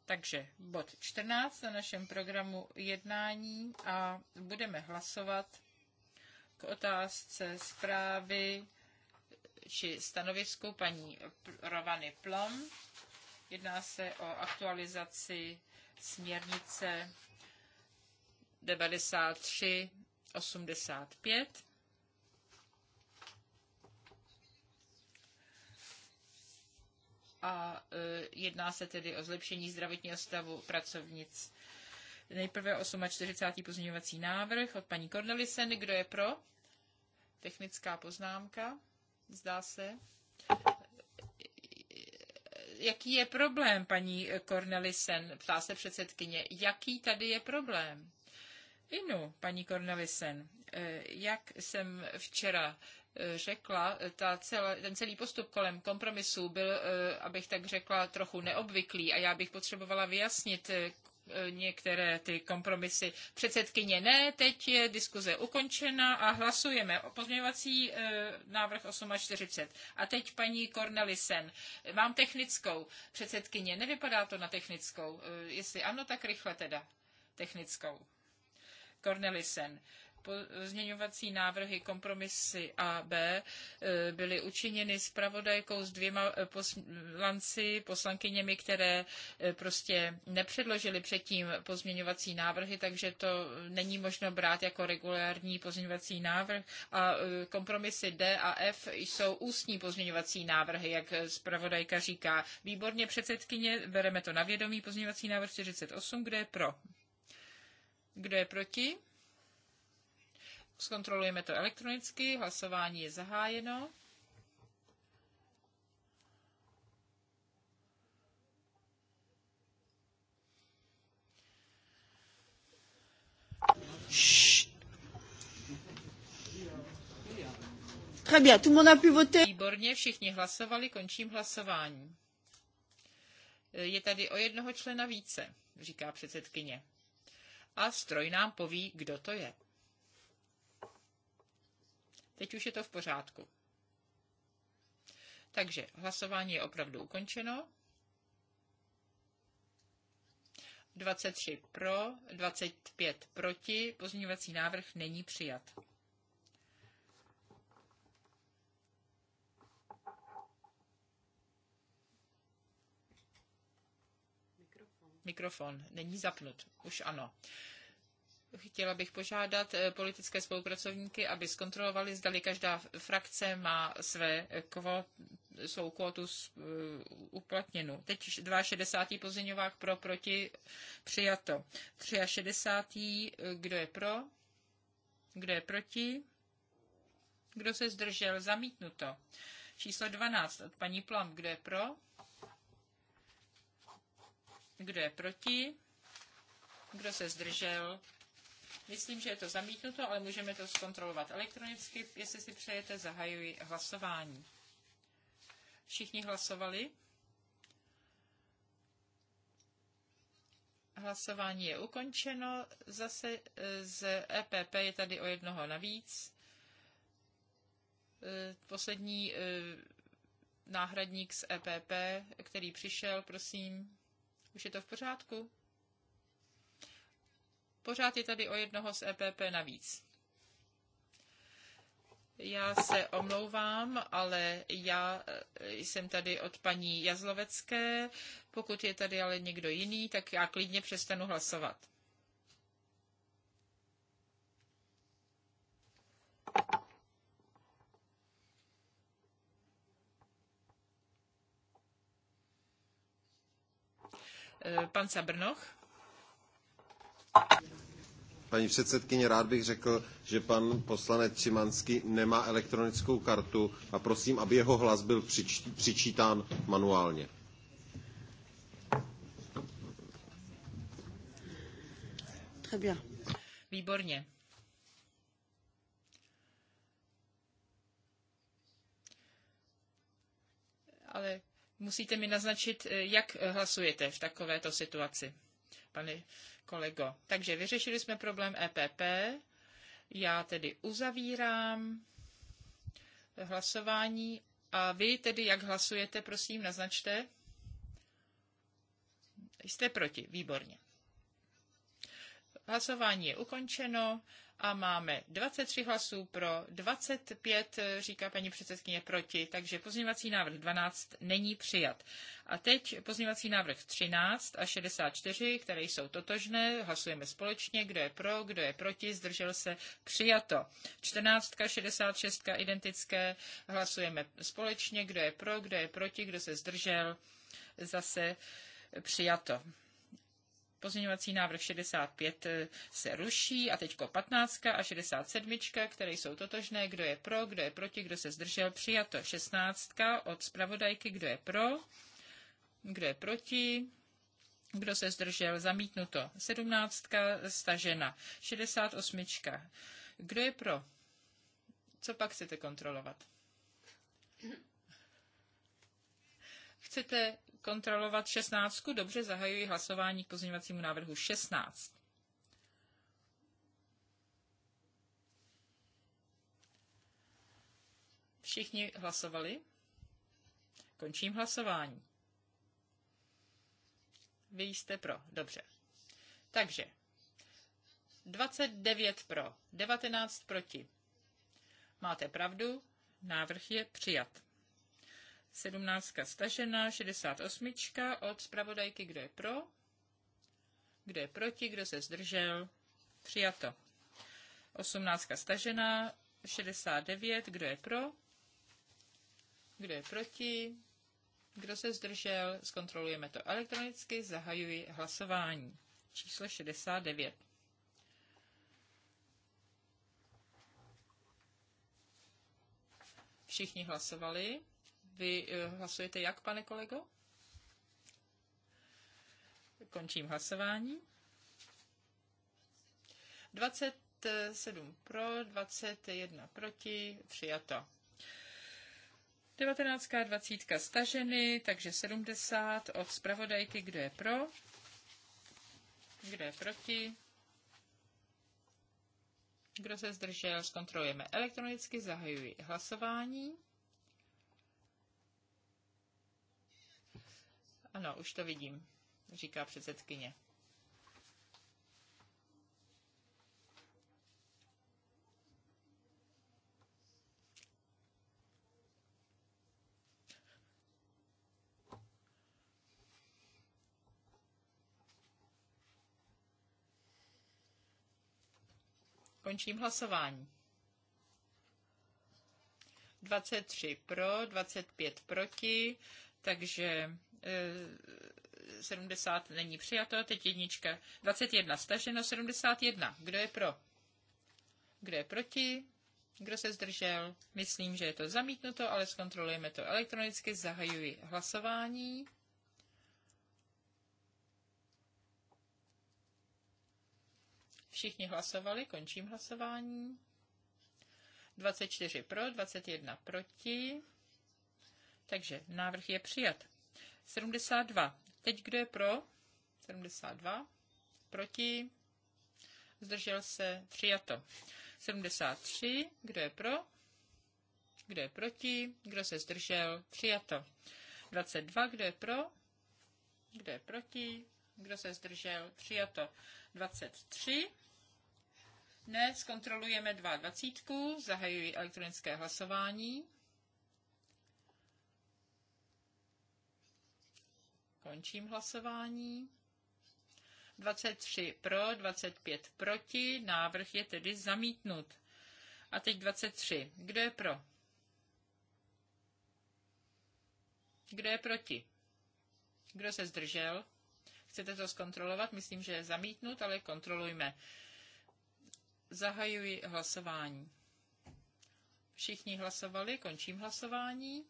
Takže bod 14 na našem programu jednání a budeme hlasovat k otázce zprávy či stanovisku paní Rovany Plom. Jedná se o aktualizaci směrnice 9385. 85 a e, jedná se tedy o zlepšení zdravotního stavu pracovnic. Nejprve 48. pozměňovací návrh od paní Cornelisen. Kdo je pro? Technická poznámka, zdá se. Jaký je problém, paní Cornelisen? Ptá se předsedkyně. Jaký tady je problém? Inu, paní Cornelisen, e, jak jsem včera řekla, ta celé, ten celý postup kolem kompromisu byl, eh, abych tak řekla, trochu neobvyklý a já bych potřebovala vyjasnit, eh, některé ty kompromisy. Předsedkyně ne, teď je diskuze ukončena a hlasujeme o pozměňovací e, návrh 48. A teď paní Cornelisen. Mám technickou. Předsedkyně, nevypadá to na technickou. E, jestli ano, tak rychle teda. Technickou. Cornelisen. Pozměňovací návrhy kompromisy A, B e, byly učiněny zpravodajkou s dvěma e, poslanci, poslankyněmi, které e, prostě nepředložili předtím pozměňovací návrhy, takže to není možno brát jako regulární pozměňovací návrh. A kompromisy D a F jsou ústní pozměňovací návrhy, jak zpravodajka říká. Výborně předsedkyně, bereme to na vědomí. Pozměňovací návrh 48, kde je pro? Kdo je proti? Zkontrolujeme to elektronicky, hlasování je zahájeno. Výborně, všichni hlasovali, končím hlasování. E, je tady o jednoho člena více, říká předsedkyně. A stroj nám poví, kdo to je. Teď už je to v pořádku. Takže hlasování je opravdu ukončeno. 23 pro, 25 proti, pozměňovací návrh není přijat. Mikrofon. Mikrofon není zapnut. Už ano chtěla bych požádat eh, politické spolupracovníky, aby zkontrolovali, zdali každá frakce má své kvot, svou kvotu eh, uplatněnu. Teď 62. pozměňovák pro, proti, přijato. 63. Eh, kdo je pro, kdo je proti, kdo se zdržel, zamítnuto. Číslo 12 od paní Plam, kdo je pro, kdo je proti, kdo se zdržel, Myslím, že je to zamítnuto, ale můžeme to zkontrolovat elektronicky. Jestli si přejete, zahajuji hlasování. Všichni hlasovali? Hlasování je ukončeno. Zase eh, z EPP je tady o jednoho navíc. Eh, poslední eh, náhradník z EPP, který přišel, prosím. Už je to v pořádku? Pořád je tady o jednoho z EPP navíc. Já se omlouvám, ale já eh, jsem tady od paní Jazlovecké. Pokud je tady ale někdo jiný, tak já klidně přestanu hlasovat. Eh, pan Sabrnoch. Paní předsedkyně, rád bych řekl, že pan poslanec Čimanský nemá elektronickou kartu a prosím, aby jeho hlas byl přič, přičítán manuálně. Výborně. Ale musíte mi naznačit, eh, jak eh, hlasujete v takovéto situaci pane kolego. Takže vyřešili jsme problém EPP. Já tedy uzavírám hlasování a vy tedy, jak hlasujete, prosím, naznačte. Jste proti, výborně. Hlasování je ukončeno a máme 23 hlasů pro, 25, říká paní předsedkyně, proti, takže pozměňovací návrh 12 není přijat. A teď pozměňovací návrh 13 a 64, které jsou totožné, hlasujeme společně, kdo je pro, kdo je proti, zdržel se, přijato. 14, 66 identické, hlasujeme společně, kdo je pro, kdo je proti, kdo se zdržel, zase přijato. Pozměňovací návrh 65 eh, se ruší a teďko 15 a 67, které jsou totožné, kdo je pro, kdo je proti, kdo se zdržel, přijato 16 od zpravodajky, kdo je pro, kdo je proti, kdo se zdržel, zamítnuto 17 stažena 68. Kdo je pro? Co pak chcete kontrolovat? Chcete kontrolovat 16. Dobře, zahajuji hlasování k pozměňovacímu návrhu 16. Všichni hlasovali? Končím hlasování. Vy jste pro, dobře. Takže 29 pro, 19 proti. Máte pravdu, návrh je přijat. 17 stažena, 68 od zpravodajky, kdo je pro, kdo je proti, kdo se zdržel, přijato. 18 stažena, 69, kdo je pro, kdo je proti, kdo se zdržel, zkontrolujeme to elektronicky, zahajuji hlasování. Číslo 69. Všichni hlasovali. Vy eh, hlasujete jak, pane kolego? Končím hlasování. 27 pro, 21 proti, přijato. 19 20 staženy, takže 70 od zpravodajky, kdo je pro, kdo je proti, kdo se zdržel, zkontrolujeme elektronicky, zahajuji hlasování. Ano, už to vidím, říká předsedkyně. Končím hlasování. 23 pro, 25 proti, takže 70 není přijato, teď jednička 21 staženo, 71. Kdo je pro? Kdo je proti? Kdo se zdržel? Myslím, že je to zamítnuto, ale zkontrolujeme to elektronicky. Zahajuji hlasování. Všichni hlasovali, končím hlasování. 24 pro, 21 proti. Takže návrh je přijat. 72. Teď kdo je pro? 72. Proti? Zdržel se? Přijato. 73. Kdo je pro? Kdo je proti? Kdo se zdržel? Přijato. 22. Kdo je pro? Kdo je proti? Kdo se zdržel? Přijato. 23. Ne, zkontrolujeme 22. Zahajuji elektronické hlasování. Končím hlasování. 23 pro, 25 proti, návrh je tedy zamítnut. A teď 23. Kdo je pro? Kdo je proti? Kdo se zdržel? Chcete to zkontrolovat? Myslím, že je zamítnut, ale kontrolujme. Zahajuji hlasování. Všichni hlasovali, končím hlasování.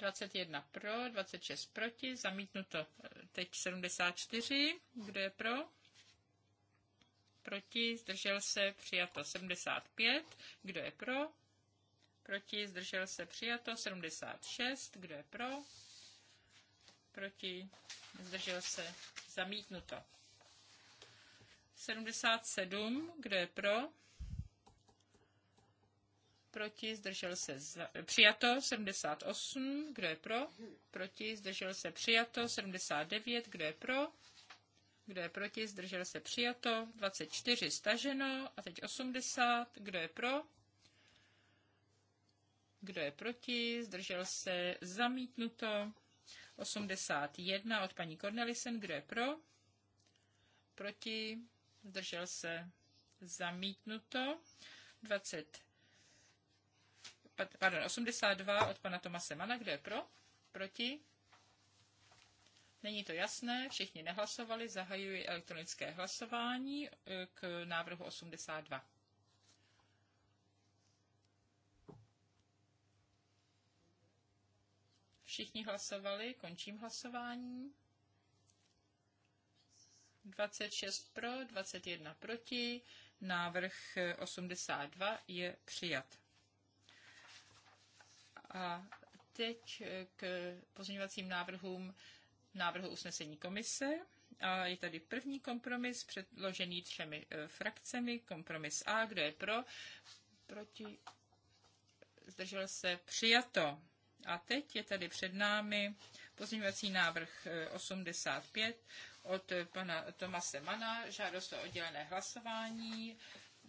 21 pro, 26 proti, zamítnuto teď 74, kdo je pro? Proti, zdržel se, přijato 75, kdo je pro? Proti, zdržel se, přijato 76, kdo je pro? Proti, zdržel se, zamítnuto. 77, kdo je pro? proti, zdržel se za, přijato 78, kdo je pro, proti, zdržel se přijato 79, kdo je pro, kdo je proti, zdržel se přijato 24, staženo a teď 80, kdo je pro, kdo je proti, zdržel se zamítnuto 81 od paní Cornelisen, kdo je pro, proti, zdržel se zamítnuto 20 pardon, 82 od pana Tomase Mana, kdo je pro, proti, Není to jasné, všichni nehlasovali, zahajuji elektronické hlasování e, k návrhu 82. Všichni hlasovali, končím hlasování. 26 pro, 21 proti, návrh 82 je přijat. A teď k pozměňovacím návrhům návrhu usnesení komise. A je tady první kompromis předložený třemi e, frakcemi. Kompromis A, kdo je pro, proti, zdržel se, přijato. A teď je tady před námi pozměňovací návrh 85 e, od pana Tomase Mana, žádost o oddělené hlasování.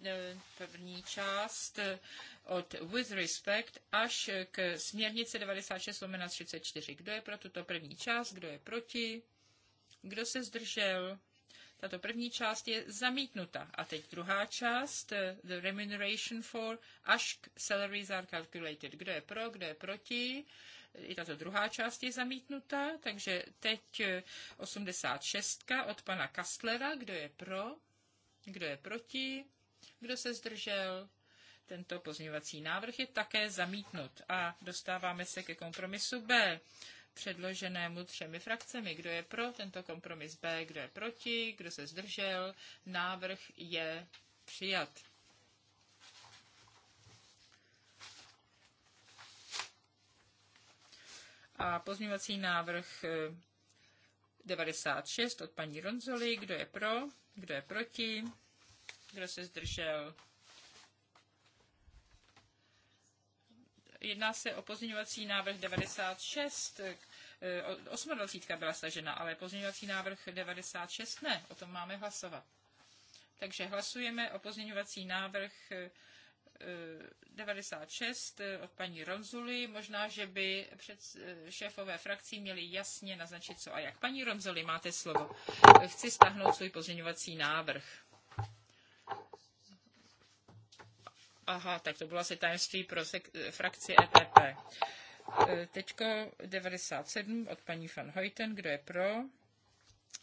Eh, první část eh, od With Respect až k směrnici 96 34. Kdo je pro tuto první část, kdo je proti, kdo se zdržel? Tato první část je zamítnuta. A teď druhá část, eh, the remuneration for, až k salaries are calculated. Kdo je pro, kdo je proti. I tato druhá část je zamítnuta, takže teď 86 od pana Kastlera, kdo je pro, kdo je proti, kdo se zdržel? Tento pozměňovací návrh je také zamítnut. A dostáváme se ke kompromisu B, předloženému třemi frakcemi. Kdo je pro tento kompromis B, kdo je proti, kdo se zdržel? Návrh je přijat. A pozměňovací návrh 96 eh, od paní Ronzoli. Kdo je pro? Kdo je proti? Kdo se zdržel? Jedná se o pozměňovací návrh 96. 28 e, byla stažena, ale pozměňovací návrh 96 ne. O tom máme hlasovat. Takže hlasujeme o pozměňovací návrh 96 e, e, od paní Ronzuly. Možná, že by před šéfové frakcí měli jasně naznačit, co a jak. Paní Ronzuly, máte slovo. Chci stáhnout svůj pozměňovací návrh. Aha, tak to bylo asi tajemství pro sek- frakci EPP. Teďko 97 od paní Van Hojten. Kdo je pro?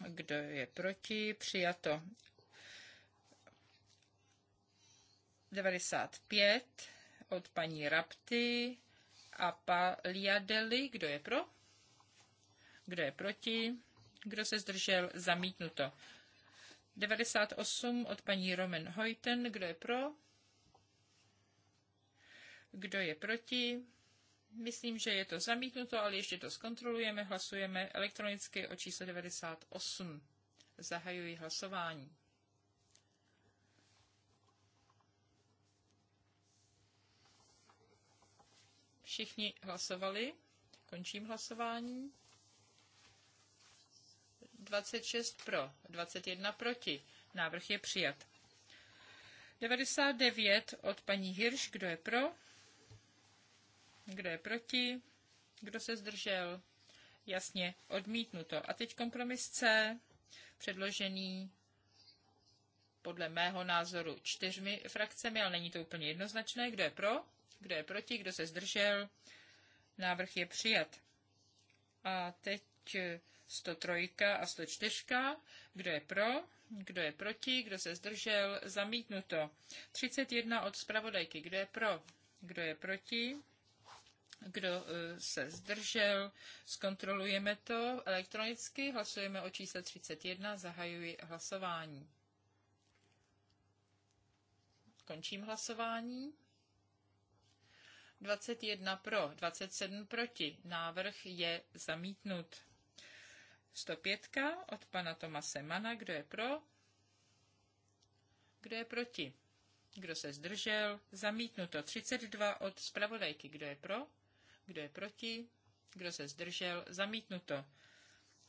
Kdo je proti? Přijato. 95 od paní Rapty a Paliadeli. Kdo je pro? Kdo je proti? Kdo se zdržel? Zamítnuto. 98 od paní Roman Hojten. Kdo je pro? Kdo je proti? Myslím, že je to zamítnuto, ale ještě to zkontrolujeme. Hlasujeme elektronicky o čísle 98. Zahajuji hlasování. Všichni hlasovali. Končím hlasování. 26 pro, 21 proti. Návrh je přijat. 99 od paní Hirš, kdo je pro? Kdo je proti? Kdo se zdržel? Jasně, odmítnuto. A teď kompromis C, předložený podle mého názoru čtyřmi frakcemi, ale není to úplně jednoznačné. Kdo je pro? Kdo je proti? Kdo se zdržel? Návrh je přijat. A teď 103 a 104. Kdo je pro? Kdo je proti? Kdo se zdržel? Zamítnuto. 31 od zpravodajky. Kdo je pro? Kdo je proti? Kdo eh, se zdržel? Zkontrolujeme to elektronicky. Hlasujeme o čísle 31. Zahajuji hlasování. Končím hlasování. 21 pro, 27 proti. Návrh je zamítnut. 105 od pana Tomase Mana. Kdo je pro? Kdo je proti? Kdo se zdržel? Zamítnuto. 32 od zpravodajky. Kdo je pro? Kdo je proti? Kdo se zdržel? Zamítnuto.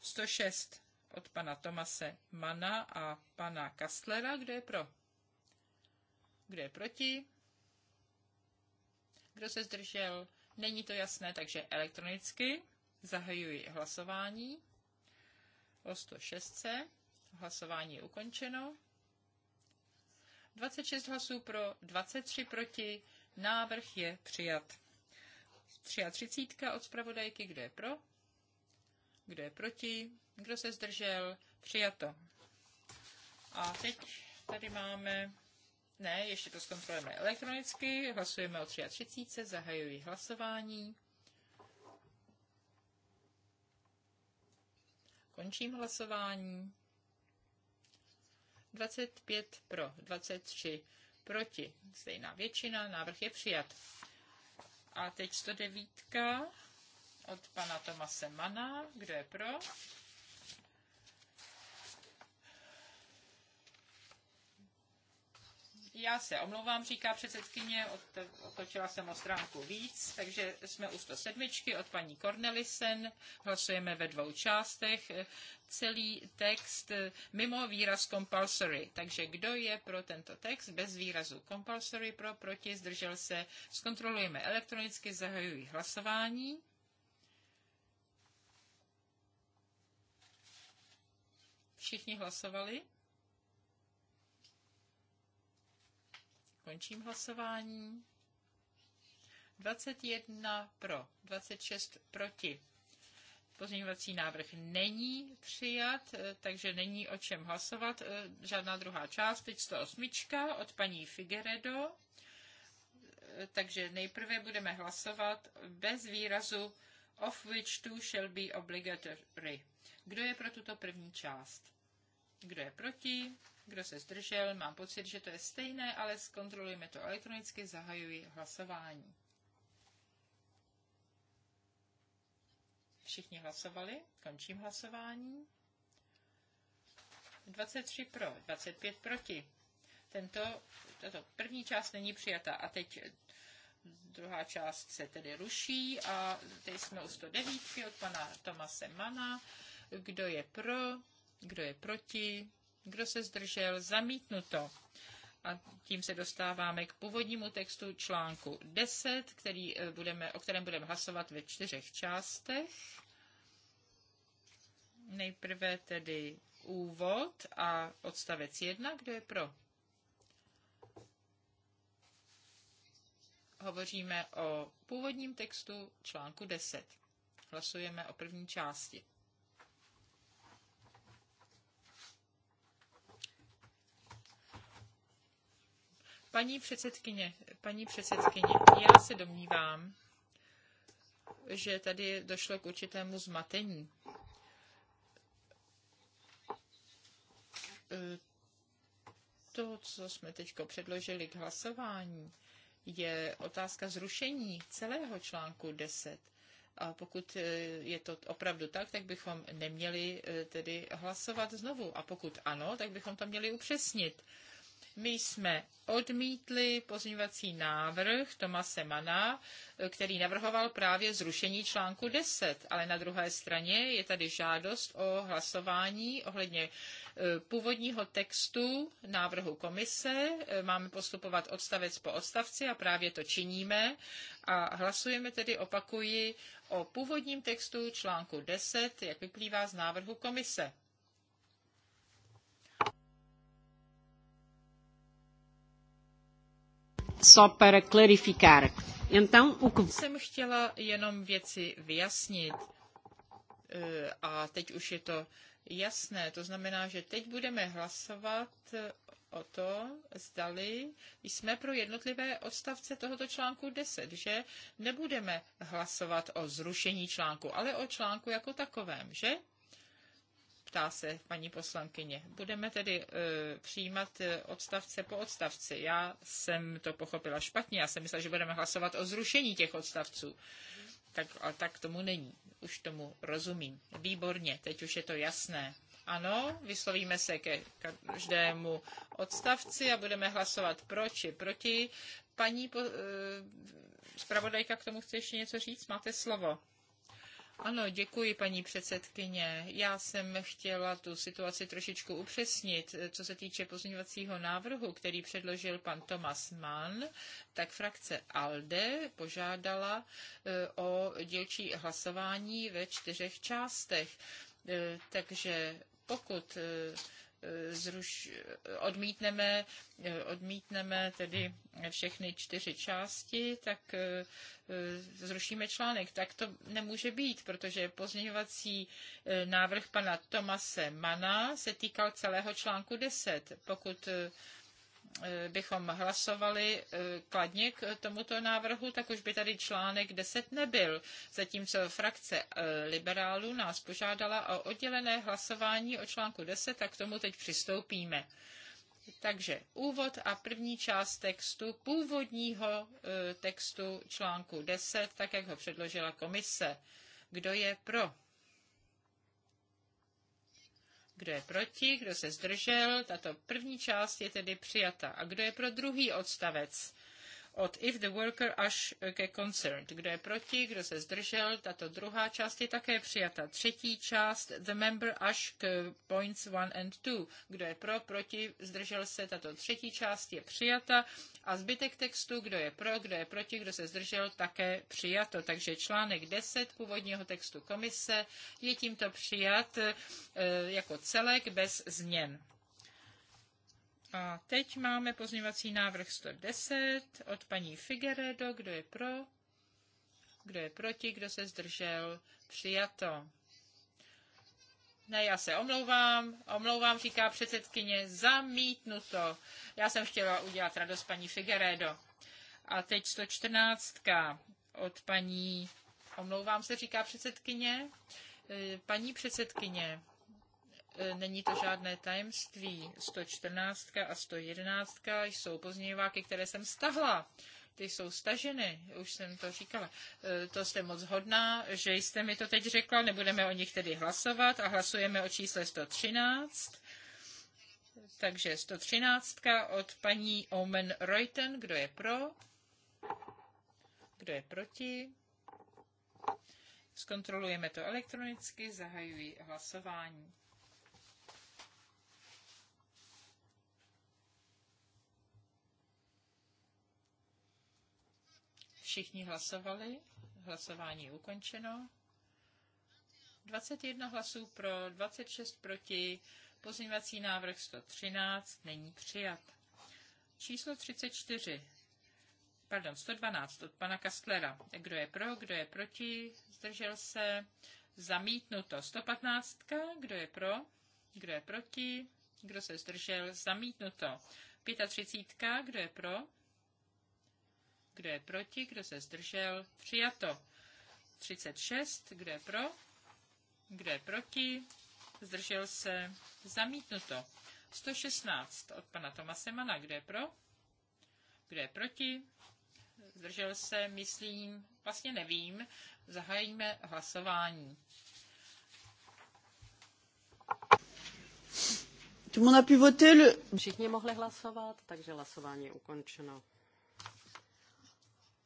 106 od pana Tomase Mana a pana Kastlera. Kdo je pro? Kdo je proti? Kdo se zdržel? Není to jasné, takže elektronicky zahajuji hlasování o 106. Hlasování je ukončeno. 26 hlasů pro, 23 proti. Návrh je přijat. 33 od zpravodajky, kdo je pro, kdo je proti, kdo se zdržel, přijato. A teď tady máme, ne, ještě to zkontrolujeme elektronicky, hlasujeme o 33, zahajuji hlasování. Končím hlasování. 25 pro, 23 proti. Stejná většina, návrh je přijat. A teď 109 od pana Tomase Mana. Kdo je pro? Já se omlouvám, říká předsedkyně, otočila jsem o stránku víc, takže jsme u 107 od paní Cornelisen, hlasujeme ve dvou částech, celý text mimo výraz compulsory. Takže kdo je pro tento text bez výrazu compulsory, pro, proti, zdržel se, zkontrolujeme elektronicky, zahajuji hlasování. Všichni hlasovali? Končím hlasování. 21 pro, 26 proti. Pozměňovací návrh není přijat, eh, takže není o čem hlasovat. Eh, žádná druhá část, teď 108 od paní Figueredo. Eh, takže nejprve budeme hlasovat bez výrazu of which two shall be obligatory. Kdo je pro tuto první část? Kdo je proti? Kdo se zdržel? Mám pocit, že to je stejné, ale zkontrolujeme to elektronicky. Zahajuji hlasování. Všichni hlasovali? Končím hlasování. 23 pro, 25 proti. Tento, tato první část není přijata. A teď druhá část se tedy ruší a teď jsme u 109 od pana Tomase Mana. Kdo je pro, kdo je proti, kdo se zdržel? Zamítnuto. A tím se dostáváme k původnímu textu článku 10, který eh, budeme, o kterém budeme hlasovat ve čtyřech částech. Nejprve tedy úvod a odstavec 1. Kdo je pro? Hovoříme o původním textu článku 10. Hlasujeme o první části. Paní předsedkyně, paní předsedkyně, já se domnívám, že tady došlo k určitému zmatení. E, to, co jsme teď předložili k hlasování, je otázka zrušení celého článku 10. A pokud e, je to opravdu tak, tak bychom neměli e, tedy hlasovat znovu. A pokud ano, tak bychom to měli upřesnit. My jsme odmítli pozměňovací návrh Tomase Mana, který navrhoval právě zrušení článku 10, ale na druhé straně je tady žádost o hlasování ohledně e, původního textu návrhu komise. E, máme postupovat odstavec po odstavci a právě to činíme. A hlasujeme tedy, opakuji, o původním textu článku 10, jak vyplývá z návrhu komise. clarificar. Então, o que... Jsem chtěla jenom věci vyjasnit eh, a teď už je to jasné. To znamená, že teď budeme hlasovat eh, o to, zdali jsme pro jednotlivé odstavce tohoto článku 10, že nebudeme hlasovat o zrušení článku, ale o článku jako takovém, že? ptá se paní poslankyně. Budeme tedy e, přijímat e, odstavce po odstavci. Já jsem to pochopila špatně. Já jsem myslela, že budeme hlasovat o zrušení těch odstavců. Tak, a tak tomu není. Už tomu rozumím. Výborně, teď už je to jasné. Ano, vyslovíme se ke každému odstavci a budeme hlasovat pro či proti. Paní po, e, zpravodajka k tomu chce ještě něco říct? Máte slovo. Ano, děkuji, paní předsedkyně. Já jsem chtěla tu situaci trošičku upřesnit. Co se týče pozměňovacího návrhu, který předložil pan Thomas Mann, tak frakce ALDE požádala e, o dílčí hlasování ve čtyřech částech. E, takže pokud e, zruš, odmítneme, odmítneme tedy všechny čtyři části, tak eh, zrušíme článek. Tak to nemůže být, protože pozměňovací eh, návrh pana Tomase Mana se týkal celého článku 10. Pokud eh, Eh, bychom hlasovali eh, kladně k tomuto návrhu, tak už by tady článek 10 nebyl, zatímco frakce eh, liberálů nás požádala o oddělené hlasování o článku 10 tak k tomu teď přistoupíme. Takže úvod a první část textu, původního textu článku 10, tak jak ho předložila komise. Kdo je pro? Kdo je proti? Kdo se zdržel? Tato první část je tedy přijata. A kdo je pro druhý odstavec? od if the worker až ke concerned. Kdo je proti, kdo se zdržel, tato druhá část je také přijata. Třetí část the member až k points 1 and 2. Kdo je pro, proti, zdržel se, tato třetí část je přijata. A zbytek textu, kdo je pro, kdo je proti, kdo se zdržel, také přijato. Takže článek 10 původního textu komise je tímto přijat eh, jako celek bez změn. A teď máme pozměňovací návrh 110 od paní Figueredo. Kdo je pro? Kdo je proti? Kdo se zdržel? Přijato. Ne, já se omlouvám, omlouvám, říká předsedkyně, zamítnuto. Já jsem chtěla udělat radost paní Figueredo. A teď 114 od paní, omlouvám se, říká předsedkyně, e, paní předsedkyně, E, není to žádné tajemství. 114 a 111 jsou pozměňováky, které jsem stahla. Ty jsou staženy, už jsem to říkala. E, to jste moc hodná, že jste mi to teď řekla, nebudeme o nich tedy hlasovat a hlasujeme o čísle 113. Takže 113 od paní Omen Reuten, kdo je pro? Kdo je proti? Zkontrolujeme to elektronicky, zahajují hlasování. Všichni hlasovali. Hlasování je ukončeno. 21 hlasů pro, 26 proti. Pozměňovací návrh 113 není přijat. Číslo 34. Pardon, 112 od pana Kastlera. Kdo je pro, kdo je proti? Zdržel se. Zamítnuto. 115. Kdo je pro? Kdo je proti? Kdo se zdržel? Zamítnuto. 35. Kdo je pro? kdo je proti, kdo se zdržel, přijato. 36, kdo je pro, kdo je proti, zdržel se, zamítnuto. 116 od pana Tomasemana, kdo je pro, kdo je proti, zdržel se, myslím, vlastně nevím, zahájíme hlasování. Všichni mohli hlasovat, takže hlasování je ukončeno.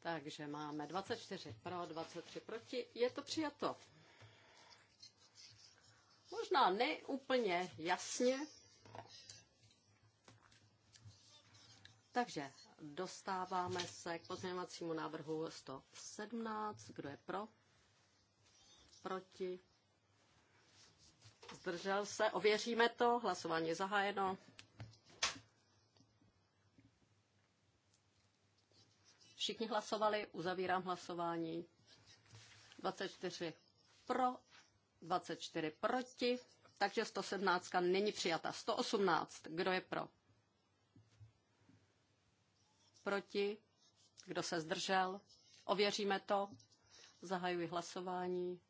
Takže máme 24 pro, 23 proti. Je to přijato. Možná ne úplně jasně. Takže dostáváme se k pozměňovacímu návrhu 117. Kdo je pro? Proti? Zdržel se? Ověříme to. Hlasování je zahájeno. Všichni hlasovali, uzavírám hlasování. 24 pro, 24 proti, takže 117 není přijata. 118, kdo je pro? Proti, kdo se zdržel? Ověříme to. Zahajuji hlasování.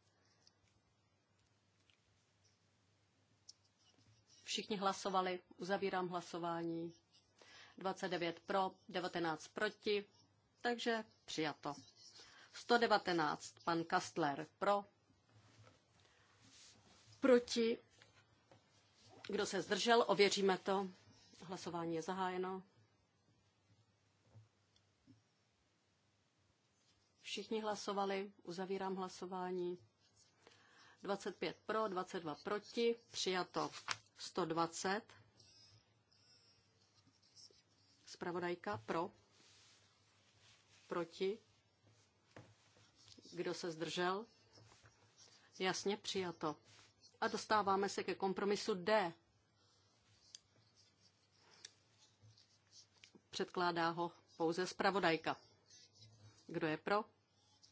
Všichni hlasovali, uzavírám hlasování. 29 pro, 19 proti, takže přijato. 119. Pan Kastler pro. Proti. Kdo se zdržel, ověříme to. Hlasování je zahájeno. Všichni hlasovali, uzavírám hlasování. 25 pro, 22 proti, přijato 120. Spravodajka pro. Proti? Kdo se zdržel? Jasně přijato. A dostáváme se ke kompromisu D. Předkládá ho pouze zpravodajka. Kdo je pro?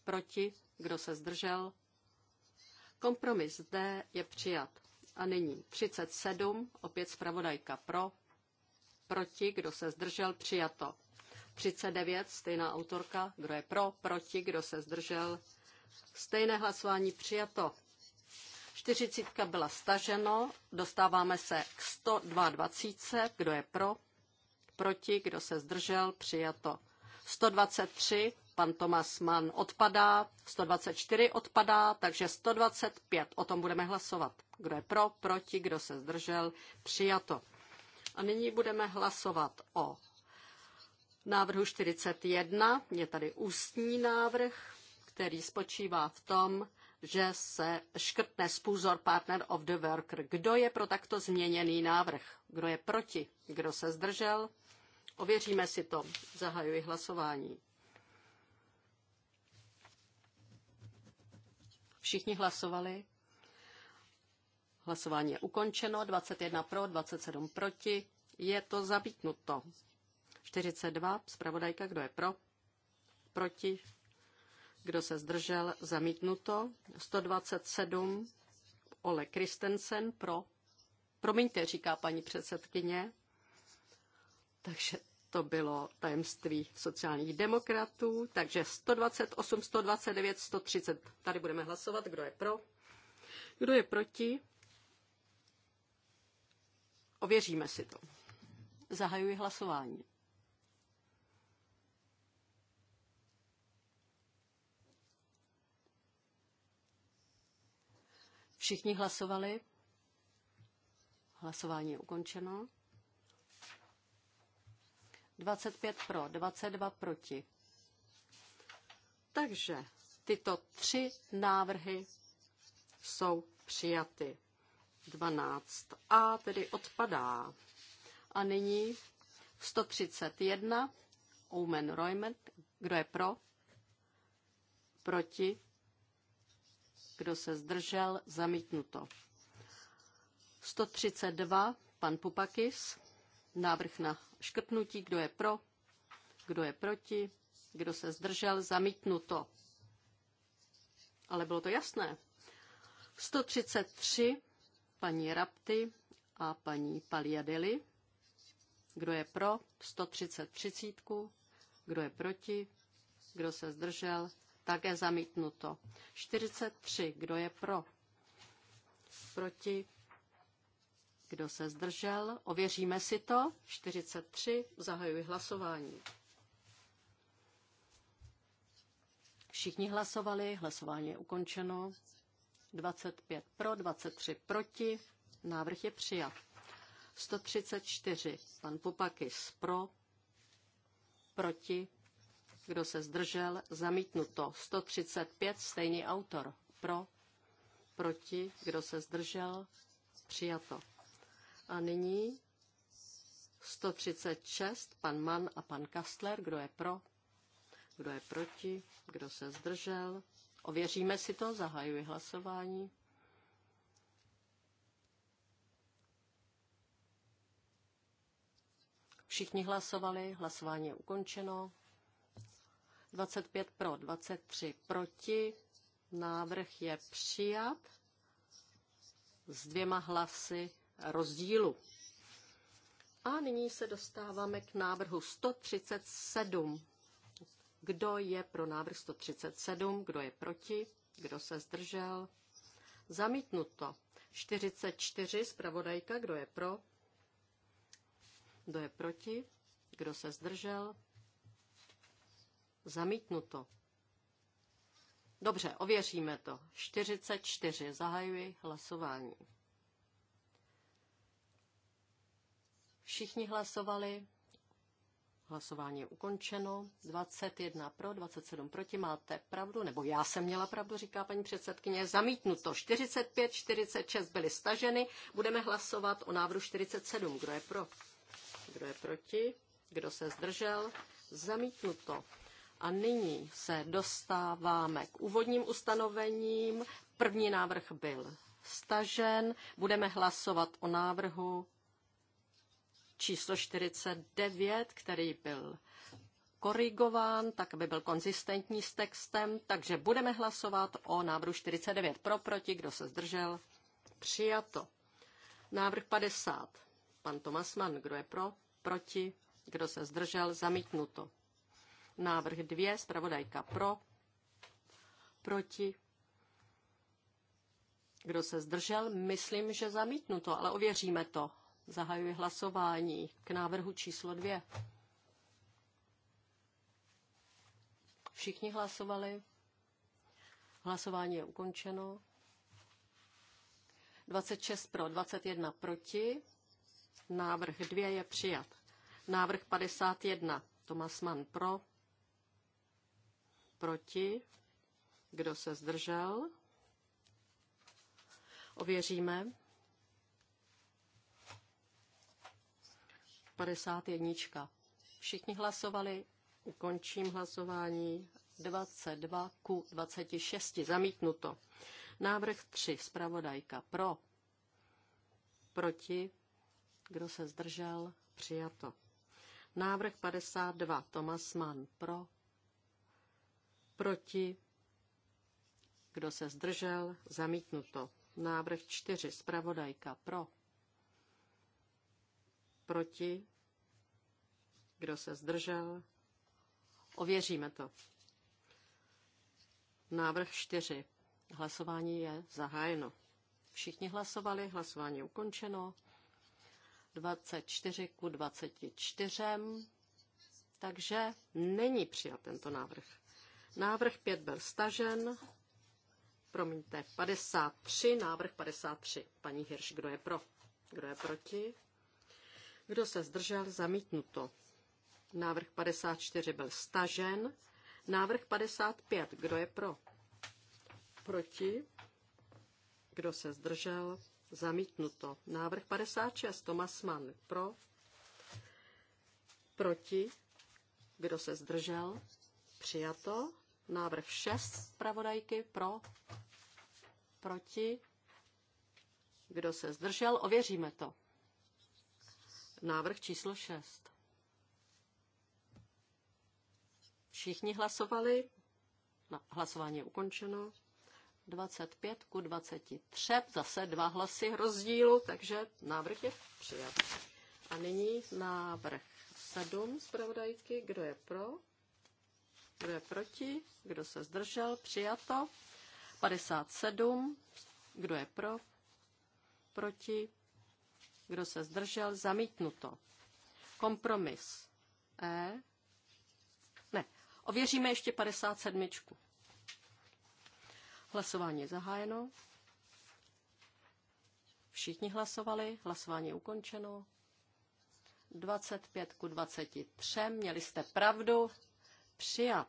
Proti? Kdo se zdržel? Kompromis D je přijat. A nyní 37, opět zpravodajka pro, proti, kdo se zdržel, přijato. 39, stejná autorka, kdo je pro, proti, kdo se zdržel. Stejné hlasování přijato. 40 byla staženo, dostáváme se k 122, kdo je pro, proti, kdo se zdržel, přijato. 123, pan Tomas Mann odpadá, 124 odpadá, takže 125, o tom budeme hlasovat. Kdo je pro, proti, kdo se zdržel, přijato. A nyní budeme hlasovat o návrhu 41 je tady ústní návrh, který spočívá v tom, že se škrtne spůzor partner of the worker. Kdo je pro takto změněný návrh? Kdo je proti? Kdo se zdržel? Ověříme si to. Zahajuji hlasování. Všichni hlasovali. Hlasování je ukončeno. 21 pro, 27 proti. Je to zabítnuto. 42, zpravodajka, kdo je pro, proti, kdo se zdržel, zamítnuto. 127, Ole Kristensen, pro. Promiňte, říká paní předsedkyně. Takže to bylo tajemství sociálních demokratů. Takže 128, 129, 130. Tady budeme hlasovat, kdo je pro, kdo je proti. Ověříme si to. Zahajuji hlasování. Všichni hlasovali? Hlasování je ukončeno. 25 pro, 22 proti. Takže tyto tři návrhy jsou přijaty. 12 a tedy odpadá. A nyní 131 Omen Roymet. Kdo je pro? Proti? Kdo se zdržel? Zamítnuto. 132. Pan Pupakis. Návrh na škrtnutí. Kdo je pro? Kdo je proti? Kdo se zdržel? Zamítnuto. Ale bylo to jasné. 133. Paní Rapty a paní Paliadeli. Kdo je pro? 133. Kdo je proti? Kdo se zdržel? Také zamítnuto. 43. Kdo je pro? Proti? Kdo se zdržel? Ověříme si to. 43. Zahajuji hlasování. Všichni hlasovali, hlasování je ukončeno. 25 pro, 23 proti. Návrh je přijat. 134. Pan Pupakis pro, proti, kdo se zdržel? Zamítnuto. 135. Stejný autor. Pro. Proti. Kdo se zdržel? Přijato. A nyní 136. Pan Mann a pan Kastler. Kdo je pro? Kdo je proti? Kdo se zdržel? Ověříme si to. Zahajuji hlasování. Všichni hlasovali, hlasování je ukončeno. 25 pro, 23 proti. Návrh je přijat s dvěma hlasy rozdílu. A nyní se dostáváme k návrhu 137. Kdo je pro návrh 137, kdo je proti, kdo se zdržel? Zamítnuto. 44, zpravodajka, kdo je pro, kdo je proti, kdo se zdržel? Zamítnuto. Dobře, ověříme to. 44. Zahajuji hlasování. Všichni hlasovali. Hlasování je ukončeno. 21 pro, 27 proti. Máte pravdu, nebo já jsem měla pravdu, říká paní předsedkyně. Zamítnuto. 45, 46 byly staženy. Budeme hlasovat o návrhu 47. Kdo je pro? Kdo je proti? Kdo se zdržel? Zamítnuto. A nyní se dostáváme k úvodním ustanovením. První návrh byl stažen. Budeme hlasovat o návrhu číslo 49, který byl korigován, tak aby byl konzistentní s textem. Takže budeme hlasovat o návrhu 49 pro, proti, kdo se zdržel. Přijato. Návrh 50. Pan Tomasman, kdo je pro, proti, kdo se zdržel, zamítnuto. Návrh 2, zpravodajka pro, proti. Kdo se zdržel? Myslím, že zamítnu to, ale ověříme to. Zahajuji hlasování k návrhu číslo 2. Všichni hlasovali. Hlasování je ukončeno. 26 pro, 21 proti. Návrh 2 je přijat. Návrh 51. Tomas Mann pro. Proti? Kdo se zdržel? Ověříme. 51. Všichni hlasovali. Ukončím hlasování. 22 ku 26. Zamítnuto. Návrh 3. Spravodajka. Pro. Proti. Kdo se zdržel? Přijato. Návrh 52. Tomas Mann. Pro. Proti? Kdo se zdržel? Zamítnuto. Návrh 4. Spravodajka pro. Proti? Kdo se zdržel? Ověříme to. Návrh 4. Hlasování je zahájeno. Všichni hlasovali, hlasování je ukončeno. 24 ku 24. Takže není přijat tento návrh. Návrh 5 byl stažen. Promiňte, 53, návrh 53. Paní Hirš, kdo je pro? Kdo je proti? Kdo se zdržel? Zamítnuto. Návrh 54 byl stažen. Návrh 55. Kdo je pro? Proti? Kdo se zdržel? Zamítnuto. Návrh 56. Tomas Mann. Pro? Proti? Kdo se zdržel? Přijato. Návrh 6 zpravodajky pro, proti, kdo se zdržel, ověříme to. Návrh číslo 6. Všichni hlasovali, hlasování je ukončeno. 25 ku 23, zase dva hlasy rozdílu, takže návrh je přijat. A nyní návrh 7 zpravodajky, kdo je pro? Kdo je proti? Kdo se zdržel? Přijato. 57. Kdo je pro? Proti? Kdo se zdržel? Zamítnuto. Kompromis. E. Ne. Ověříme ještě 57. Hlasování je zahájeno. Všichni hlasovali, hlasování je ukončeno. 25 ku 23, měli jste pravdu, přijat.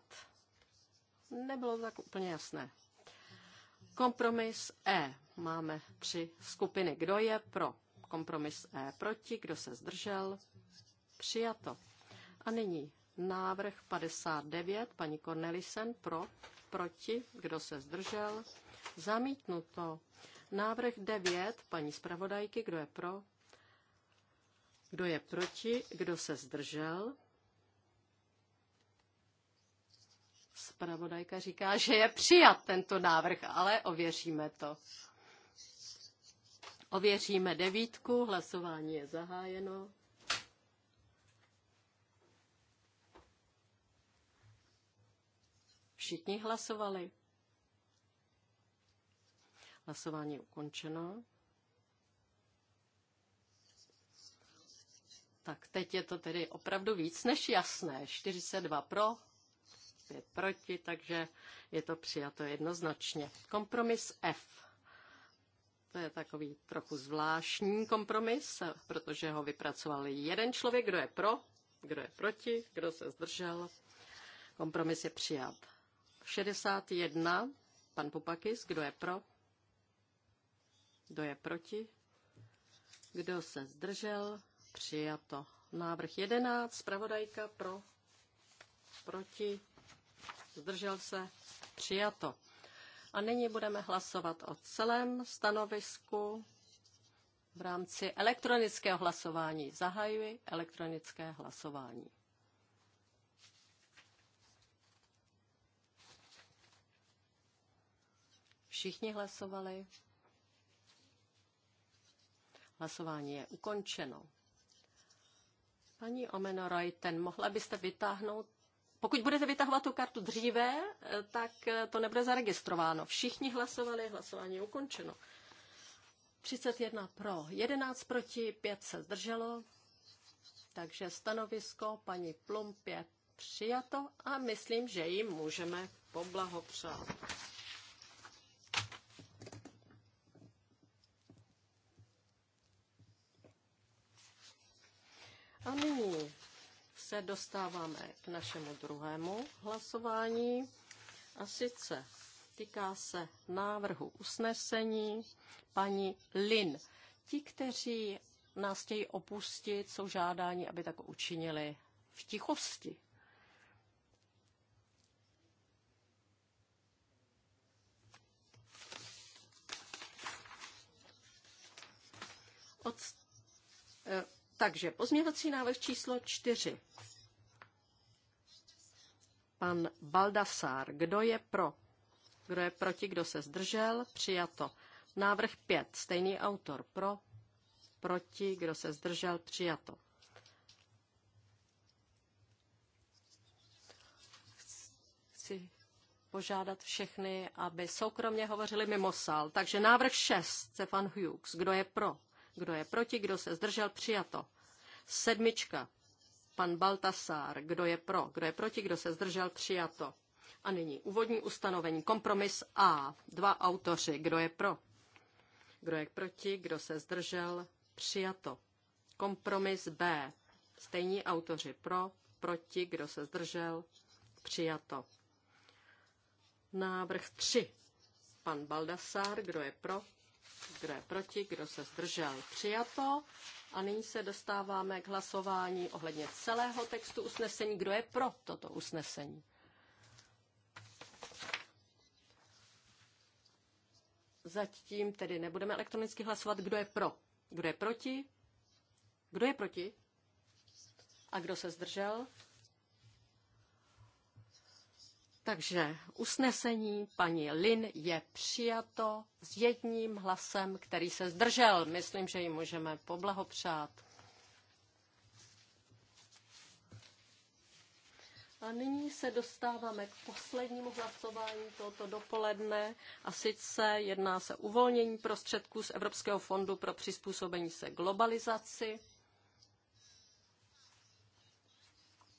Nebylo to tak úplně jasné. Kompromis E. Máme tři skupiny. Kdo je pro? Kompromis E proti. Kdo se zdržel? Přijato. A nyní návrh 59. Paní Cornelisen pro, proti. Kdo se zdržel? Zamítnuto. Návrh 9. Paní zpravodajky. Kdo je pro? Kdo je proti? Kdo se zdržel? Spravodajka říká, že je přijat tento návrh, ale ověříme to. Ověříme devítku, hlasování je zahájeno. Všichni hlasovali. Hlasování ukončeno. Tak teď je to tedy opravdu víc než jasné. 42 pro, 5 proti, takže je to přijato jednoznačně. Kompromis F. To je takový trochu zvláštní kompromis, protože ho vypracoval jeden člověk, kdo je pro, kdo je proti, kdo se zdržel. Kompromis je přijat. 61, pan Pupakis, kdo je pro, kdo je proti, kdo se zdržel, přijato. Návrh 11, zpravodajka pro, proti, zdržel se, přijato. A nyní budeme hlasovat o celém stanovisku v rámci elektronického hlasování. Zahajuji elektronické hlasování. Všichni hlasovali. Hlasování je ukončeno. Paní Omeno Reuten, mohla byste vytáhnout pokud budete vytahovat tu kartu dříve, eh, tak eh, to nebude zaregistrováno. Všichni hlasovali, hlasování je ukončeno. 31 pro, 11 proti, 5 se zdrželo. Takže stanovisko paní Plump je přijato a myslím, že jim můžeme poblahopřát. A nyní se dostáváme k našemu druhému hlasování a sice týká se návrhu usnesení paní Lin. Ti, kteří nás chtějí opustit, jsou žádáni, aby tak učinili v tichosti. Od takže pozměňovací návrh číslo čtyři, Pan Baldasár, kdo je pro? Kdo je proti? Kdo se zdržel? Přijato. Návrh pět, Stejný autor. Pro? Proti? Kdo se zdržel? Přijato. Chci požádat všechny, aby soukromně hovořili mimo sál. Takže návrh 6. Stefan Hughes. Kdo je pro? Kdo je proti? Kdo se zdržel? Přijato. Sedmička. Pan Baltasár. Kdo je pro? Kdo je proti? Kdo se zdržel? Přijato. A nyní úvodní ustanovení. Kompromis A. Dva autoři. Kdo je pro? Kdo je proti? Kdo se zdržel? Přijato. Kompromis B. Stejní autoři pro, proti, kdo se zdržel? Přijato. Návrh 3. Pan Baldasár, kdo je pro? kdo je proti, kdo se zdržel, přijato. A nyní se dostáváme k hlasování ohledně celého textu usnesení. Kdo je pro toto usnesení? Zatím tedy nebudeme elektronicky hlasovat, kdo je pro. Kdo je proti? Kdo je proti? A kdo se zdržel? Takže usnesení paní Lin je přijato s jedním hlasem, který se zdržel. Myslím, že ji můžeme poblahopřát. A nyní se dostáváme k poslednímu hlasování tohoto dopoledne a sice jedná se uvolnění prostředků z Evropského fondu pro přizpůsobení se globalizaci.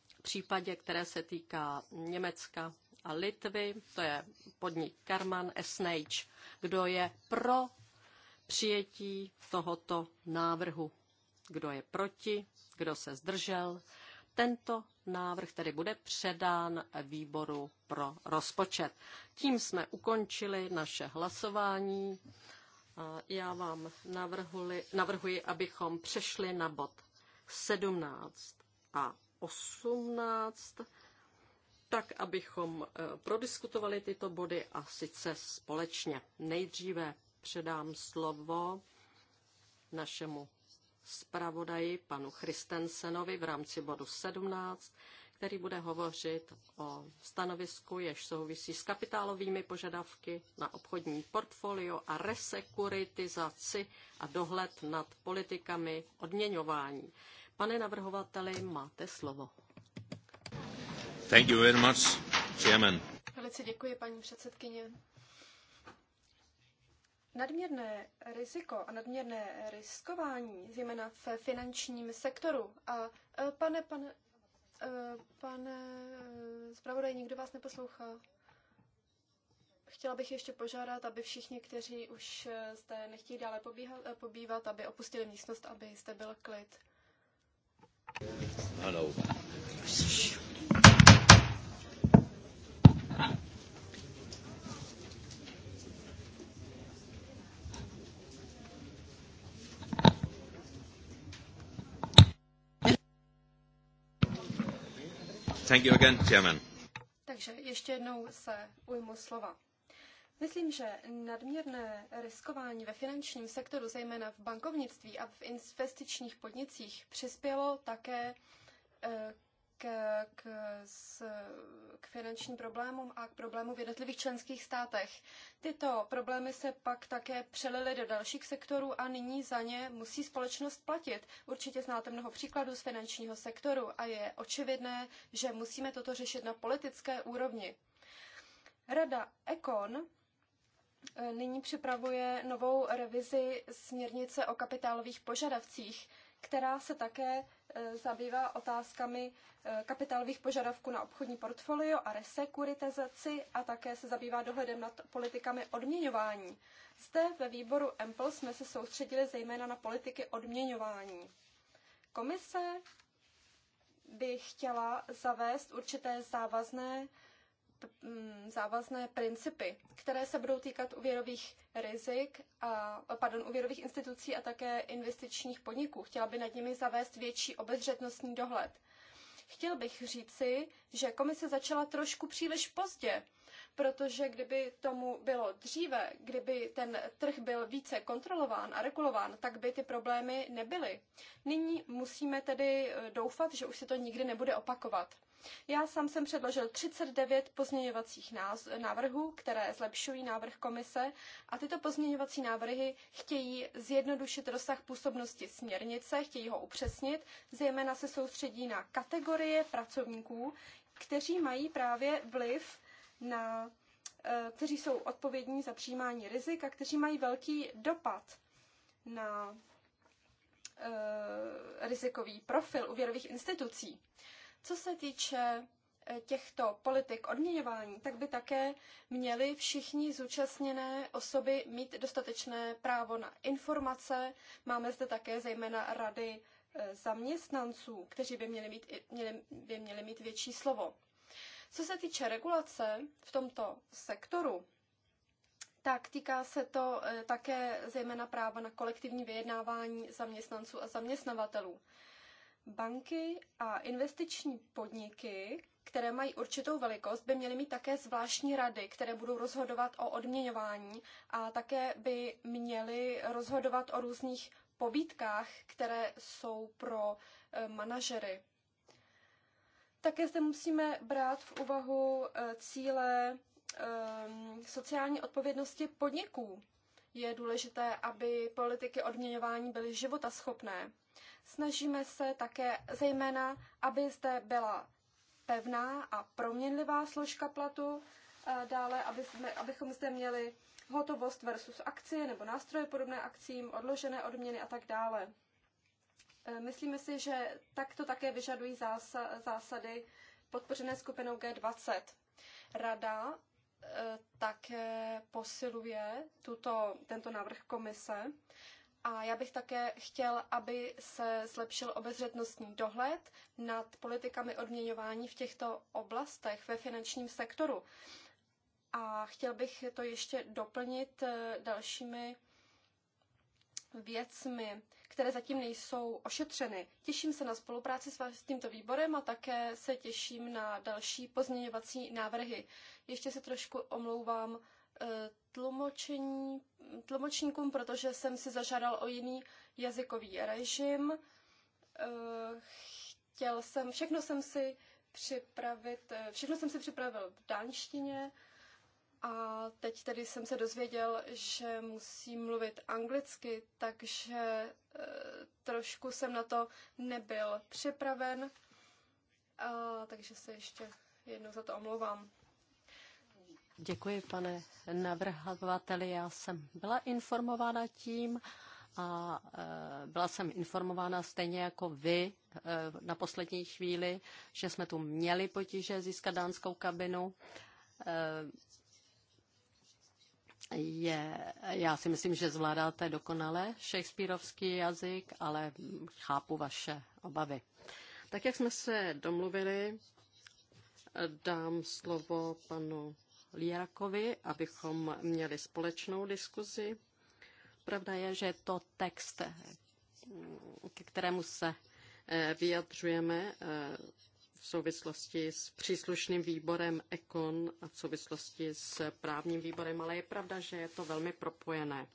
V případě, které se týká Německa a Litvy, to je podnik Karman Snage. Kdo je pro přijetí tohoto návrhu? Kdo je proti? Kdo se zdržel? Tento návrh tedy bude předán výboru pro rozpočet. Tím jsme ukončili naše hlasování. Já vám navrhuli, navrhuji, abychom přešli na bod 17 a 18 tak abychom eh, prodiskutovali tyto body a sice společně. Nejdříve předám slovo našemu zpravodaji panu Christensenovi v rámci bodu 17, který bude hovořit o stanovisku, jež souvisí s kapitálovými požadavky na obchodní portfolio a resekuritizaci a dohled nad politikami odměňování. Pane navrhovateli, máte slovo. Thank you very much, Chairman. Velice děkuji, paní předsedkyně. Nadměrné riziko a nadměrné riskování, zejména v finančním sektoru. A e, pane, pane, e, pane e, zpravodaj, nikdo vás neposlouchal. Chtěla bych ještě požádat, aby všichni, kteří už zde nechtějí dále pobíhat, pobývat, aby opustili místnost, aby zde byl klid. Ano. Thank you again, Chairman. Takže ještě jednou se ujmu slova. Myslím, že nadměrné riskování ve finančním sektoru, zejména v bankovnictví a v investičních podnicích, přispělo také eh, k, k, s, k finančním problémům a k problémům v jednotlivých členských státech. Tyto problémy se pak také přelily do dalších sektorů a nyní za ně musí společnost platit. Určitě znáte mnoho příkladů z finančního sektoru a je očividné, že musíme toto řešit na politické úrovni. Rada Econ eh, nyní připravuje novou revizi směrnice o kapitálových požadavcích, která se také Eh, zabývá otázkami eh, kapitálových požadavků na obchodní portfolio a resekuritizaci a také se zabývá dohledem nad politikami odměňování. Zde ve výboru EMPL jsme se soustředili zejména na politiky odměňování. Komise by chtěla zavést určité závazné Mm, závazné principy, které se budou týkat úvěrových rizik a, pardon, úvěrových institucí a také investičních podniků. Chtěla by nad nimi zavést větší obezřetnostní dohled. Chtěl bych říci, že komise začala trošku příliš pozdě, protože kdyby tomu bylo dříve, kdyby ten trh byl více kontrolován a regulován, tak by ty problémy nebyly. Nyní musíme tedy eh, doufat, že už se to nikdy nebude opakovat. Já sám jsem předložil 39 pozměňovacích návrhů, které zlepšují návrh komise a tyto pozměňovací návrhy chtějí zjednodušit rozsah působnosti směrnice, chtějí ho upřesnit, zejména se soustředí na kategorie pracovníků, kteří mají právě vliv na eh, kteří jsou odpovědní za přijímání rizik a kteří mají velký dopad na eh, rizikový profil úvěrových institucí. Co se týče eh, těchto politik odměňování, tak by také měli všichni zúčastněné osoby mít dostatečné právo na informace. Máme zde také zejména rady eh, zaměstnanců, kteří by měli mít, měli, by měli mít větší slovo. Co se týče regulace v tomto sektoru, tak týká se to eh, také zejména práva na kolektivní vyjednávání zaměstnanců a zaměstnavatelů. Banky a investiční podniky, které mají určitou velikost, by měly mít také zvláštní rady, které budou rozhodovat o odměňování a také by měly rozhodovat o různých pobídkách, které jsou pro eh, manažery. Také zde musíme brát v úvahu eh, cíle ehm, sociální odpovědnosti podniků. Je důležité, aby politiky odměňování byly životaschopné. schopné. Snažíme se také zejména, aby zde byla pevná a proměnlivá složka platu, eh, dále, aby jsme, abychom zde měli hotovost versus akcie nebo nástroje podobné akcím, odložené odměny a tak dále. Eh, myslíme si, že takto také vyžadují zásady podpořené skupinou G20. Rada eh, také posiluje tuto, tento návrh komise a já bych také chtěl, aby se zlepšil obezřetnostní dohled nad politikami odměňování v těchto oblastech ve finančním sektoru. A chtěl bych to ještě doplnit eh, dalšími věcmi, které zatím nejsou ošetřeny. Těším se na spolupráci s, vás, s tímto výborem a také se těším na další pozměňovací návrhy. Ještě se trošku omlouvám Eh, tlumočení, tlumočníkům, protože jsem si zažádal o jiný jazykový režim. Eh, chtěl jsem, všechno jsem si připravit, eh, všechno jsem si připravil v dánštině a teď tedy jsem se dozvěděl, že musím mluvit anglicky, takže trošku jsem na to nebyl připraven, a, takže se ještě jednou za to omlouvám. Děkuji, pane navrhovateli. Já jsem byla informována tím a e, byla jsem informována stejně jako vy e, na poslední chvíli, že jsme tu měli potíže získat dánskou kabinu. E, je, já si myslím, že zvládáte dokonale shakespearovský jazyk, ale chápu vaše obavy. Tak jak jsme se domluvili, dám slovo panu Lírakovi, abychom měli společnou diskuzi. Pravda je, že je to text, eh, ke kterému se eh, vyjadřujeme eh, v souvislosti s příslušným výborem ekon a v souvislosti s právním výborem, ale je pravda, že je to velmi propojené.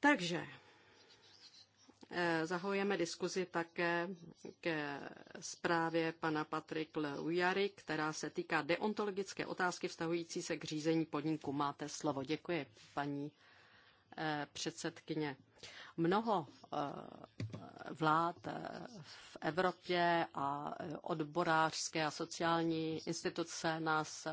Takže Eh, zahojeme diskuzi také ke zprávě pana Patrik Leujary, která se týká deontologické otázky vztahující se k řízení podniku. Máte slovo. Děkuji, paní eh, předsedkyně. Mnoho eh, vlád v Evropě a odborářské a sociální instituce nás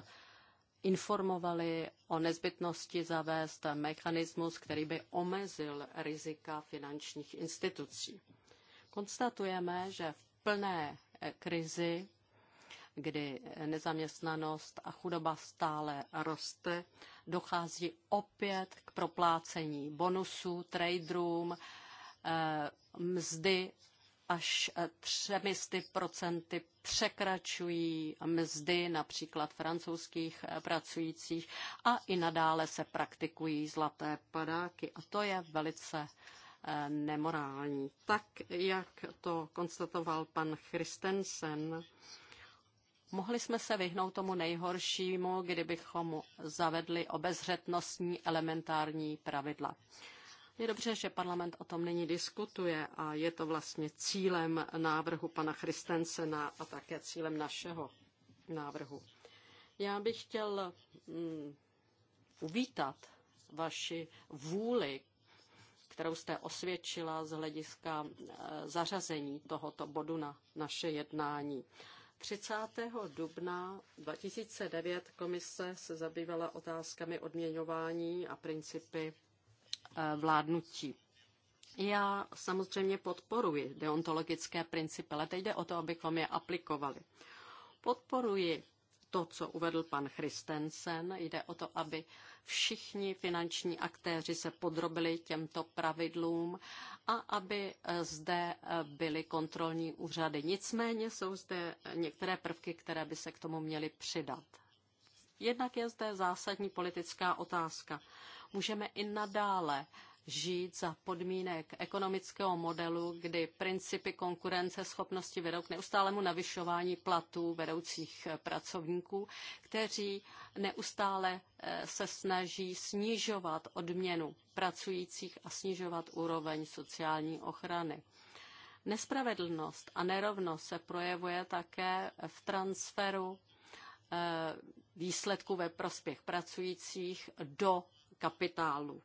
informovali o nezbytnosti zavést mechanismus, který by omezil rizika finančních institucí. Konstatujeme, že v plné krizi, kdy nezaměstnanost a chudoba stále roste, dochází opět k proplácení bonusů, traderům, eh, mzdy až 300 eh, procenty překračují mzdy například francouzských eh, pracujících a i nadále se praktikují zlaté padáky. A to je velice eh, nemorální. Tak, jak to konstatoval pan Christensen, Mohli jsme se vyhnout tomu nejhoršímu, kdybychom zavedli obezřetnostní elementární pravidla. Je dobře, že parlament o tom nyní diskutuje a je to vlastně cílem návrhu pana Christensena a také cílem našeho návrhu. Já bych chtěl mm, uvítat vaši vůli, kterou jste osvědčila z hlediska e, zařazení tohoto bodu na naše jednání. 30. dubna 2009 komise se zabývala otázkami odměňování a principy E, vládnutí. Já samozřejmě podporuji deontologické principy, ale teď jde o to, abychom je aplikovali. Podporuji to, co uvedl pan Christensen. Jde o to, aby všichni finanční aktéři se podrobili těmto pravidlům a aby e, zde e, byly kontrolní úřady. Nicméně jsou zde některé prvky, které by se k tomu měly přidat. Jednak je zde zásadní politická otázka. Můžeme i nadále žít za podmínek ekonomického modelu, kdy principy konkurence schopnosti vedou k neustálému navyšování platů vedoucích eh, pracovníků, kteří neustále eh, se snaží snižovat odměnu pracujících a snižovat úroveň sociální ochrany. Nespravedlnost a nerovnost se projevuje také v transferu eh, výsledku ve prospěch pracujících do kapitálu.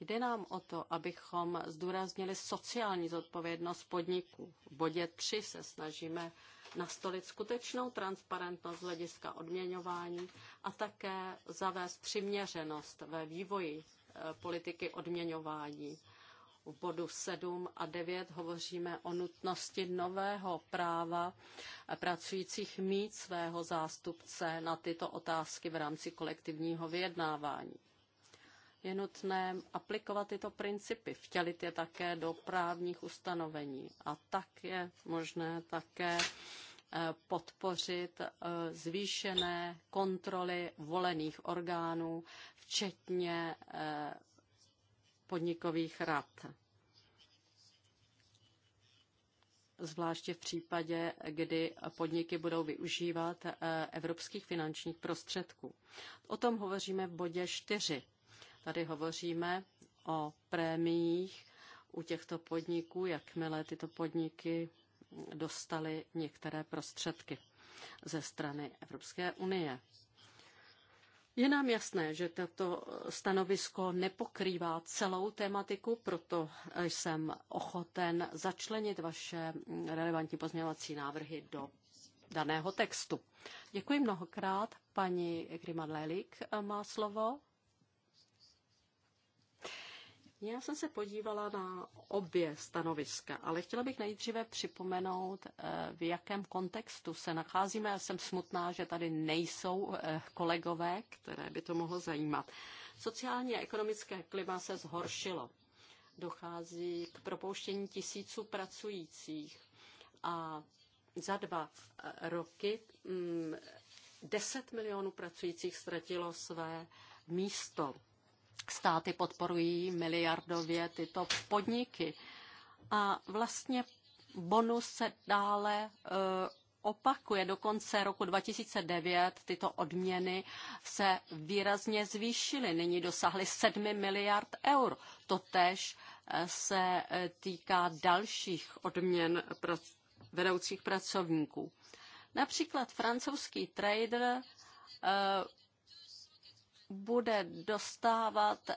Jde nám o to, abychom zdůraznili sociální zodpovědnost podniků. V bodě 3 se snažíme nastolit skutečnou transparentnost z hlediska odměňování a také zavést přiměřenost ve vývoji eh, politiky odměňování. U bodu 7 a 9 hovoříme o nutnosti nového práva pracujících mít svého zástupce na tyto otázky v rámci kolektivního vyjednávání. Je nutné aplikovat tyto principy, vtělit je také do právních ustanovení a tak je možné také eh, podpořit eh, zvýšené kontroly volených orgánů, včetně eh, podnikových rad. Zvláště v případě, kdy podniky budou využívat eh, evropských finančních prostředků. O tom hovoříme v bodě 4. Tady hovoříme o prémiích u těchto podniků, jakmile tyto podniky dostaly některé prostředky ze strany Evropské unie. Je nám jasné, že toto stanovisko nepokrývá celou tematiku, proto jsem ochoten začlenit vaše relevantní pozměňovací návrhy do daného textu. Děkuji mnohokrát. Paní Grimadlelik má slovo. Já jsem se podívala na obě stanoviska, ale chtěla bych nejdříve připomenout, eh, v jakém kontextu se nacházíme. Já jsem smutná, že tady nejsou eh, kolegové, které by to mohlo zajímat. Sociálně a ekonomické klima se zhoršilo. Dochází k propouštění tisíců pracujících a za dva eh, roky 10 mm, milionů pracujících ztratilo své místo. Státy podporují miliardově tyto podniky. A vlastně bonus se dále e, opakuje. Do konce roku 2009 tyto odměny se výrazně zvýšily. Nyní dosáhly 7 miliard eur. Totež e, se e, týká dalších odměn vedoucích pracovníků. Například francouzský trader bude dostávat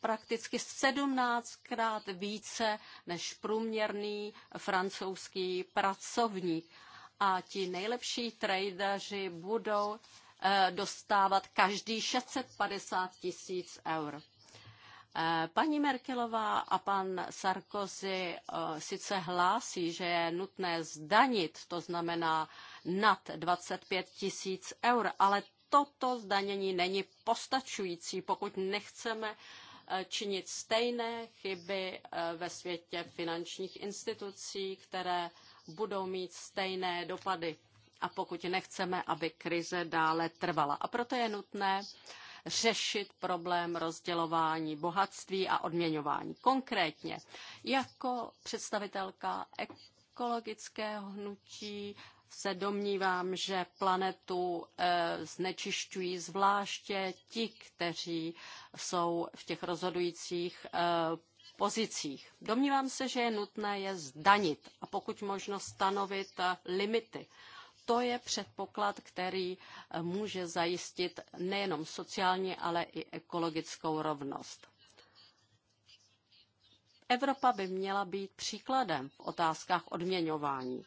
prakticky 17krát více než průměrný francouzský pracovník. A ti nejlepší tradeři budou eh, dostávat každý 650 tisíc eur. Eh, paní Merkelová a pan Sarkozy eh, sice hlásí, že je nutné zdanit, to znamená nad 25 tisíc eur, ale toto zdanění není postačující, pokud nechceme eh, činit stejné chyby eh, ve světě finančních institucí, které budou mít stejné dopady a pokud nechceme, aby krize dále trvala. A proto je nutné řešit problém rozdělování bohatství a odměňování. Konkrétně jako představitelka ekologického hnutí se domnívám, že planetu eh, znečišťují zvláště ti, kteří jsou v těch rozhodujících eh, pozicích. Domnívám se, že je nutné je zdanit a pokud možno stanovit eh, limity. To je předpoklad, který může zajistit nejenom sociální, ale i ekologickou rovnost. Evropa by měla být příkladem v otázkách odměňování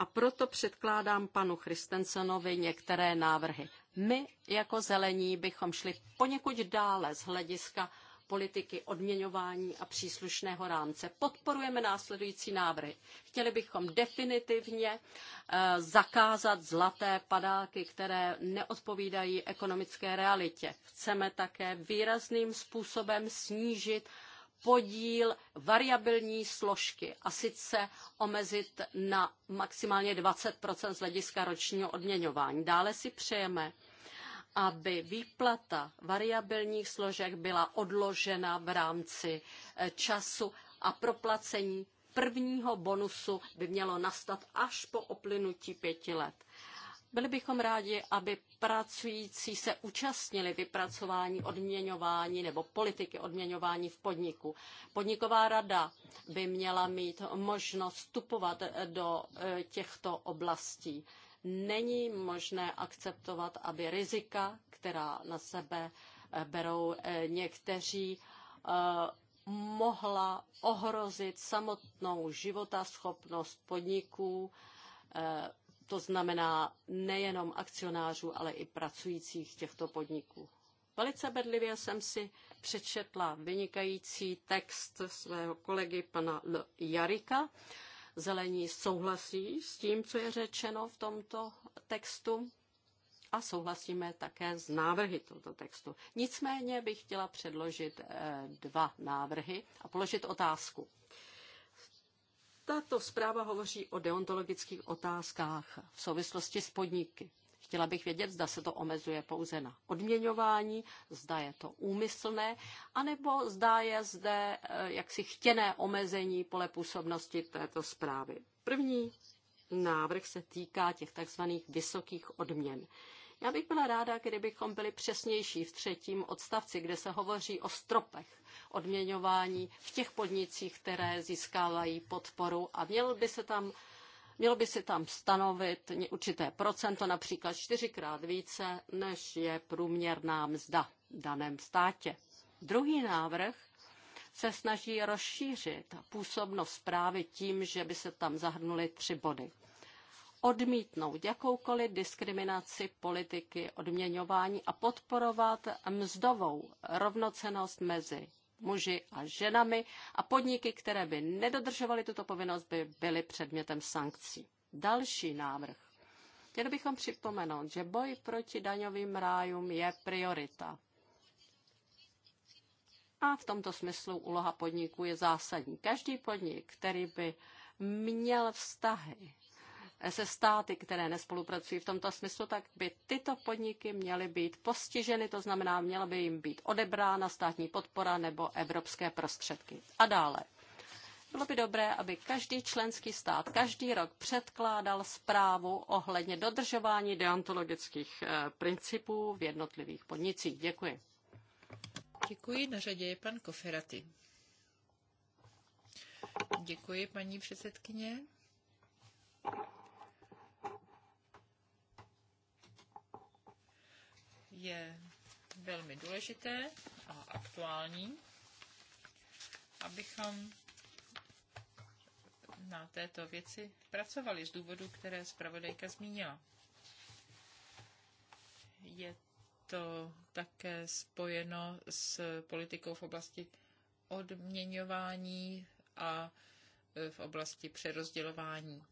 a proto předkládám panu Christensenovi některé návrhy. My jako zelení bychom šli poněkud dále z hlediska politiky odměňování a příslušného rámce. Podporujeme následující návrhy. Chtěli bychom definitivně eh, zakázat zlaté padáky, které neodpovídají ekonomické realitě. Chceme také výrazným způsobem snížit podíl variabilní složky a sice omezit na maximálně 20 z hlediska ročního odměňování. Dále si přejeme, aby výplata variabilních složek byla odložena v rámci eh, času a proplacení prvního bonusu by mělo nastat až po uplynutí pěti let. Byli bychom rádi, aby pracující se účastnili vypracování odměňování nebo politiky odměňování v podniku. Podniková rada by měla mít možnost vstupovat do e, těchto oblastí. Není možné akceptovat, aby rizika, která na sebe e, berou e, někteří, mohla ohrozit samotnou životaschopnost podniků to znamená nejenom akcionářů, ale i pracujících těchto podniků. Velice bedlivě jsem si přečetla vynikající text svého kolegy pana L. Jarika. Zelení souhlasí s tím, co je řečeno v tomto textu a souhlasíme také s návrhy tohoto textu. Nicméně bych chtěla předložit eh, dva návrhy a položit otázku. Tato zpráva hovoří o deontologických otázkách v souvislosti s podniky. Chtěla bych vědět, zda se to omezuje pouze na odměňování, zda je to úmyslné, anebo zda je zde eh, jaksi chtěné omezení pole působnosti této zprávy. První návrh se týká těch takzvaných vysokých odměn. Já bych byla ráda, kdybychom byli přesnější v třetím odstavci, kde se hovoří o stropech odměňování v těch podnicích, které získávají podporu a měl by se tam Mělo by se tam stanovit určité procento, například čtyřikrát více, než je průměrná mzda v daném státě. Druhý návrh se snaží rozšířit působnost zprávy tím, že by se tam zahrnuly tři body. Odmítnout jakoukoliv diskriminaci politiky odměňování a podporovat mzdovou rovnocenost mezi muži a ženami a podniky, které by nedodržovaly tuto povinnost, by byly předmětem sankcí. Další návrh. Měli bychom připomenout, že boj proti daňovým rájům je priorita. A v tomto smyslu úloha podniků je zásadní. Každý podnik, který by měl vztahy se státy, které nespolupracují v tomto smyslu, tak by tyto podniky měly být postiženy, to znamená, měla by jim být odebrána státní podpora nebo evropské prostředky. A dále. Bylo by dobré, aby každý členský stát každý rok předkládal zprávu ohledně dodržování deontologických eh, principů v jednotlivých podnicích. Děkuji. Děkuji. Na řadě je pan Koferaty. Děkuji, paní předsedkyně. je velmi důležité a aktuální, abychom na této věci pracovali z důvodu, které zpravodajka zmínila. Je to také spojeno s politikou v oblasti odměňování a e, v oblasti přerozdělování.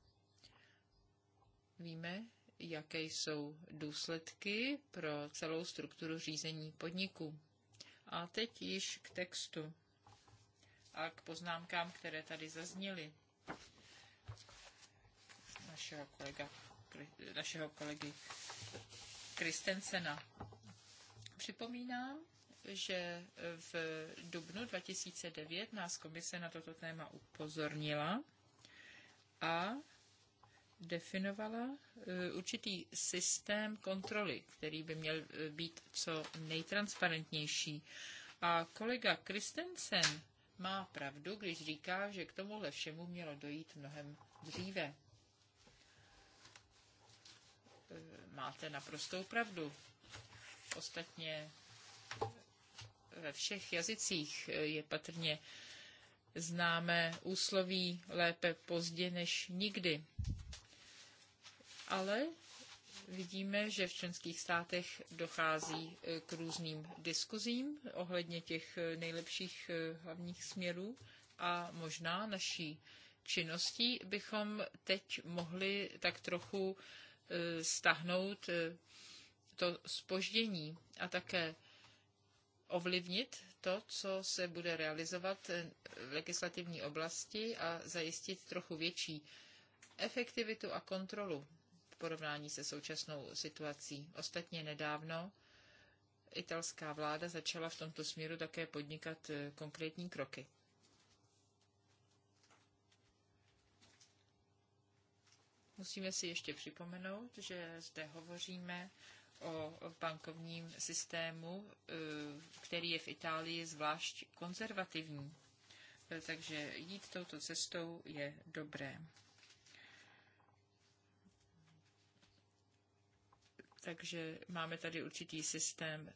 Víme, jaké jsou důsledky pro celou strukturu řízení podniku. A teď již k textu a k poznámkám, které tady zazněly našeho, kolega, našeho kolegy Kristensena. Připomínám, že v dubnu 2009 nás komise na toto téma upozornila a definovala eh, určitý systém kontroly, který by měl eh, být co nejtransparentnější. A kolega Kristensen má pravdu, když říká, že k tomuhle všemu mělo dojít mnohem dříve. Eh, máte naprostou pravdu. Ostatně ve všech jazycích je patrně známé úsloví lépe pozdě než nikdy ale vidíme, že v členských státech dochází e, k různým diskuzím ohledně těch e, nejlepších e, hlavních směrů a možná naší činností bychom teď mohli tak trochu stahnout to spoždění a také ovlivnit to, co se bude realizovat v legislativní oblasti a zajistit trochu větší efektivitu a kontrolu porovnání se současnou situací. Ostatně nedávno italská vláda začala v tomto směru také podnikat eh, konkrétní kroky. Musíme si ještě připomenout, že zde hovoříme o bankovním systému, eh, který je v Itálii zvlášť konzervativní. Eh, takže jít touto cestou je dobré. Takže máme tady určitý systém e,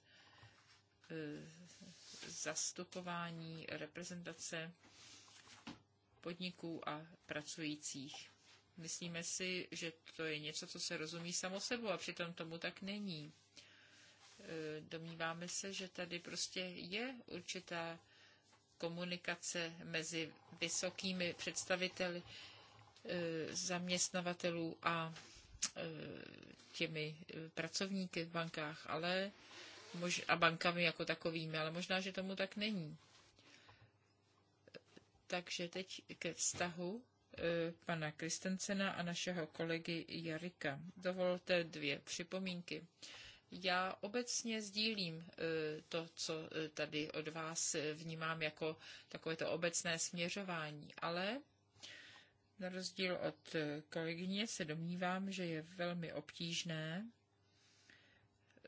zastupování, reprezentace podniků a pracujících. Myslíme si, že to je něco, co se rozumí samo sebou a přitom tomu tak není. E, domníváme se, že tady prostě je určitá komunikace mezi vysokými představiteli e, zaměstnavatelů a Eh, těmi eh, pracovníky v bankách, ale mož, a bankami jako takovými, ale možná, že tomu tak není. Takže teď ke vztahu eh, pana Kristensena a našeho kolegy Jarika. Dovolte dvě připomínky. Já obecně sdílím to, co tady od vás vnímám jako takovéto obecné směřování, ale na rozdíl od eh, kolegyně se domnívám, že je velmi obtížné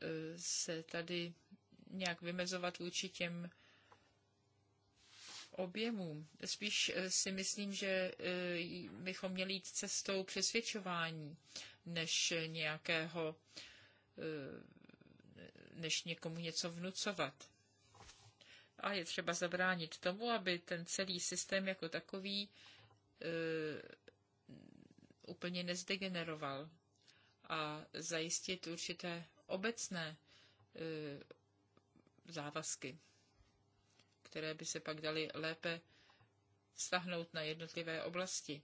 eh, se tady nějak vymezovat vůči těm objemům. Spíš eh, si myslím, že bychom měli jít cestou přesvědčování, než nějakého, než někomu něco vnucovat. A je třeba zabránit tomu, aby ten celý systém jako takový Eh, úplně nezdegeneroval a zajistit určité obecné eh, závazky, které by se pak daly lépe stahnout na jednotlivé oblasti.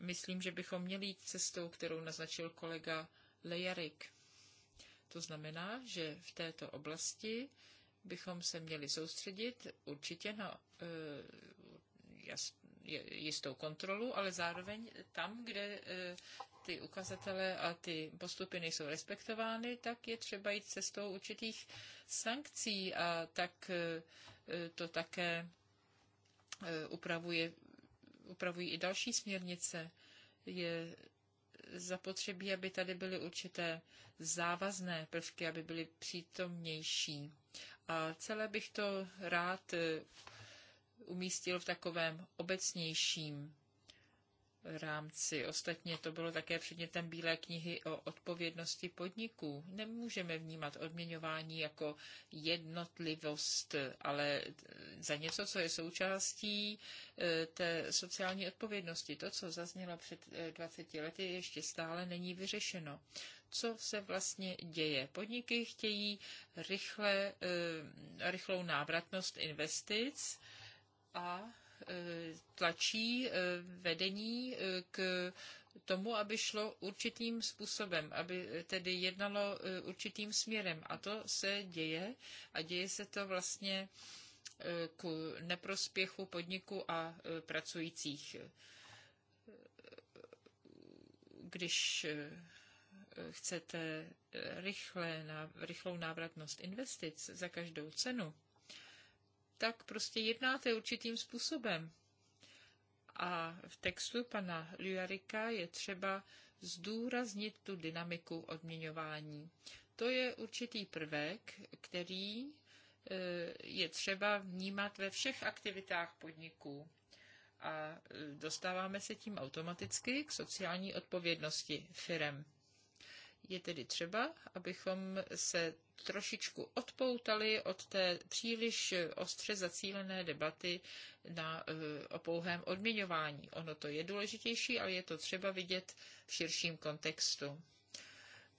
Myslím, že bychom měli jít cestou, kterou naznačil kolega Lejarik. To znamená, že v této oblasti bychom se měli soustředit určitě na eh, jistou kontrolu, ale zároveň tam, kde e, ty ukazatele a ty postupy nejsou respektovány, tak je třeba jít cestou určitých sankcí a tak e, e, to také upravuje, upravují i další směrnice. Je zapotřebí, aby tady byly určité závazné prvky, aby byly přítomnější. A celé bych to rád umístil v takovém obecnějším rámci. Ostatně to bylo také předmětem Bílé knihy o odpovědnosti podniků. Nemůžeme vnímat odměňování jako jednotlivost, ale za něco, co je součástí eh, té sociální odpovědnosti. To, co zaznělo před 20 eh, lety, ještě stále není vyřešeno. Co se vlastně děje? Podniky chtějí rychle, eh, rychlou návratnost investic, a e, tlačí e, vedení e, k tomu, aby šlo určitým způsobem, aby tedy jednalo určitým směrem. A to se děje a děje se to vlastně k neprospěchu podniku a pracujících. Když chcete rychle, rychlou návratnost investic za každou cenu, tak prostě jednáte určitým způsobem. A v textu pana Lujarika je třeba zdůraznit tu dynamiku odměňování. To je určitý prvek, který eh, je třeba vnímat ve všech aktivitách podniků. A eh, dostáváme se tím automaticky k sociální odpovědnosti firem. Je tedy třeba, abychom se trošičku odpoutali od té příliš ostře zacílené debaty na, e, o pouhém odměňování. Ono to je důležitější, ale je to třeba vidět v širším kontextu.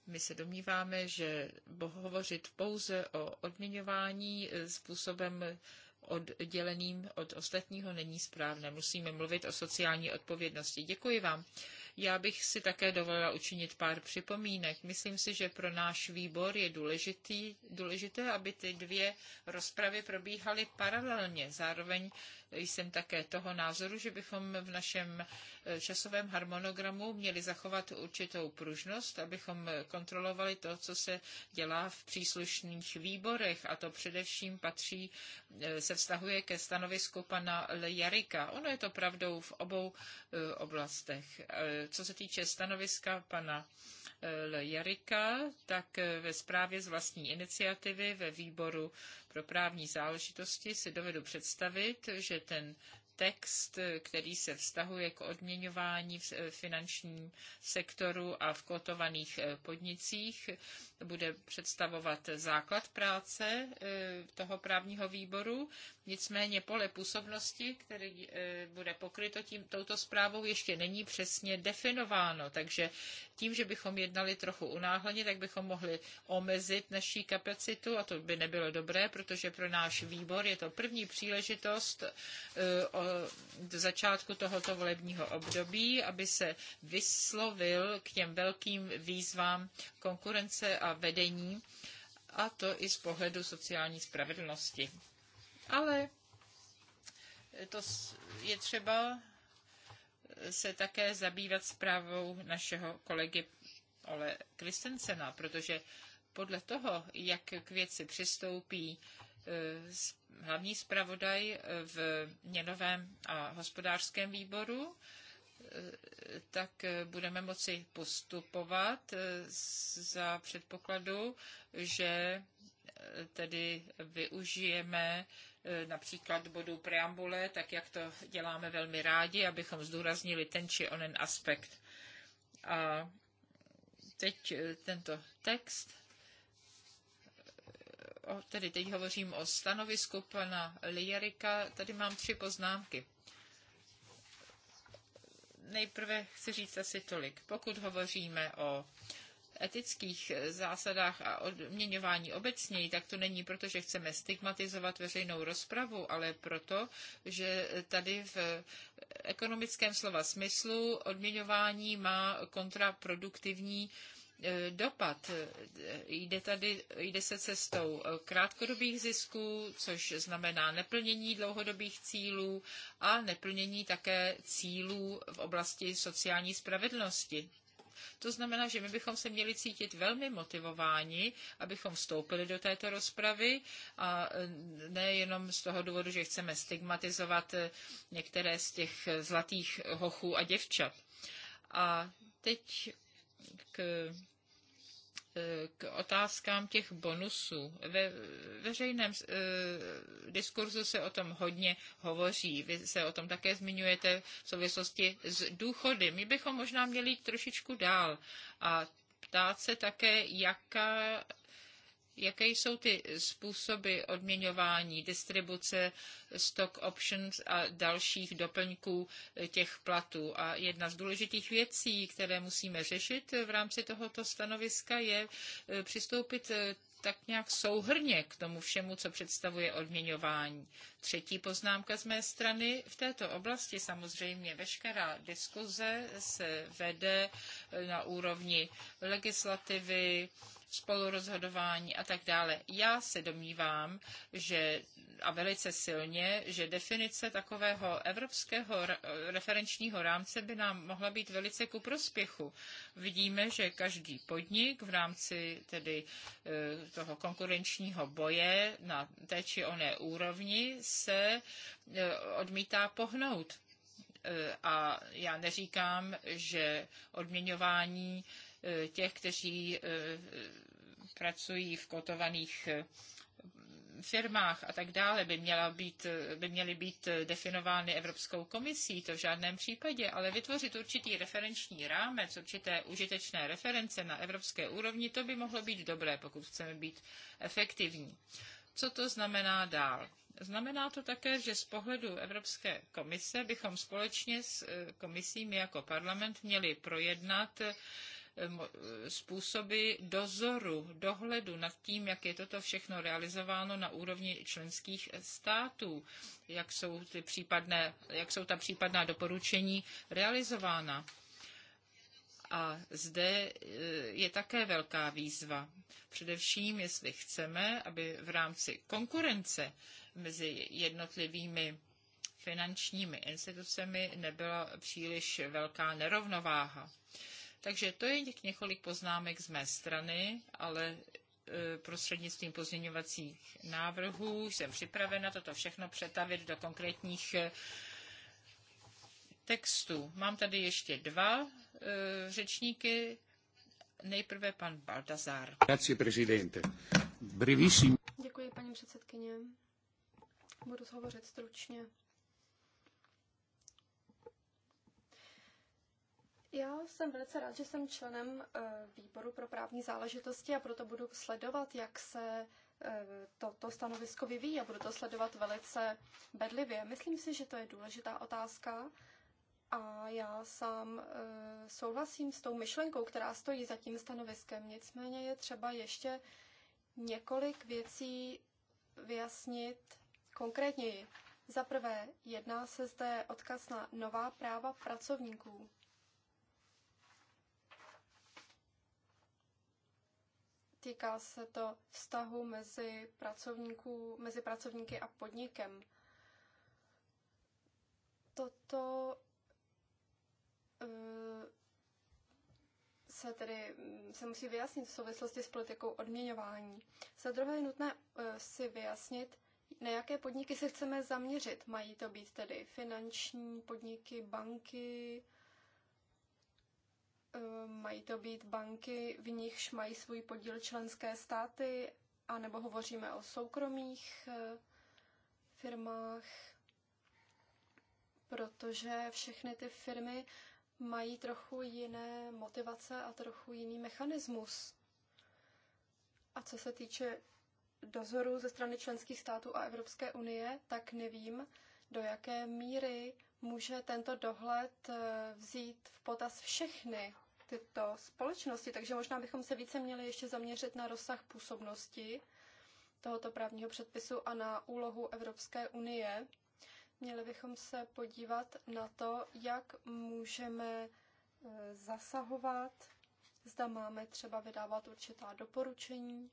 My se domníváme, že hovořit pouze o odměňování e, způsobem odděleným od ostatního není správné. Musíme mluvit o sociální odpovědnosti. Děkuji vám. Já bych si také dovolila učinit pár připomínek. Myslím si, že pro náš výbor je důležitý, důležité, aby ty dvě rozpravy probíhaly paralelně. Zároveň jsem také toho názoru, že bychom v našem eh, časovém harmonogramu měli zachovat určitou pružnost, abychom kontrolovali to, co se dělá v příslušných výborech a to především patří, eh, se vztahuje ke stanovisku pana Jarika. Ono je to pravdou v obou eh, oblastech. Co se týče stanoviska pana eh, Jarika, tak eh, ve zprávě z vlastní iniciativy ve výboru pro právní záležitosti si dovedu představit, že ten text, eh, který se vztahuje k odměňování v finančním sektoru a v kotovaných podnicích, bude představovat základ práce e, toho právního výboru. Nicméně pole působnosti, který e, bude pokryto tím, touto zprávou, ještě není přesně definováno. Takže tím, že bychom jednali trochu unáhleně, tak bychom mohli omezit naší kapacitu a to by nebylo dobré, protože pro náš výbor je to první příležitost e, od začátku tohoto volebního období, aby se vyslovil k těm velkým výzvám konkurence a a vedení, a to i z pohledu sociální spravedlnosti. Ale to je třeba se také zabývat zprávou našeho kolegy Ole Kristensena, protože podle toho, jak k věci přistoupí e, hlavní zpravodaj v měnovém a hospodářském výboru, tak budeme moci postupovat za předpokladu, že tedy využijeme například bodu preambule, tak jak to děláme velmi rádi, abychom zdůraznili ten či onen aspekt. A teď tento text, tedy teď hovořím o stanovisku pana Lijerika. tady mám tři poznámky nejprve chci říct asi tolik. Pokud hovoříme o etických zásadách a odměňování obecněji, tak to není proto, že chceme stigmatizovat veřejnou rozpravu, ale proto, že tady v ekonomickém slova smyslu odměňování má kontraproduktivní E, dopad. E, jde, tady, jde se cestou e, krátkodobých zisků, což znamená neplnění dlouhodobých cílů a neplnění také cílů v oblasti sociální spravedlnosti. To znamená, že my bychom se měli cítit velmi motivováni, abychom vstoupili do této rozpravy a nejenom z toho důvodu, že chceme stigmatizovat některé z těch zlatých hochů a děvčat. A teď k e, k otázkám těch bonusů. Ve veřejném e, diskurzu se o tom hodně hovoří. Vy se o tom také zmiňujete v souvislosti s důchody. My bychom možná měli jít trošičku dál a ptát se také, jaká Jaké jsou ty způsoby odměňování, distribuce stock options a dalších doplňků eh, těch platů? A jedna z důležitých věcí, které musíme řešit eh, v rámci tohoto stanoviska, je eh, přistoupit tak nějak souhrně k tomu všemu, co představuje odměňování. Třetí poznámka z mé strany. V této oblasti samozřejmě veškerá diskuze se vede na úrovni legislativy, spolurozhodování a tak dále. Já se domnívám, že a velice silně, že definice takového evropského referenčního rámce by nám mohla být velice ku prospěchu. Vidíme, že každý podnik v rámci tedy eh, toho konkurenčního boje na té či oné úrovni se eh, odmítá pohnout. Eh, a já neříkám, že odměňování Eh, těch, kteří eh, pracují v kotovaných eh, firmách a tak dále by, měla být, by měly být definovány Evropskou komisí, to v žádném případě, ale vytvořit určitý referenční rámec, určité užitečné reference na evropské úrovni, to by mohlo být dobré, pokud chceme být efektivní. Co to znamená dál? Znamená to také, že z pohledu Evropské komise bychom společně s komisími jako parlament, měli projednat způsoby dozoru, dohledu nad tím, jak je toto všechno realizováno na úrovni členských států, jak jsou, ty případné, jak jsou ta případná doporučení realizována. A zde eh, je také velká výzva. Především, jestli chceme, aby v rámci konkurence mezi jednotlivými finančními institucemi nebyla příliš velká nerovnováha. Takže to je několik poznámek z mé strany, ale e, prostřednictvím pozměňovacích návrhů jsem připravena toto všechno přetavit do konkrétních e, textů. Mám tady ještě dva e, řečníky. Nejprve pan Baldazar. Děkuji, paní předsedkyně. Budu hovořit stručně. Já jsem velice rád, že jsem členem eh, výboru pro právní záležitosti a proto budu sledovat, jak se eh, toto stanovisko vyvíjí a budu to sledovat velice bedlivě. Myslím si, že to je důležitá otázka a já sám eh, souhlasím s tou myšlenkou, která stojí za tím stanoviskem. Nicméně je třeba ještě několik věcí vyjasnit konkrétněji. Za prvé, jedná se zde odkaz na nová práva pracovníků. Týká se to vztahu mezi, pracovníků, mezi pracovníky a podnikem. Toto eh, se tedy mm, se musí vyjasnit v souvislosti s politikou odměňování. Za druhé je nutné eh, si vyjasnit, na jaké podniky se chceme zaměřit. Mají to být tedy finanční podniky, banky, Ehm, mají to být banky, v nichž mají svůj podíl členské státy, anebo hovoříme o soukromých eh, firmách, protože všechny ty firmy mají trochu jiné motivace a trochu jiný mechanismus. A co se týče dozoru ze strany členských států a Evropské unie, tak nevím, do jaké míry může tento dohled eh, vzít v potaz všechny tyto společnosti, takže možná bychom se více měli ještě zaměřit na rozsah působnosti tohoto právního předpisu a na úlohu Evropské unie. Měli bychom se podívat na to, jak můžeme eh, zasahovat, zda máme třeba vydávat určitá doporučení.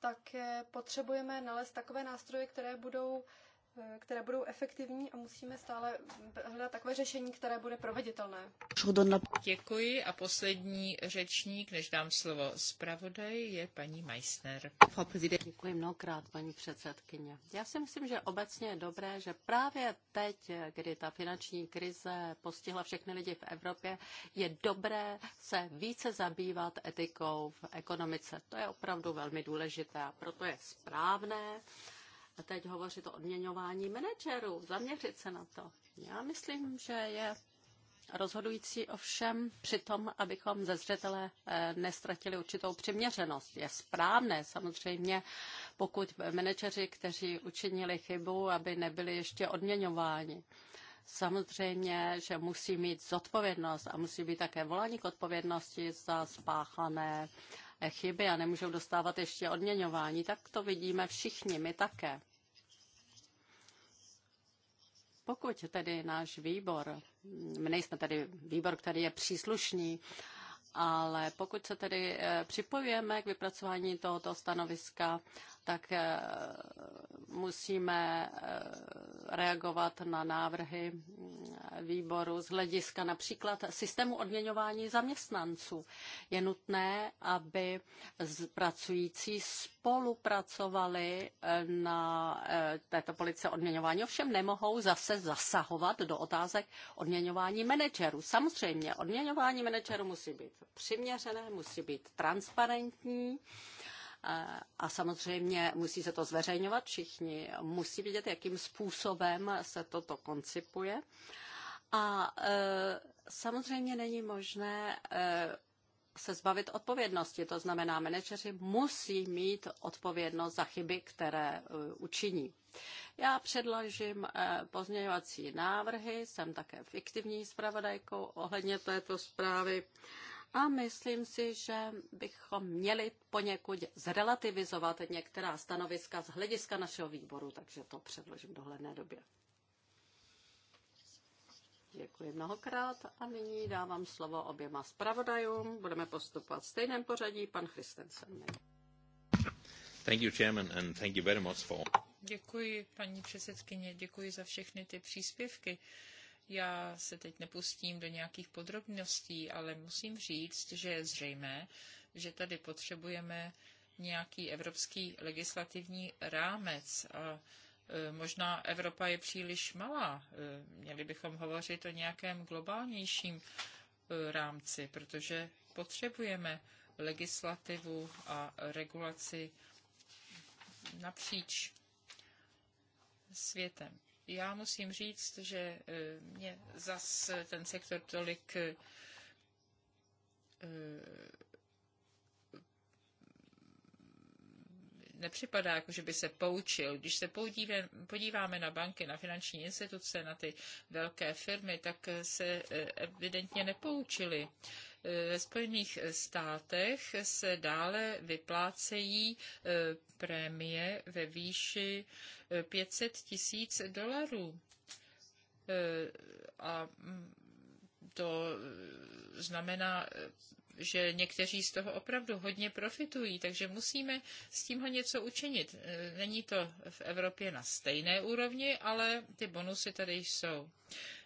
Také potřebujeme nalézt takové nástroje, které budou které budou efektivní a musíme stále hledat takové řešení, které bude proveditelné. Děkuji a poslední řečník, než dám slovo zpravodaj, je paní Meissner. Děkuji mnohokrát, paní předsedkyně. Já si myslím, že obecně je dobré, že právě teď, kdy ta finanční krize postihla všechny lidi v Evropě, je dobré se více zabývat etikou v ekonomice. To je opravdu velmi důležité a proto je správné, teď hovořit o odměňování manažerů, zaměřit se na to. Já myslím, že je rozhodující ovšem při tom, abychom ze zřetele eh, nestratili určitou přiměřenost. Je správné samozřejmě, pokud manažeři, kteří učinili chybu, aby nebyli ještě odměňováni. Samozřejmě, že musí mít zodpovědnost a musí být také volání k odpovědnosti za spáchané eh, chyby a nemůžou dostávat ještě odměňování. Tak to vidíme všichni, my také. Pokud tedy náš výbor, my nejsme tedy výbor, který je příslušný, ale pokud se tedy eh, připojujeme k vypracování tohoto stanoviska, tak eh, musíme eh, reagovat na návrhy výboru z hlediska například systému odměňování zaměstnanců. Je nutné, aby pracující spolupracovali eh, na eh, této police odměňování, ovšem nemohou zase zasahovat do otázek odměňování manažerů. Samozřejmě odměňování manažerů musí být přiměřené, musí být transparentní eh, a samozřejmě musí se to zveřejňovat všichni, musí vidět, jakým způsobem se toto koncipuje. A e, samozřejmě není možné e, se zbavit odpovědnosti. To znamená, manažeři musí mít odpovědnost za chyby, které e, učiní. Já předložím pozměňovací návrhy, jsem také fiktivní zpravodajkou ohledně této zprávy a myslím si, že bychom měli poněkud zrelativizovat některá stanoviska z hlediska našeho výboru, takže to předložím dohledné době. Děkuji mnohokrát a nyní dávám slovo oběma zpravodajům. Budeme postupovat v stejném pořadí. Pan Christensen. Thank you, Chairman, and thank you very much for... Děkuji, paní předsedkyně, děkuji za všechny ty příspěvky. Já se teď nepustím do nějakých podrobností, ale musím říct, že je zřejmé, že tady potřebujeme nějaký evropský legislativní rámec a Eh, možná Evropa je příliš malá. Eh, měli bychom hovořit o nějakém globálnějším eh, rámci, protože potřebujeme legislativu a regulaci napříč světem. Já musím říct, že mě zas ten sektor tolik nepřipadá, jako že by se poučil. Když se podíváme na banky, na finanční instituce, na ty velké firmy, tak se eh, evidentně nepoučili. Eh, ve Spojených státech se dále vyplácejí eh, prémie ve výši 500 tisíc dolarů. A mm, to znamená že někteří z toho opravdu hodně profitují, takže musíme s tímhle něco učinit. E, Není to v Evropě na stejné úrovni, ale ty bonusy tady jsou.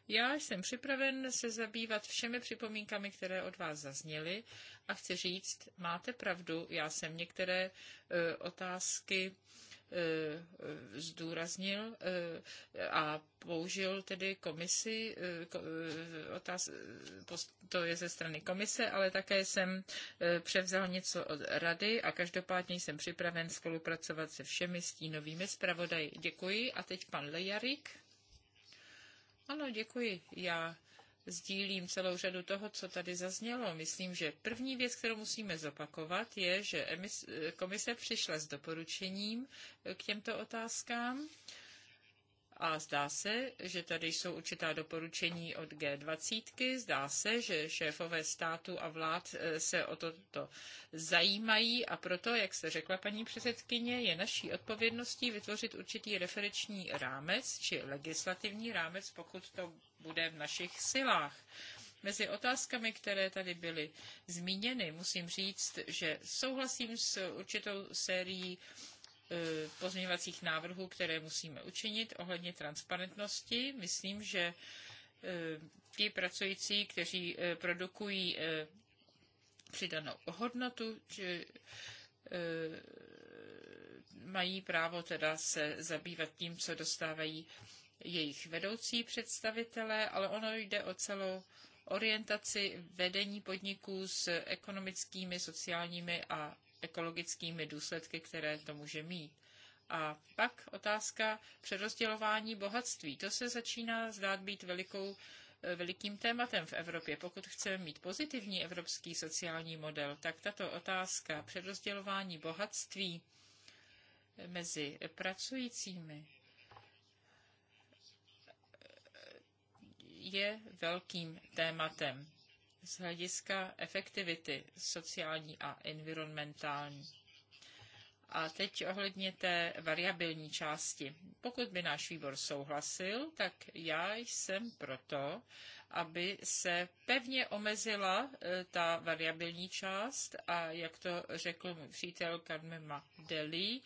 Já jsem připraven se zabývat všemi připomínkami, které od vás zazněly a chci říct, máte pravdu, já jsem některé e, otázky Eh, zdůraznil eh, a použil tedy komisi, eh, to je ze strany komise, ale také jsem převzal něco od rady a každopádně jsem připraven spolupracovat se všemi stínovými zpravodaji. Děkuji a teď pan Lejarik. Ano, děkuji. Já sdílím celou řadu toho, co tady zaznělo. Myslím, že první věc, kterou musíme zopakovat, je, že komise přišla s doporučením k těmto otázkám. A zdá se, že tady jsou určitá doporučení od G20. Zdá se, že šéfové státu a vlád e, se o toto zajímají a proto, jak jste řekla, paní předsedkyně, je naší odpovědností vytvořit určitý referenční rámec či legislativní rámec, pokud to bude v našich silách. Mezi otázkami, které tady byly zmíněny, musím říct, že souhlasím s určitou sérií e, pozměňovacích návrhů, které musíme učinit ohledně transparentnosti. Myslím, že e, ti pracující, kteří e, produkují přidanou hodnotu, že mají právo teda se zabývat tím, co dostávají jejich vedoucí představitelé, ale ono jde o celou orientaci vedení podniků s ekonomickými, sociálními a ekologickými důsledky, které to může mít. A pak otázka přerozdělování bohatství. To se začíná zdát být velikou, eh, velikým tématem v Evropě. Pokud chceme mít pozitivní evropský sociální model, tak tato otázka přerozdělování bohatství mezi pracujícími je velkým tématem z hlediska efektivity sociální a environmentální. A teď ohledně té variabilní části. Pokud by náš výbor souhlasil, tak já jsem proto, aby se pevně omezila e, ta variabilní část a jak to řekl můj přítel Karmema Deli, e,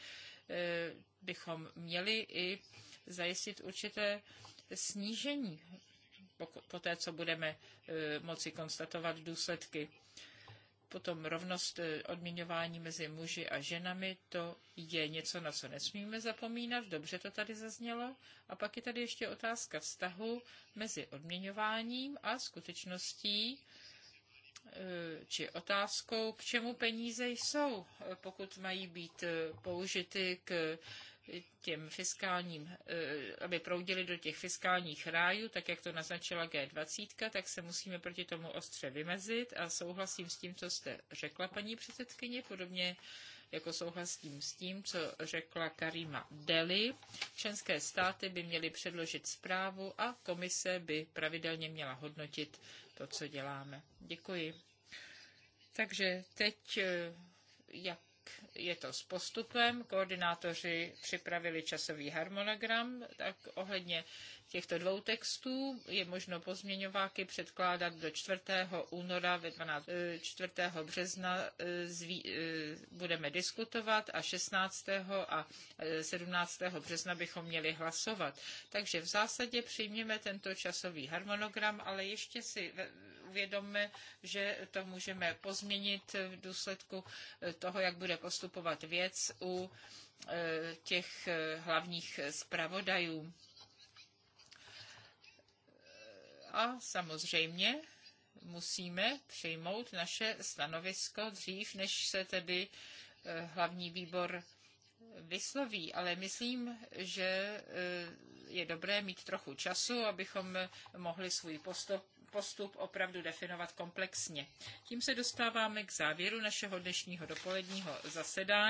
bychom měli i zajistit určité snížení poté, co budeme eh, moci konstatovat důsledky. Potom rovnost eh, odměňování mezi muži a ženami, to je něco, na co nesmíme zapomínat, dobře to tady zaznělo. A pak je tady ještě otázka vztahu mezi odměňováním a skutečností, eh, či otázkou, k čemu peníze jsou, pokud mají být použity k těm fiskálním, eh, aby proudili do těch fiskálních rájů, tak jak to naznačila G20, tak se musíme proti tomu ostře vymezit a souhlasím s tím, co jste řekla, paní předsedkyně, podobně jako souhlasím s tím, co řekla Karima Deli. Členské státy by měly předložit zprávu a komise by pravidelně měla hodnotit to, co děláme. Děkuji. Takže teď eh, jak je to s postupem. Koordinátoři připravili časový harmonogram, tak ohledně těchto dvou textů je možno pozměňováky předkládat do 4. února ve 12. 4. Eh, března eh, zví, eh, budeme diskutovat a 16. a 17. března bychom měli hlasovat. Takže v zásadě přijměme tento časový harmonogram, ale ještě si uvědomme, že to můžeme pozměnit v důsledku toho, jak bude postupovat věc u e, těch e, hlavních zpravodajů. A samozřejmě musíme přijmout naše stanovisko dřív, než se tedy e, hlavní výbor vysloví, ale myslím, že je dobré mít trochu času, abychom mohli svůj postup postup opravdu definovat komplexně. Tím se dostáváme k závěru našeho dnešního dopoledního zasedání.